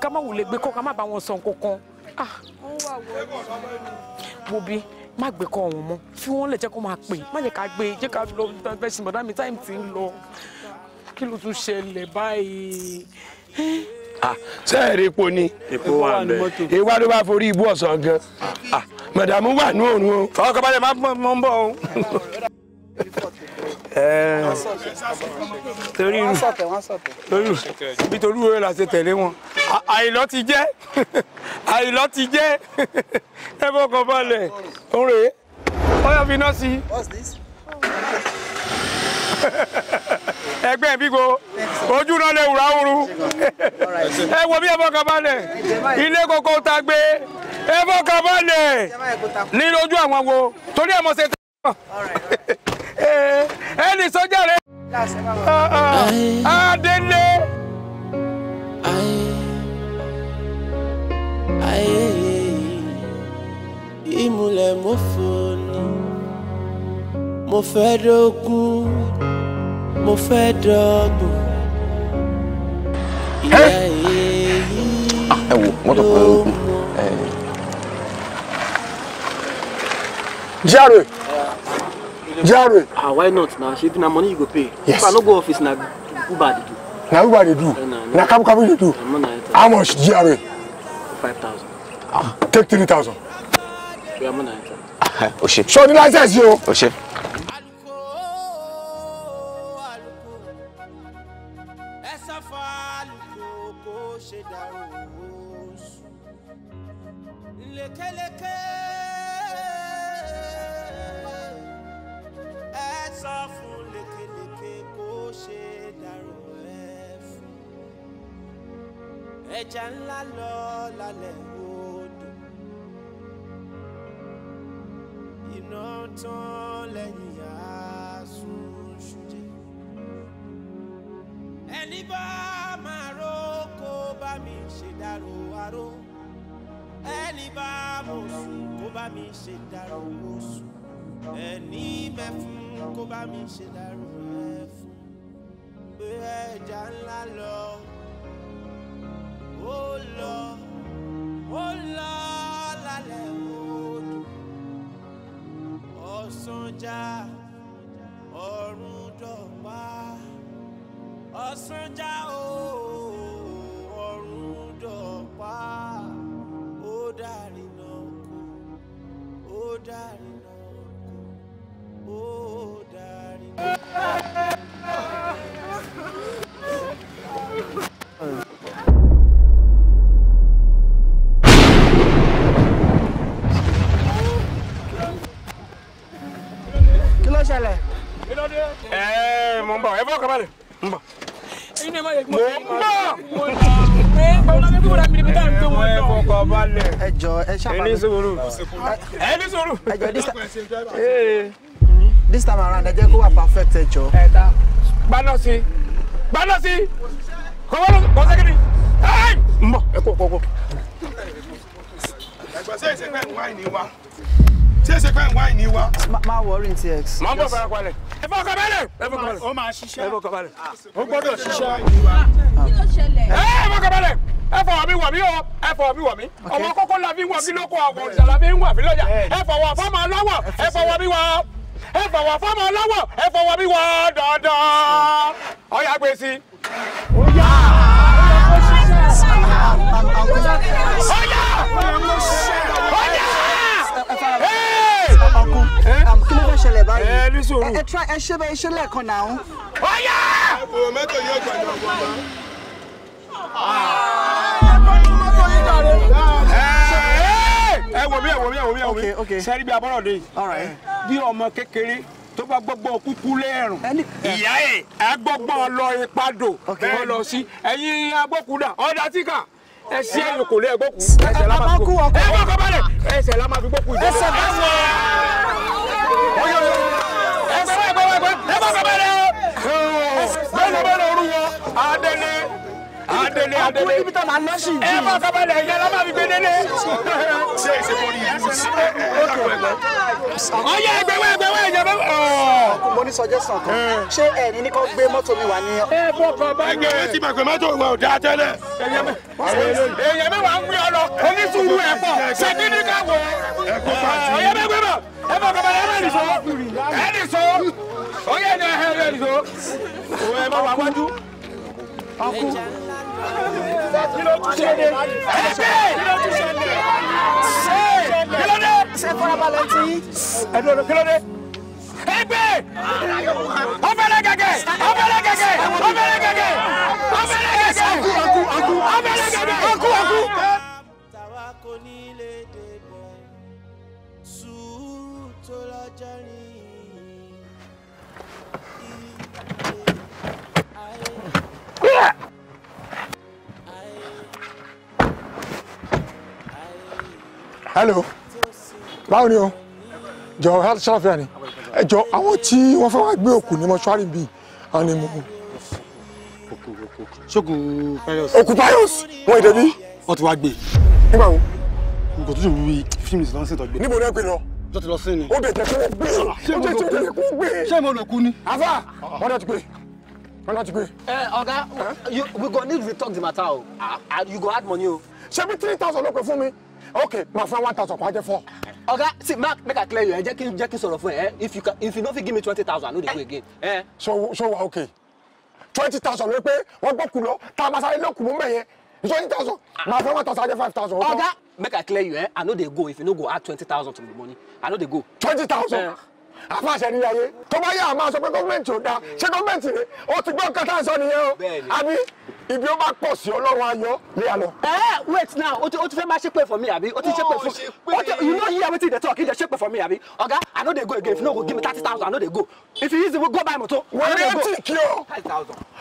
ká má wulẹ̀ gbé kọ́ ká má bá wọn sọ nǹkan kan. Ah. wo bí má gbé kọ wọn mọ́ fi wọn lè jẹ́ kó máa pè má jẹ́ ká gbé jẹ́ ká lọ fẹ́ ṣe mọ̀dá mi táìmù ti ń lọ kí ló tún ṣẹlẹ̀ báyìí. Ah, ṣé ẹ rí epo ni epo wà ń bẹ ewa ló bá forí ibú ọ̀sán gan ah, mọ̀dàmú wà ní òórùn o. fọwọ́kọ́ bá lè má mọ́ ń bọ̀ o. [laughs] Eh, torí irú torí bí torí wẹ́rẹ́ la ṣe tẹ̀lé wọn àìlọ́ ti jẹ́ [laughs] àìlọ́ ti jẹ́ [laughs] ẹ fọkàn balẹ̀ òun rèé ọyọ fi iná sí [laughs] ẹgbẹ́ bí ko ojú náà lè wúra wúru ẹ wo bí ẹ fọkàn balẹ̀ ilé koko ta gbé ẹ fọkàn balẹ̀ ní ojú àwọn wo torí ẹ mọ̀ ṣe tẹ̀ ọ́. Eh, ẹni sọ́jà rẹ̀ adélé. ìmùlẹ̀ mo fò ní mo fẹ́ dógún mo fẹ́ dọ́gbọ̀n. ẹ wo mọ́tò kan ló kù. jàre jare ah why not na shebi na money you go pay yes if i no go office na uber dey do na uber dey do eh, na kabu kabu dey do how much jare five thousand ah take three thousand. o ṣe. sọ ni license yìí o. o ṣe. bá mi ṣe dàrú ẹ fún pé ẹja ńlá lọ ó lọ ó lọ lálẹ́ odò ọ̀sán já ọ̀run dọ̀pá ọ̀sán já ọ̀run dọ̀pá ó dàrí náà kú ó dàrí náà kú ó kí ló ṣẹlẹ̀. ẹ ẹ mò ń bọ̀ ẹ fọ́ kábàlẹ̀ ń bọ̀. mò ń bọ̀. ẹ fọkọ balẹ̀. ẹ jọ ẹ ṣàpàdé. ẹ ní sùúrù. ẹ ní sùúrù. ẹ jọ dísà this time around I jẹ́ kó wà perfect ẹ jọ. ẹ da gbaná sí gbaná sí kọ́wọ́ ló kọ́ sẹ́kìrì ẹ mọ̀ ẹ kó kókó. ẹgbẹ́ ṣé ìṣe pẹ́ ń wáìnì wa ṣé ìṣe come ń wáìnì wa. má wọrí ní tx. má bọ̀ fara kwalẹ̀. ẹ fọ́ kọ́bálẹ̀. ẹ fọ́ kọ́bálẹ̀. ó máa ṣiṣẹ́. ẹ fọ́ kọ́bálẹ̀. ó gbọ́dọ̀ ṣiṣẹ́. kí ló ṣẹlẹ̀. ẹ fọ́ kọ́bálẹ̀ ẹ fọwọ́ mi wọ̀ mí o ẹ fọwọ́ mi wọ̀ mí ọmọ kókó la fi ń wọ̀ mí lóko àwọn òṣìṣẹ́ la fi ń wọ̀ mí lọ́jà ẹ fọwọ́ fọmọ lọ́wọ́ ẹ fọwọ́ mi wọ̀ ẹ fọwọ́ fọmọ ọlọ́wọ́ ẹ fọwọ́ mi wọ́ dandan ọ̀yà gbèsè. ọ̀yà ọ̀yà ọ̀yà kí ló fẹ́ ṣẹlẹ̀ báyìí ẹ ní sòrò ẹ tra ẹ ṣe bẹ ṣe lẹ́ẹ̀kan náà. ọ̀yà. ẹ̀bùn mẹ́tò yóò gbàdúrà wọ́n bá. ẹ̀bùn mẹ́tò yóò gbàdúrà ẹ wò mí ẹ wò mí ẹ wò mí ẹ wò mí sẹ́rí bí abọ́rọ̀ dé yìí bí ọmọ kékeré tó bá gbọ́gbọ́ kúkú lẹ́ẹ̀rùn ìyá ẹ̀ ẹ gbọ́gbọ́ lọ ìpadò ẹ lọ sí ẹ̀yin agbókùdà ọ̀dà tíkà ẹsẹ̀ ẹ̀yìn kò lé ẹgbọ́kù ẹsẹ̀ la máa fi gbókù ẹ wọ́n kọ́ balẹ̀ ẹsẹ̀ la máa fi gbókù ìjọba ẹsẹ̀ ẹsẹ̀ ẹgbọ́n ẹgbọ́n ẹgbọ́n kọ́ balẹ̀ bẹ́ẹ̀ ni bẹ́ẹ̀ ni orú wọn adẹ́lẹ́ adele adele àbúrò ibi tá a máa ná sí i. ẹ máa sábà lẹ̀ yẹn lọ́mọ mi gbé délé. ṣé èsì mo ní ìlú sí ẹ ẹ ẹ ọyẹ ẹgbẹwẹ ẹgbẹwẹ ẹyẹ bẹ. mo ní suggestion kan eh. ṣé ẹni ní kò gbé mọ́tò mi wá ní. ẹ bọ bàbá yẹn. ẹgbẹ́ ti gbàgbé mọ́tò wa ò dáa tẹ́lẹ̀. èèyàn mi wà ń wí ọlọ onísùúrù ẹ pọ ṣèbí ní ká wọ. ọyẹ bẹ gbé bọ ẹ bọ bàbá yẹn bẹ nìṣó ẹ nìṣó ọyẹ ni ẹ ẹ nìṣó. ẹ bá wà wájú. ọkú kí ló tún ṣẹlẹ̀ kí ló tún hello báwo ni o jọ ṣàlàfíà ni ẹ jọ àwọn tí wọ́n fẹ́ wá gbé òkú ní mọ́ṣúárì bíi àwọn ni mo. ṣógun pius. òkú pius wọn ìdẹ́bí. wọ́n ti wá gbé. nígbà wo. nǹkan tó ti wù í fíìmù ìsìlá ń sèǹtọ́ gbé. níbo ni ẹ gbé lọ. tó ti lọ sí ni. ó bẹ̀ tẹ̀ fẹ́rẹ̀ gbé. ṣé mo lò kú ni. ṣé mo lò kú ni. àfà wọn náà ti gbé wọn náà ti gbé. ẹ ọ̀gá we go need to talk the matter o and ah, ah, you go add money o. ṣé bí three thousand ló pè fún mi okay ma fún one thousand kò á four. oga see mark make i clear you ẹ jẹ́ kí jẹ́ kí sọ̀rọ̀ ẹ eh? if you can if you no fit give me twenty thousand i no dey go again. Eh? so so wa okay twenty thousand ló pé wọ́n gbọ́ kù lọ tá a máa sáré lọ́kùn mú twenty thousand ma fún one thousand i five thousand. oga make i clear you eh? i no dey go if you no go add twenty thousand to my money i no dey go. twenty thousand eh. afáṣẹ ní ayé tó bá yẹ àmọ́ sọ pé gọ́ọ̀mẹ̀ntì ò dáa ṣé gọ́ọ̀mẹ̀ntì rẹ̀ ó ti gbọ́ kátà sọ nìyẹn o àbí ibi ó bá pọ̀ sí ọlọ́run ayọ̀ lé àlọ́. ẹ wait now o ti o ma fẹ́ máa for me abi. o ti ṣépè for. mi you know hear wetin dey talk he dey ṣépè for me abi. oga i no dey go again if no go give me thirty thousand i no dey go if you use the go buy motor i no dey go. kí o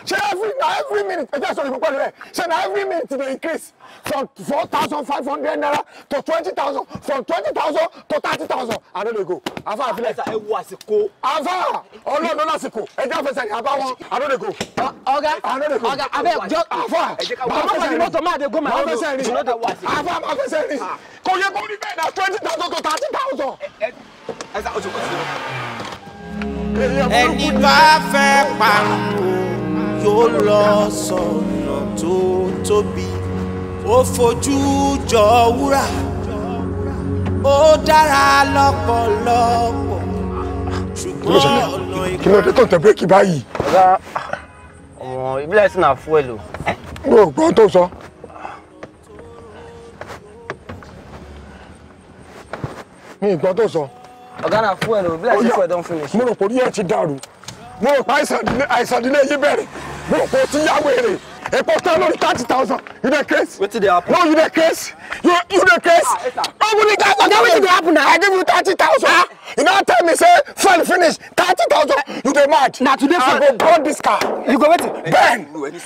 ṣe every na every minute ẹ sọ̀rọ̀ ìpínpẹ́ rẹ̀ ṣe na every minute dey increase from four thousand five hundred naira to twenty thousand from twenty thousand to thirty thousand i no dey go afa afilẹ. Ah, ẹ wo àsìkò. afa ọlọ́run lásìkò ẹ jẹ́ àfẹsẹ̀ àbáwọn i no dey go. ọ̀gá ọ̀gá abẹ́ẹ̀ afa ah, bàbá fẹsẹ̀ ni bàbá fẹsẹ̀ ni afa bàbá fẹsẹ̀ ni kò yẹ kó ní bẹ́ẹ̀ na twenty thousand to thirty thousand. ẹni bá fẹ́ pariwo yóò lọ sọ̀nà tó tóbi ó fojú jọ wúrà ó dára lọ́pọ̀lọpọ̀ ṣùgbọ́n ọ̀nà ìkọ́. kí ló dé tó ń tẹ bírèkì báyìí wọn ìbílẹ̀ sì náà fuel o. gbọ́ gbọ́ tó sọ. mi ìgbọ́ tó sọ. ọ̀gá náà fuel o ìbílẹ̀ sì fuel don finish. mo rò pé orí ẹ ti dàrú mo rò pé àìsàn àìsàn yìí bẹ̀rẹ̀ mo rò pé o ti yá wèrè epo stand only thirty thousand you dey case. wetin dey happen. no you dey case. you you dey craze. ogun ni thirty thousand wetin dey happen na. i give you thirty thousand. Ah? you don tell me say fuel finish thirty thousand you dey mad. Now today fuel. go burn this car. you go wetin. ben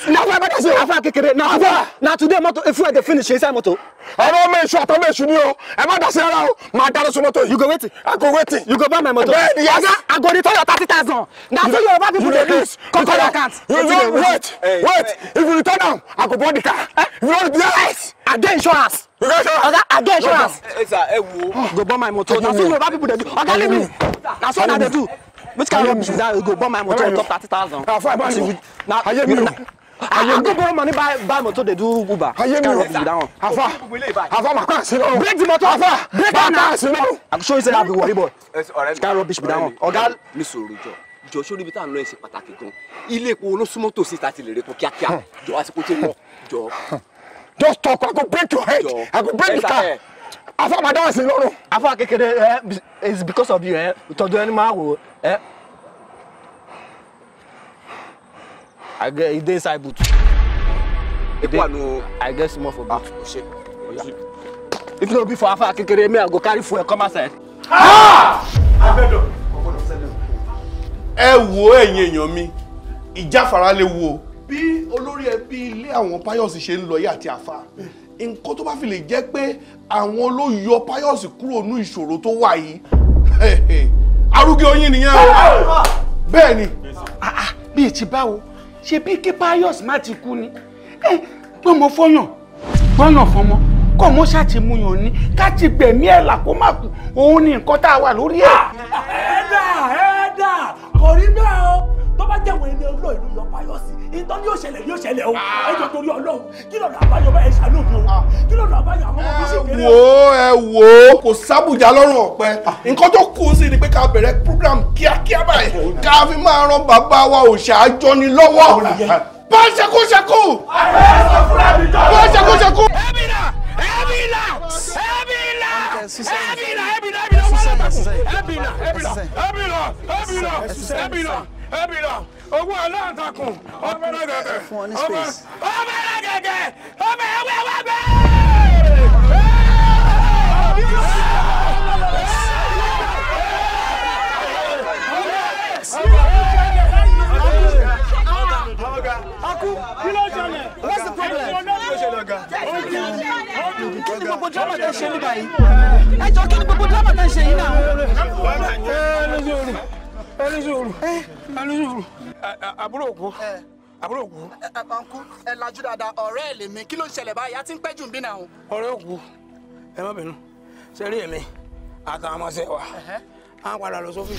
Now fuel make i see o. afa kekere Now. fuel na today motor fuel dey finish inside motor. ọ̀rọ̀ mi èso àtọ́ mi èso ni o ẹ má dá sí ara o máa dáná sun motor you go wetin. i go wetin. you go buy my motor. bẹ́ẹ̀ni yẹn. i go return your thirty thousand. na so yoruba people dey do. kọ́kọ́rọ́ account. you don wait wait if you you turn down i go burn the car eh? if you no do yes i get insurance Again i get insurance. Eh, eh, ah, go burn my motor na what yoruba people dey do oga leave me na so una dey do which kind rubbish is that you go burn my motor top thirty thousand. Ah, na you na ah, I go borrow money buy buy motor They do Uber. Aye mi o. Afa Afa ma kan si no. Break the motor Afa. Break am na. I go show you said I'll be worried, boy. Eh, Can't rubbish be that one. Oga. Mi sòrò jọ jọ sórí ibi tá à ń lọ ẹsẹ pàtàkì gan ilé epo olóṣùmọ́ tòsí ta ti lè rẹ kó kíákíá jọ àsìkò tí wọn jọ. just talk i go break your head jọ. i go break your car afa madam ẹsẹ lọrùn. afa kékeré ẹ eh, it's because of you ẹ eh. ìtọ́jú ẹni máa wò ẹ. Eh. i get e dey inside boot. epo àná. i get small for boot. Ah, if no be for afa kékeré me i go carry fuel come outside. ah! abẹ́dọ̀ ẹ wo ẹ̀yin èèyàn mi ìjáfara lè wo bí olórí ẹbí ilé àwọn páyọ̀sì ṣe ń lọ yìí àti àfa nǹkan tó bá fi lè jẹ́ pé àwọn ló yọ páyọ̀sì kúrò ní ìṣòro tó wà yìí [laughs] arúgbó oyin nìyẹn bẹ́ẹ̀ ni. Ah, ah, bí ètí báwo ṣe bí kí páyọ̀sì má ti kú ni eh, pé mo fọyàn gbọ́yàn fọmọ kọ́ mo ṣàtìmúyàn ni ká ti gbẹ̀mí ẹ̀ là kó má kú òun ni nǹkan tá a wà lórí ẹ̀. Ah, ẹ dà ẹ kò rí bẹ́ẹ̀ o tó bá jẹ́ wọ̀nyí ni olóò ìlú yọ payọ́ sí yóò ṣẹlẹ̀ yóò ṣẹlẹ̀ o ẹjọ́ torí ọlọ́run kí lọ́nà àbáyọ bá ẹ ṣàánú mi o kí lọ́nà àbáyọ àwọn ọmọ mi sì o. ẹ wo ẹ wo kò sábùjá lọ́rùn ọ̀pẹ nǹkan tó kù sí ni pé ká bẹ̀rẹ̀ program kíákíá báyìí ká fi máa ran bàbá wa òṣàjọ ni lọ́wọ́ bá ṣekúṣekú bá ṣekúṣekú. ẹ̀mí náà ebina ebina ebina wala ebina ebina ebina ebina ebina ebina owó aláǹtakùn ọbẹ̀ náà gẹ̀gẹ̀ ọbẹ̀ náà gẹ̀gẹ̀ ní sùúrù eh? ẹ ní sùúrù àbúrò òkú eh. àbúrò òkú. ọ̀nkú eh, ẹ lajú dáadáa ọ̀rẹ́ ẹ̀ lèmi kí ló ń ṣẹlẹ̀ báyìí a ti ń pẹ́ jù ń bí náà. ọ̀rẹ́ òkú ẹ má bínú ṣe rí èmi àtàwọn ọmọ ṣe wà á padà lọ sófin.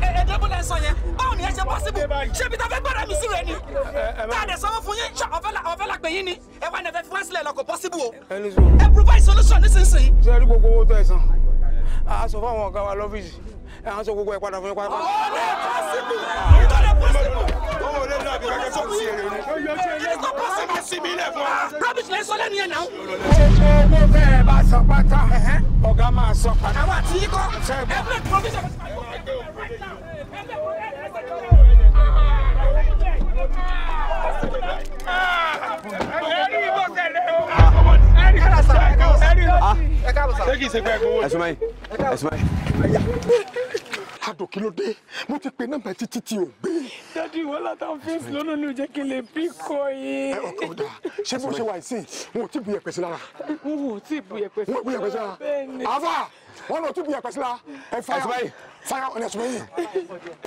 ẹ̀ẹ́dẹ́gbọ́lẹ̀ sọ yẹn báwo ni ẹ ṣe pọ́sibú ṣébi tá a fẹ́ gbọ́dọ̀ mi sí rẹ ni tá a dẹ̀ sanwó fún yín ṣá ọ̀fẹ́ làpẹ̀ yín ni ẹ wá ní ẹ fẹ́ fi wá sílẹ̀ lọ́kọ̀ o ẹ provide solution nísinsìnyí. ṣé ẹ rí gbogbo owó tó ẹ san a sọ fún àwọn ọ̀gá wa lọ́fíìsì ẹ à ń sọ gbogbo ẹ padà fún yín padà. ọ̀rẹ́ pọ́sibú ìtọ́lẹ̀ pọ́sibú. owó lè dún àbí kẹ́kẹ́ sọ́kù sí èrè ni. ẹni kò pọ́sibú sí mi lẹ̀ fún wa. rubbish lè sọ lẹ́nu yẹn náà. gbogbo owó bẹ́ẹ̀ bá sọ pátá ọ̀gá máa sọ padà. àwọn àti yín kọ́ every provision. Ah! ah. ah. Ah. ṣé kì í ṣe pẹ́ gbowó. ẹ̀sùn mẹ́yìn ẹ̀sùn mẹ́yìn. Adò kí ló dé? Mo ti pe nọ́mbà títí tí o gbé. Dádì wọ́n látàn fíìsì lónà ní òjẹ́ kí n lè bí kọ yìí. Ẹ ọkọ̀ ọ̀dà ṣé bó ṣe wà sí wọn ò tí bu yẹpẹ̀ sí lára. Wọn ò tí bu yẹpẹ̀ sí lára. Wọn ò bu yẹpẹ̀ sí lára. Àfà wọn lọ tí bu yẹpẹ̀ sí lára. Ẹ fáyà fáyà ọ̀nà ẹ̀sùn mẹ́yìn.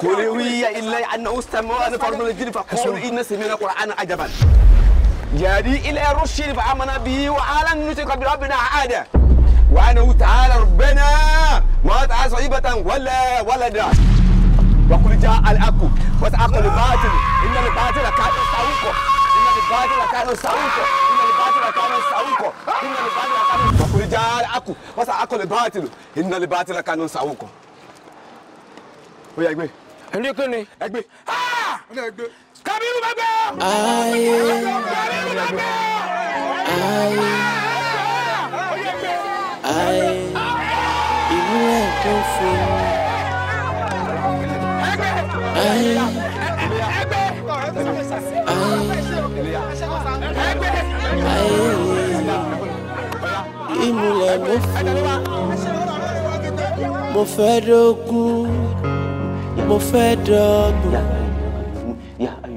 Kò lè wí ilẹ̀ àná ó sàmúlò àná fàrúmọ̀lẹ́jì جادي إلى رشد فآمنا به وعالم نشرك بربنا عادة وأنه تعالى ربنا ما تعالى صعيبة ولا ولدا وقل جاء الحق وسحق الباطل إن الباطل كان سوقا إن الباطل كان سوقا إن الباطل كان سوقا إن الباطل كان وقل جاء الحق وسحق الباطل إن الباطل كان سوقا ويا أجبي أنت كني أجبي آه أنا أجبي Kabiru Bàbá. Ayé. Kabiru Bàbá. Ayé. Ayé. Ìlú ẹ̀ tó fún. Ayé. Ayé. Ìmùlẹ̀ mo fún. Mo fẹ́ dógún. Mo fẹ́ dọ́gbọ̀n. Yeah, yeah.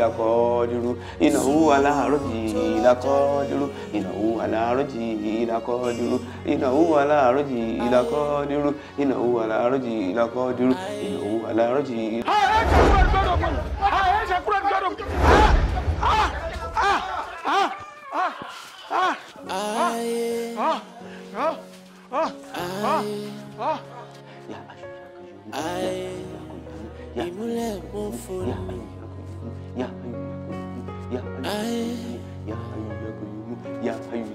lakọ́dúró ìnáwó aláàárọ̀jì lakọ́dúró ìnáwó aláàárọ̀jì lakọ́dúró ìnáwó aláàárọ̀jì lakọ́dúró ìnáwó aláàárọ̀jì lakọ́dúró ìnáwó aláàárọ̀jì. Ayé. Ayé. Ìmúlẹ̀ kún fún mi. Ya Hayyu Ya Qayyum Ya Hayyu Ya Qayyum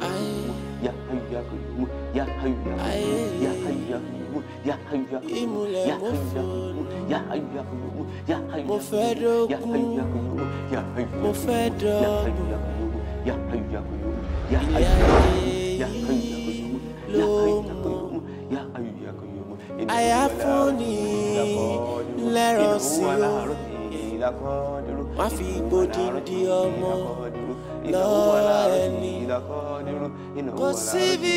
Ya Hayyu Ya Qayyum Ya Hayyu Ya Qayyum Ya Hayyu Ya Qayyum Ya Hayyu Ya Qayyum Ya Hayyu Ya Qayyum Ya Hayyu Ya Qayyum Ya Hayyu Ya Qayyum Ya Hayyu Ya Qayyum Ya Hayyu Ya Qayyum Ya Hayyu Ya Qayyum Ya Hayyu Ya Qayyum Ya Hayyu Ya Qayyum Ya Hayyu Ya Qayyum àyàfúnni lẹ́rọ̀ sí o wọ́n fi gbòdìdì ọmọ lọ́wọ́ ẹni kò síbi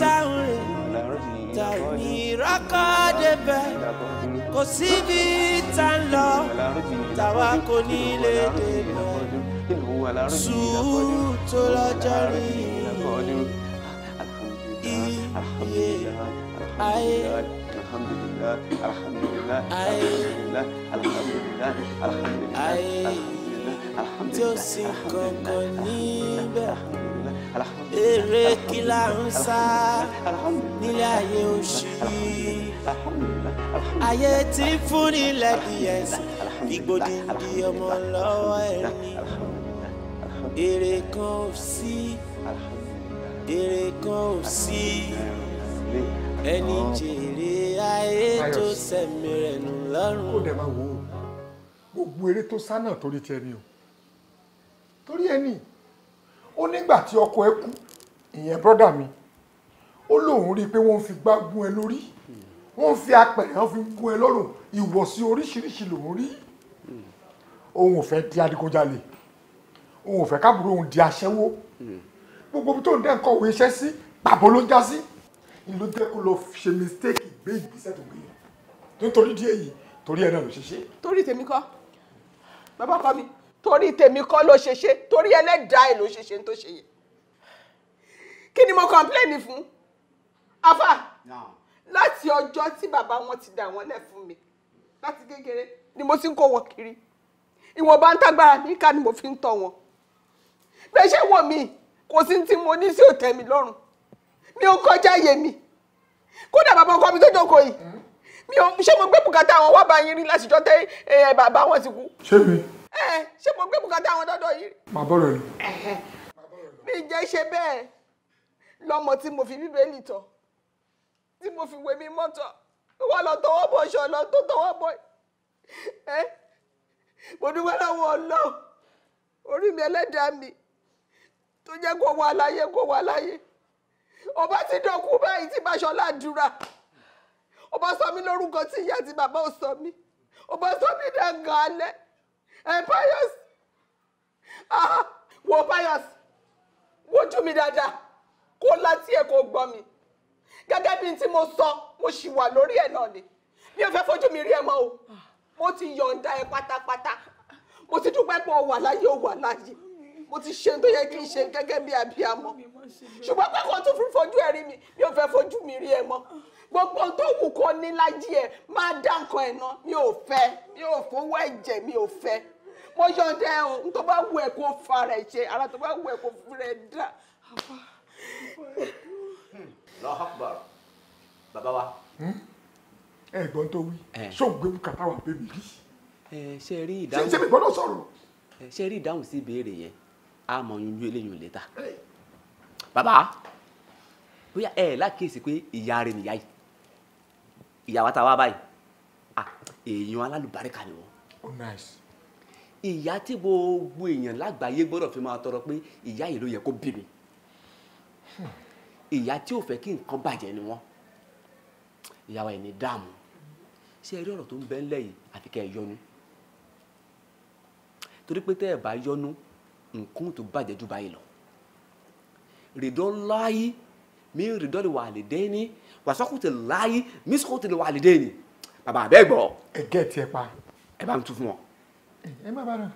táwọn rẹ̀ táwọn ìrọ́kọ̀ débẹ̀ kò síbi tá ń lọ táwa kò ní lè débẹ̀ sùúrù tó lọ́jọ́ rí iye ayé. لله الحمد لله الحمد لله الحمد لله الحمد لله الحمد لله الحمد لله الحمد لله èrè kí la ń sá nílé ayé òṣì ayé tí fún nílẹ̀ bs ìgbòdì di ọmọ lọ́wọ́ ẹ̀rí èrè kan ò sí èrè kan ò ẹni jèrè ayé tó sẹ̀mí rẹ̀ nù lọ́rùn. ó dẹ̀ máa wò ó gbogbo eré tó sá náà torí tiẹ̀ ni o torí ẹni ó nígbà tí ọkọ ẹ kú ìyẹn brọ́dà mi ó lóun rí i pé wọ́n fi gbá gún ẹ lórí wọ́n fi apẹ̀rẹ̀ wọ́n fi gún ẹ lọ́rùn ìwọ̀sí oríṣiríṣi lòun rí òun ò fẹ́ di adigunjalè òun ò fẹ́ káàbùrò òun di aṣẹ́wó hmm. gbogbo tó ń dẹ́ ń kọ̀wé iṣẹ́ sí pàbó ló ń já sí ìlú jẹ́ kó lọ ṣe mistake gbé ìgbésẹ̀ tó gbé yẹn nítorí díẹ̀ yìí torí ẹ̀ náà ló ṣe ṣe. torí tèmi kọ́ bàbá kọ́ mi torí tèmi kọ́ ló ṣe ṣe torí ẹlẹ́dàá ẹ̀ ló ṣe ṣe tó ṣe yẹ kí ni mo kọ́ńpléènì fún afa láti ọjọ́ tí bàbá wọn ti dà wọ́n lẹ̀ fún mi láti kékeré ni mo ti ń kó wọn kiri ìwọ̀nba ń tágbára mi ká ni mo fi ń tọ̀ wọn bẹ́ẹ̀ ṣe wọ̀ mí kò sí ti mo ní sí òtẹ́ mi lọ́rùn mi ò kọjá yé mi kódà bàbá ọkọ mi tó jókòó yìí mi ò ṣé mo gbé bùkátà àwọn wá bá rí látijọ́ tẹ ẹ bàbá wọn ti kú. ṣé mi. ẹ ṣé mo gbé bùkátà àwọn dọ́dọ̀ yìí. bàbá rẹ ni. mi jẹ́ ṣe bẹ́ẹ̀ lọ́mọ tí mo fi bíbélì tọ̀ tí mo fi wèmí mọ́tọ̀ wọ́n lọ tọwọ́ bọ̀ ṣọ lọ tó tọwọ́ bọ̀ ẹ mo dúpẹ́ lọ́wọ́ ọlọ́run orí mi ẹlẹ́dàá mi tó jẹ́ kó wà láyé kó wà láyé ọba ti dọ̀kú báyìí tí Báṣọlá dúra ọba sọ mí lórúkọ tí ìyá àti bàbá ò sọ mí ọba sọ mí dàngàn alẹ́ ẹ̀ Pius ah, wo Pius wojú mi dáadáa kó láti ẹ̀ kó gbọ́ mi gẹ́gẹ́ bí tí mo sọ mo ṣì wà lórí ẹ̀ náà ni mi ò fẹ́ fojú mi rí ẹ mọ́ o mo ti yọ̀ǹda ẹ pátápátá mo ti dúpẹ́ pé o wà láyé o wà láyé mo ti ṣe tó yẹ kí n ṣe gẹ́gẹ́ bí abiyamọ ṣùgbọ́n pé kò tún fún fojú ẹ̀rí mi mi ò fẹ́ fojú mi rí ẹ mọ́ gbogbo tó wù kó ní lájí ẹ máa dá nǹkan ẹ̀ ná mi ò fẹ́ mi ò fowó ẹ̀jẹ̀ mi ò fẹ́ mo yọ̀ǹda ẹ o tó bá wù ẹ kó fa rẹ̀ ṣe ara tó bá wù ẹ kó fi rẹ̀ dà. Hmm, lọ́hàpùbà bàbá wa. Hmm? ẹ gbọ́n tó wí ṣóògbé bùkátà wà bẹ́ẹ̀ mi rí. ṣe rí ìdáhùn ṣe rí ìdáhùn sí ìbéèrè yẹn a mọ yunjú eléyìí lẹ́tà bàbá bóyá ẹ lákèsí pé ìyá rẹ nìyá yìí ìyá wa ta wá báyìí ah èèyàn alálùbáríkà ni wọn. oh nice. ìyá tí gbogbo èèyàn lágbàáyé gbọ́dọ̀ fi máa tọrọ pé ìyá yìí ló yẹ kó bí mi ìyá tí ò fẹ́ kí nǹkan bàjẹ́ ni wọ́n ìyá wa yìí ní dáàmú ṣé ẹ rí ọ̀rọ̀ tó ń bẹ ńlẹ̀ yìí àfi kẹ́ ẹ yọnu torí pé tẹ́ ẹ bá yọnu nǹkan tó bàjẹ́ jù báyìí lọ rìdọ́ láyé mi rìdọ́ lè wà lè dé ní wàsókò tè láyé mi sókò tè lè wà lè dé bàbá àbẹ́ gbọ́. ẹ gẹ́ tiẹ̀ pa. ẹ bá mi tún fún wọn. ẹ má bàa rà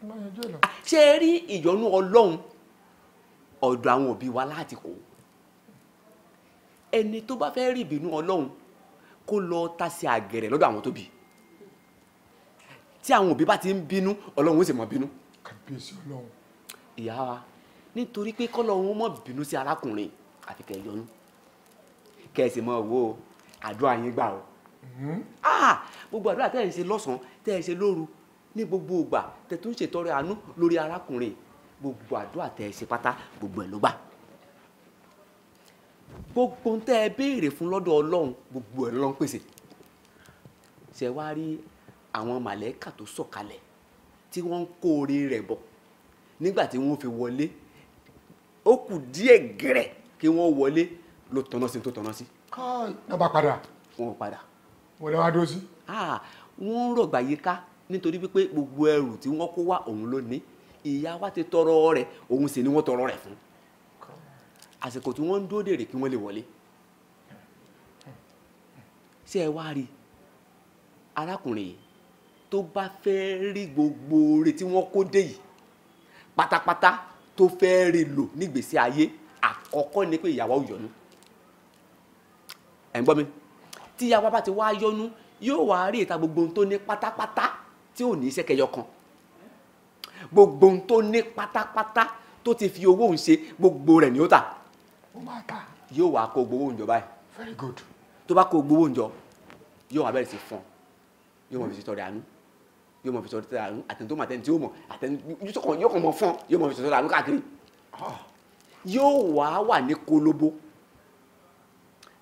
ẹ má yanjú ẹ lọ. ṣé ẹ rí ìyọnu ọlọ́run ọ̀dọ̀ àwọn òbí wa láti kó ẹni tó bá fẹ́ rí ìbínú ọlọ́run kó lọ tàsé àgẹ̀rẹ̀ lọ́dọ̀ àwọn tó bí tí àwọn òbí bá ti ń bínú ọlọ́run ó sì mọ bínú. kàbíyèsí ọlọ́run ìyá wa nítorí pé kọ́lọ̀ òun mọ̀ bínú sí arákùnrin àfi kẹ́ ẹ yọnu kẹ́ ẹ sì mọ̀ wo àdúrà yín gbà o mm-hmm. ah! gbogbo àdúrà tẹ́ ẹ̀ ń ṣe lọ́sàn-án tẹ́ ẹ̀ ń ṣe lóru ní gbogbo ìgbà tẹ́ tún ṣètọrẹ àánú lórí arákùnrin gbogbo àdúrà tẹ́ ẹ̀ ṣe pátá gbogbo ẹ̀ ló gbà gbogbo ń tẹ́ ẹ béèrè fún lọ́dọ̀ ọlọ́run gbogbo ẹ̀ lọ́n pèsè ṣe wá rí àwọn màlẹ́kà tó sọ̀kalẹ̀ tí wọ́n ń kó oore rẹ̀ bọ̀ nígbà tí wọ́n fi wọlé ó kù díẹ̀ gẹ̀rẹ̀ kí wọ́n wọlé ló tọ̀nà sí tó tọ̀nà sí. ká bá padà. wọn ò padà. wọn lè wá dúró sí. wọ́n ń rọ̀gbà yìí ká nítorí wípé gbogbo ẹrù tí wọ́n kó wá òun ló ní ìyá wa ti tọrọ rẹ̀ òun sì ni wọ́n tọrọ rẹ̀ fún àsìkò tí wọ́n ń dúró dèrè kí wọ́n lè wọlé ṣé ẹ wá rí arákùnrin yìí tó bá fẹ́ rí gbogbo oore tí wọ́n kó dé yìí pátápátá tó fẹ́ẹ́ rè lò nígbèésí ayé àkọ́kọ́ ni pé ìyàwó yọnu ẹ̀ ń gbọ́ mi tí ìyàwó bá ti wá yọnu yóò wá rí ìta gbogbo ohun tó ní pátápátá tí ò ní sẹ́kẹ̀yọ kan gbogbo ohun tó ní pátápátá tó ti fi owó òun ṣe gbogbo rẹ̀ ni ó tà yóò wá kó gbowó òun báyìí very good tó bá kó gbowó òun jọ yóò wá bẹ̀rẹ̀ sí fún un yóò wọ́n fi ṣe tọrẹ àánú yóò mọ fi sọ títà àtẹni tó mọ àtẹni tí yóò mọ àtẹni yóò kàn mọ fún yóò mọ fi sọ títà àrùn káàkiri ah. yóò wá wà ní kolobo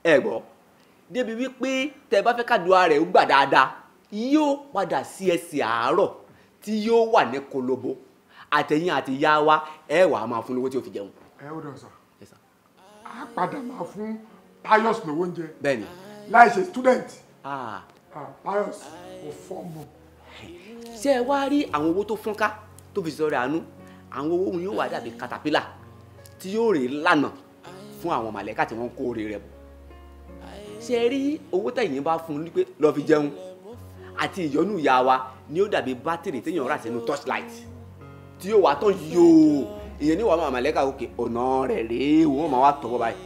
ẹ gbọ́ débi wípé tẹ bá fẹ́ kádùá rẹ̀ ó gbà dáadáa yóò padà sí ẹsẹ̀ àárọ̀ tí yóò wà ní kolobo àtẹ̀yìn àti ìyá wa ẹ wà á máa fún lówó tí ó fi jẹun. ẹ ó dọ̀sà á padà máa fún pius lówó oúnjẹ bẹ́ẹ̀ni láì ṣe student ah. Ah, pius kò fọ́ọ̀mù ṣé ẹ wá rí àwọn owó tó fọ́nká tó fi sọ̀rọ̀ àánú àwọn owó òun yóò wá dàbí katapila tí yóò rè lànà fún àwọn màlẹ́kà tí wọ́n kó rè rẹ̀ bọ̀ ṣe rí owó tẹ̀yìn bá fún un pé lọ́ọ́ fi jẹun àti ìyọnu ìyá wa ni ó dàbí bátìrì téèyàn rà sínú torchlight tí yóò wá tán yóò ìyẹn ní wàá máa màlẹ́kà òkè ọ̀nà rẹ̀ rèé wọ́n máa wá tọ́wọ́ báyìí.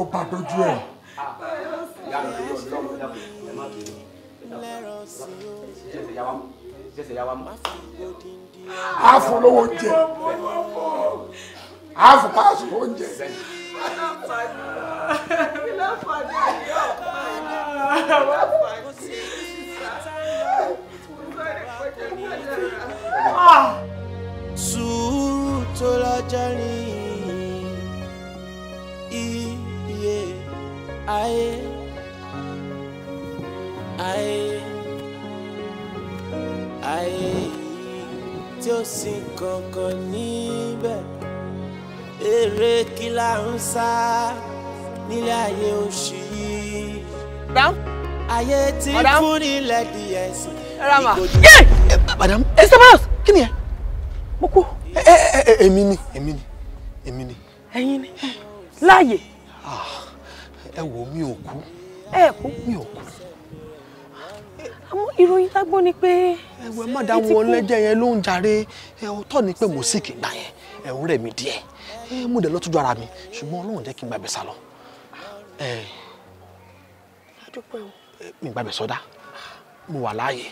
ó bá dojú ẹ̀ lẹ́rọ̀ sí o. jẹ́sẹ̀ yá wa mú jẹ́sẹ̀ yá wa mú. àáfù lówó oúnjẹ àáfù káàsù oúnjẹ. sùúrù tó lọ́jọ́ rìn iye ayé ayé ayé tí ó sì kankan níbẹ̀ eré kí la ń sá nílé ayé oṣù yìí ayé tí fún nílẹ̀ díẹ̀ sí i. madam eh, estabas kí ni ẹ mo kú. Eh, eh, èmi ni èmi ni èmi ni. ẹ̀yin ni láàyè. Ah, ẹ wò mí ò kú. kú. mi ò kú àmọ́ ìròyìn tá gbọ́ ni pé. ẹwẹ má dá wọn lẹ́jẹ̀ yẹn ló ń jàre ọ̀tọ̀ ni pé mo sì kì í gbà yẹn ẹ̀rù rẹ̀ mi díẹ̀ mo dẹ̀ lọ́tọ́jú ara mi ṣùgbọ́n ọlọ́run jẹ́ kí n gbàgbé sá lọ. mi gbàgbé sọdá mo wà láàyè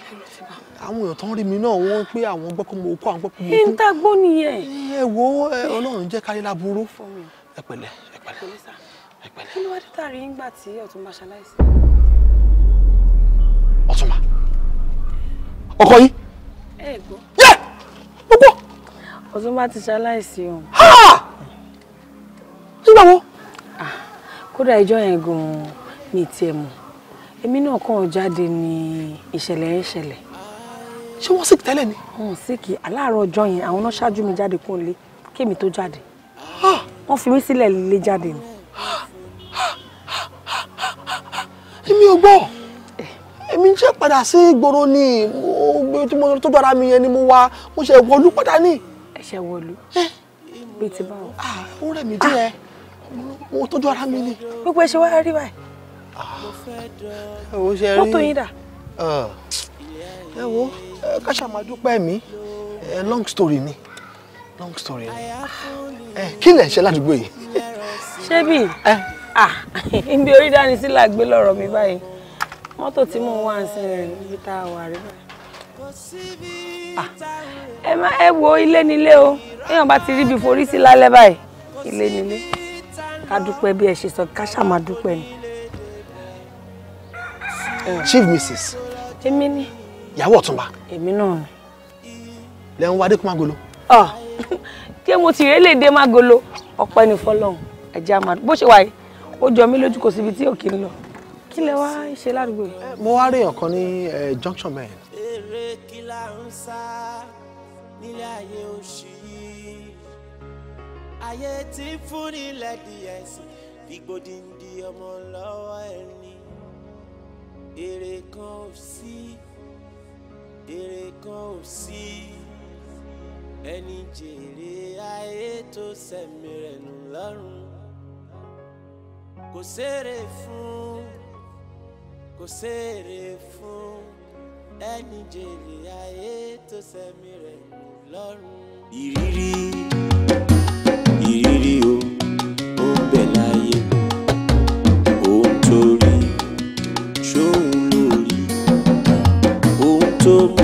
àwọn èèyàn tó rí mi náà wọ́n pé àwọn gbọ́ pé mo kó àwọn gbọ́ pé mo kú. ìta gbọ́ nìyẹn. ẹ wo ọlọ́run jẹ́ kárí láburú ẹ pẹ̀lẹ́ ẹ pẹ̀lẹ́ ẹ pẹ̀lẹ́. kí ló wá dé tàrí ńgbà tí ọ̀tún máa ṣaláìsí ọ̀túnba ọkọ yín. ẹ gbọ́. yẹ mo gbọ́. ọ̀túnba ti ṣaláìsí o. nígbà wo. Ah, kódà ìjọ yẹn gan-an mi tiẹ̀ mọ̀ èmi náà kàn jáde ní ìṣẹ̀lẹ̀ ìṣẹ̀lẹ̀. ṣé wọ́n sìkì tẹ́lẹ̀ ni. wọn sìkì aláàárọ̀ ọjọ́ yẹn àwọn náà ṣáájú mi jáde kó lé kémi tó jáde. wọ́n fi mí sílẹ̀ lé jáde ni. èmi ò gbọ́ èmi ṣe padà sí ìgboro ni mo tó bára mi yẹn ni mo wá mo ṣe wọlú padà ní. ẹ ṣe wọlú bíi ti báwo. ó rẹ̀ mí díẹ̀ mo tọ́jú ara mi ni. gbogbo ẹ ṣe wá rí báyìí. ó ṣe rí mọ́tò yín dà. ẹ wo ká ṣàmà dúpẹ́ mi long story ni long story ni kí lẹ̀ ń ṣe ládùúgbò yìí. ṣé bí n bí orí dání sí làgbé lọ́rọ̀ mi báyìí mọ́tò tí mò ń wá ń sin níbi tá a wà rí báyìí. Ah, ẹ má ẹ wo ilé nílé o èèyàn bá ti rí ibi forí sí lálẹ́ báyìí ilé nílé ká dúpẹ́ bí ẹ ṣe sọ ká ṣàmà dúpẹ́ ni. Eh. chief mrs. èmi ni. ìyàwó ọ̀túnba. èmi náà ni. lẹ́hìn wá dékun magolo. Ah, ṣé mo ti rélé dé magolo ọpẹ́ ni fọlọ́run ẹ̀jẹ̀ àmàdù bó ṣe wà yìí ó jọ mí lójú kò síbi tí òkè ń lọ kí lẹ wá ṣe ládùúgbò yìí. Eh, mo wá rí ọ̀kan ní eh, junction mẹ́rin. eré kí la ń sá nílé ayé òṣì yìí ayé tí ń fún nílẹ̀ díẹ̀ sí fìgbòdìndì ọmọ lọ́wọ́ ẹni èrè kan ò sí èrè kan ò sí ẹni jèrè ayé tó sẹ̀mí rẹ̀ nù lọ́rùn kò sèrè fún un kò séèrè fún ẹni jèrè ayé tó sẹ́mi rẹ̀ lọ́rùn. ìrírí ìrírí o ó ń bẹ láyé òun torí ṣóun lórí òun tó mú.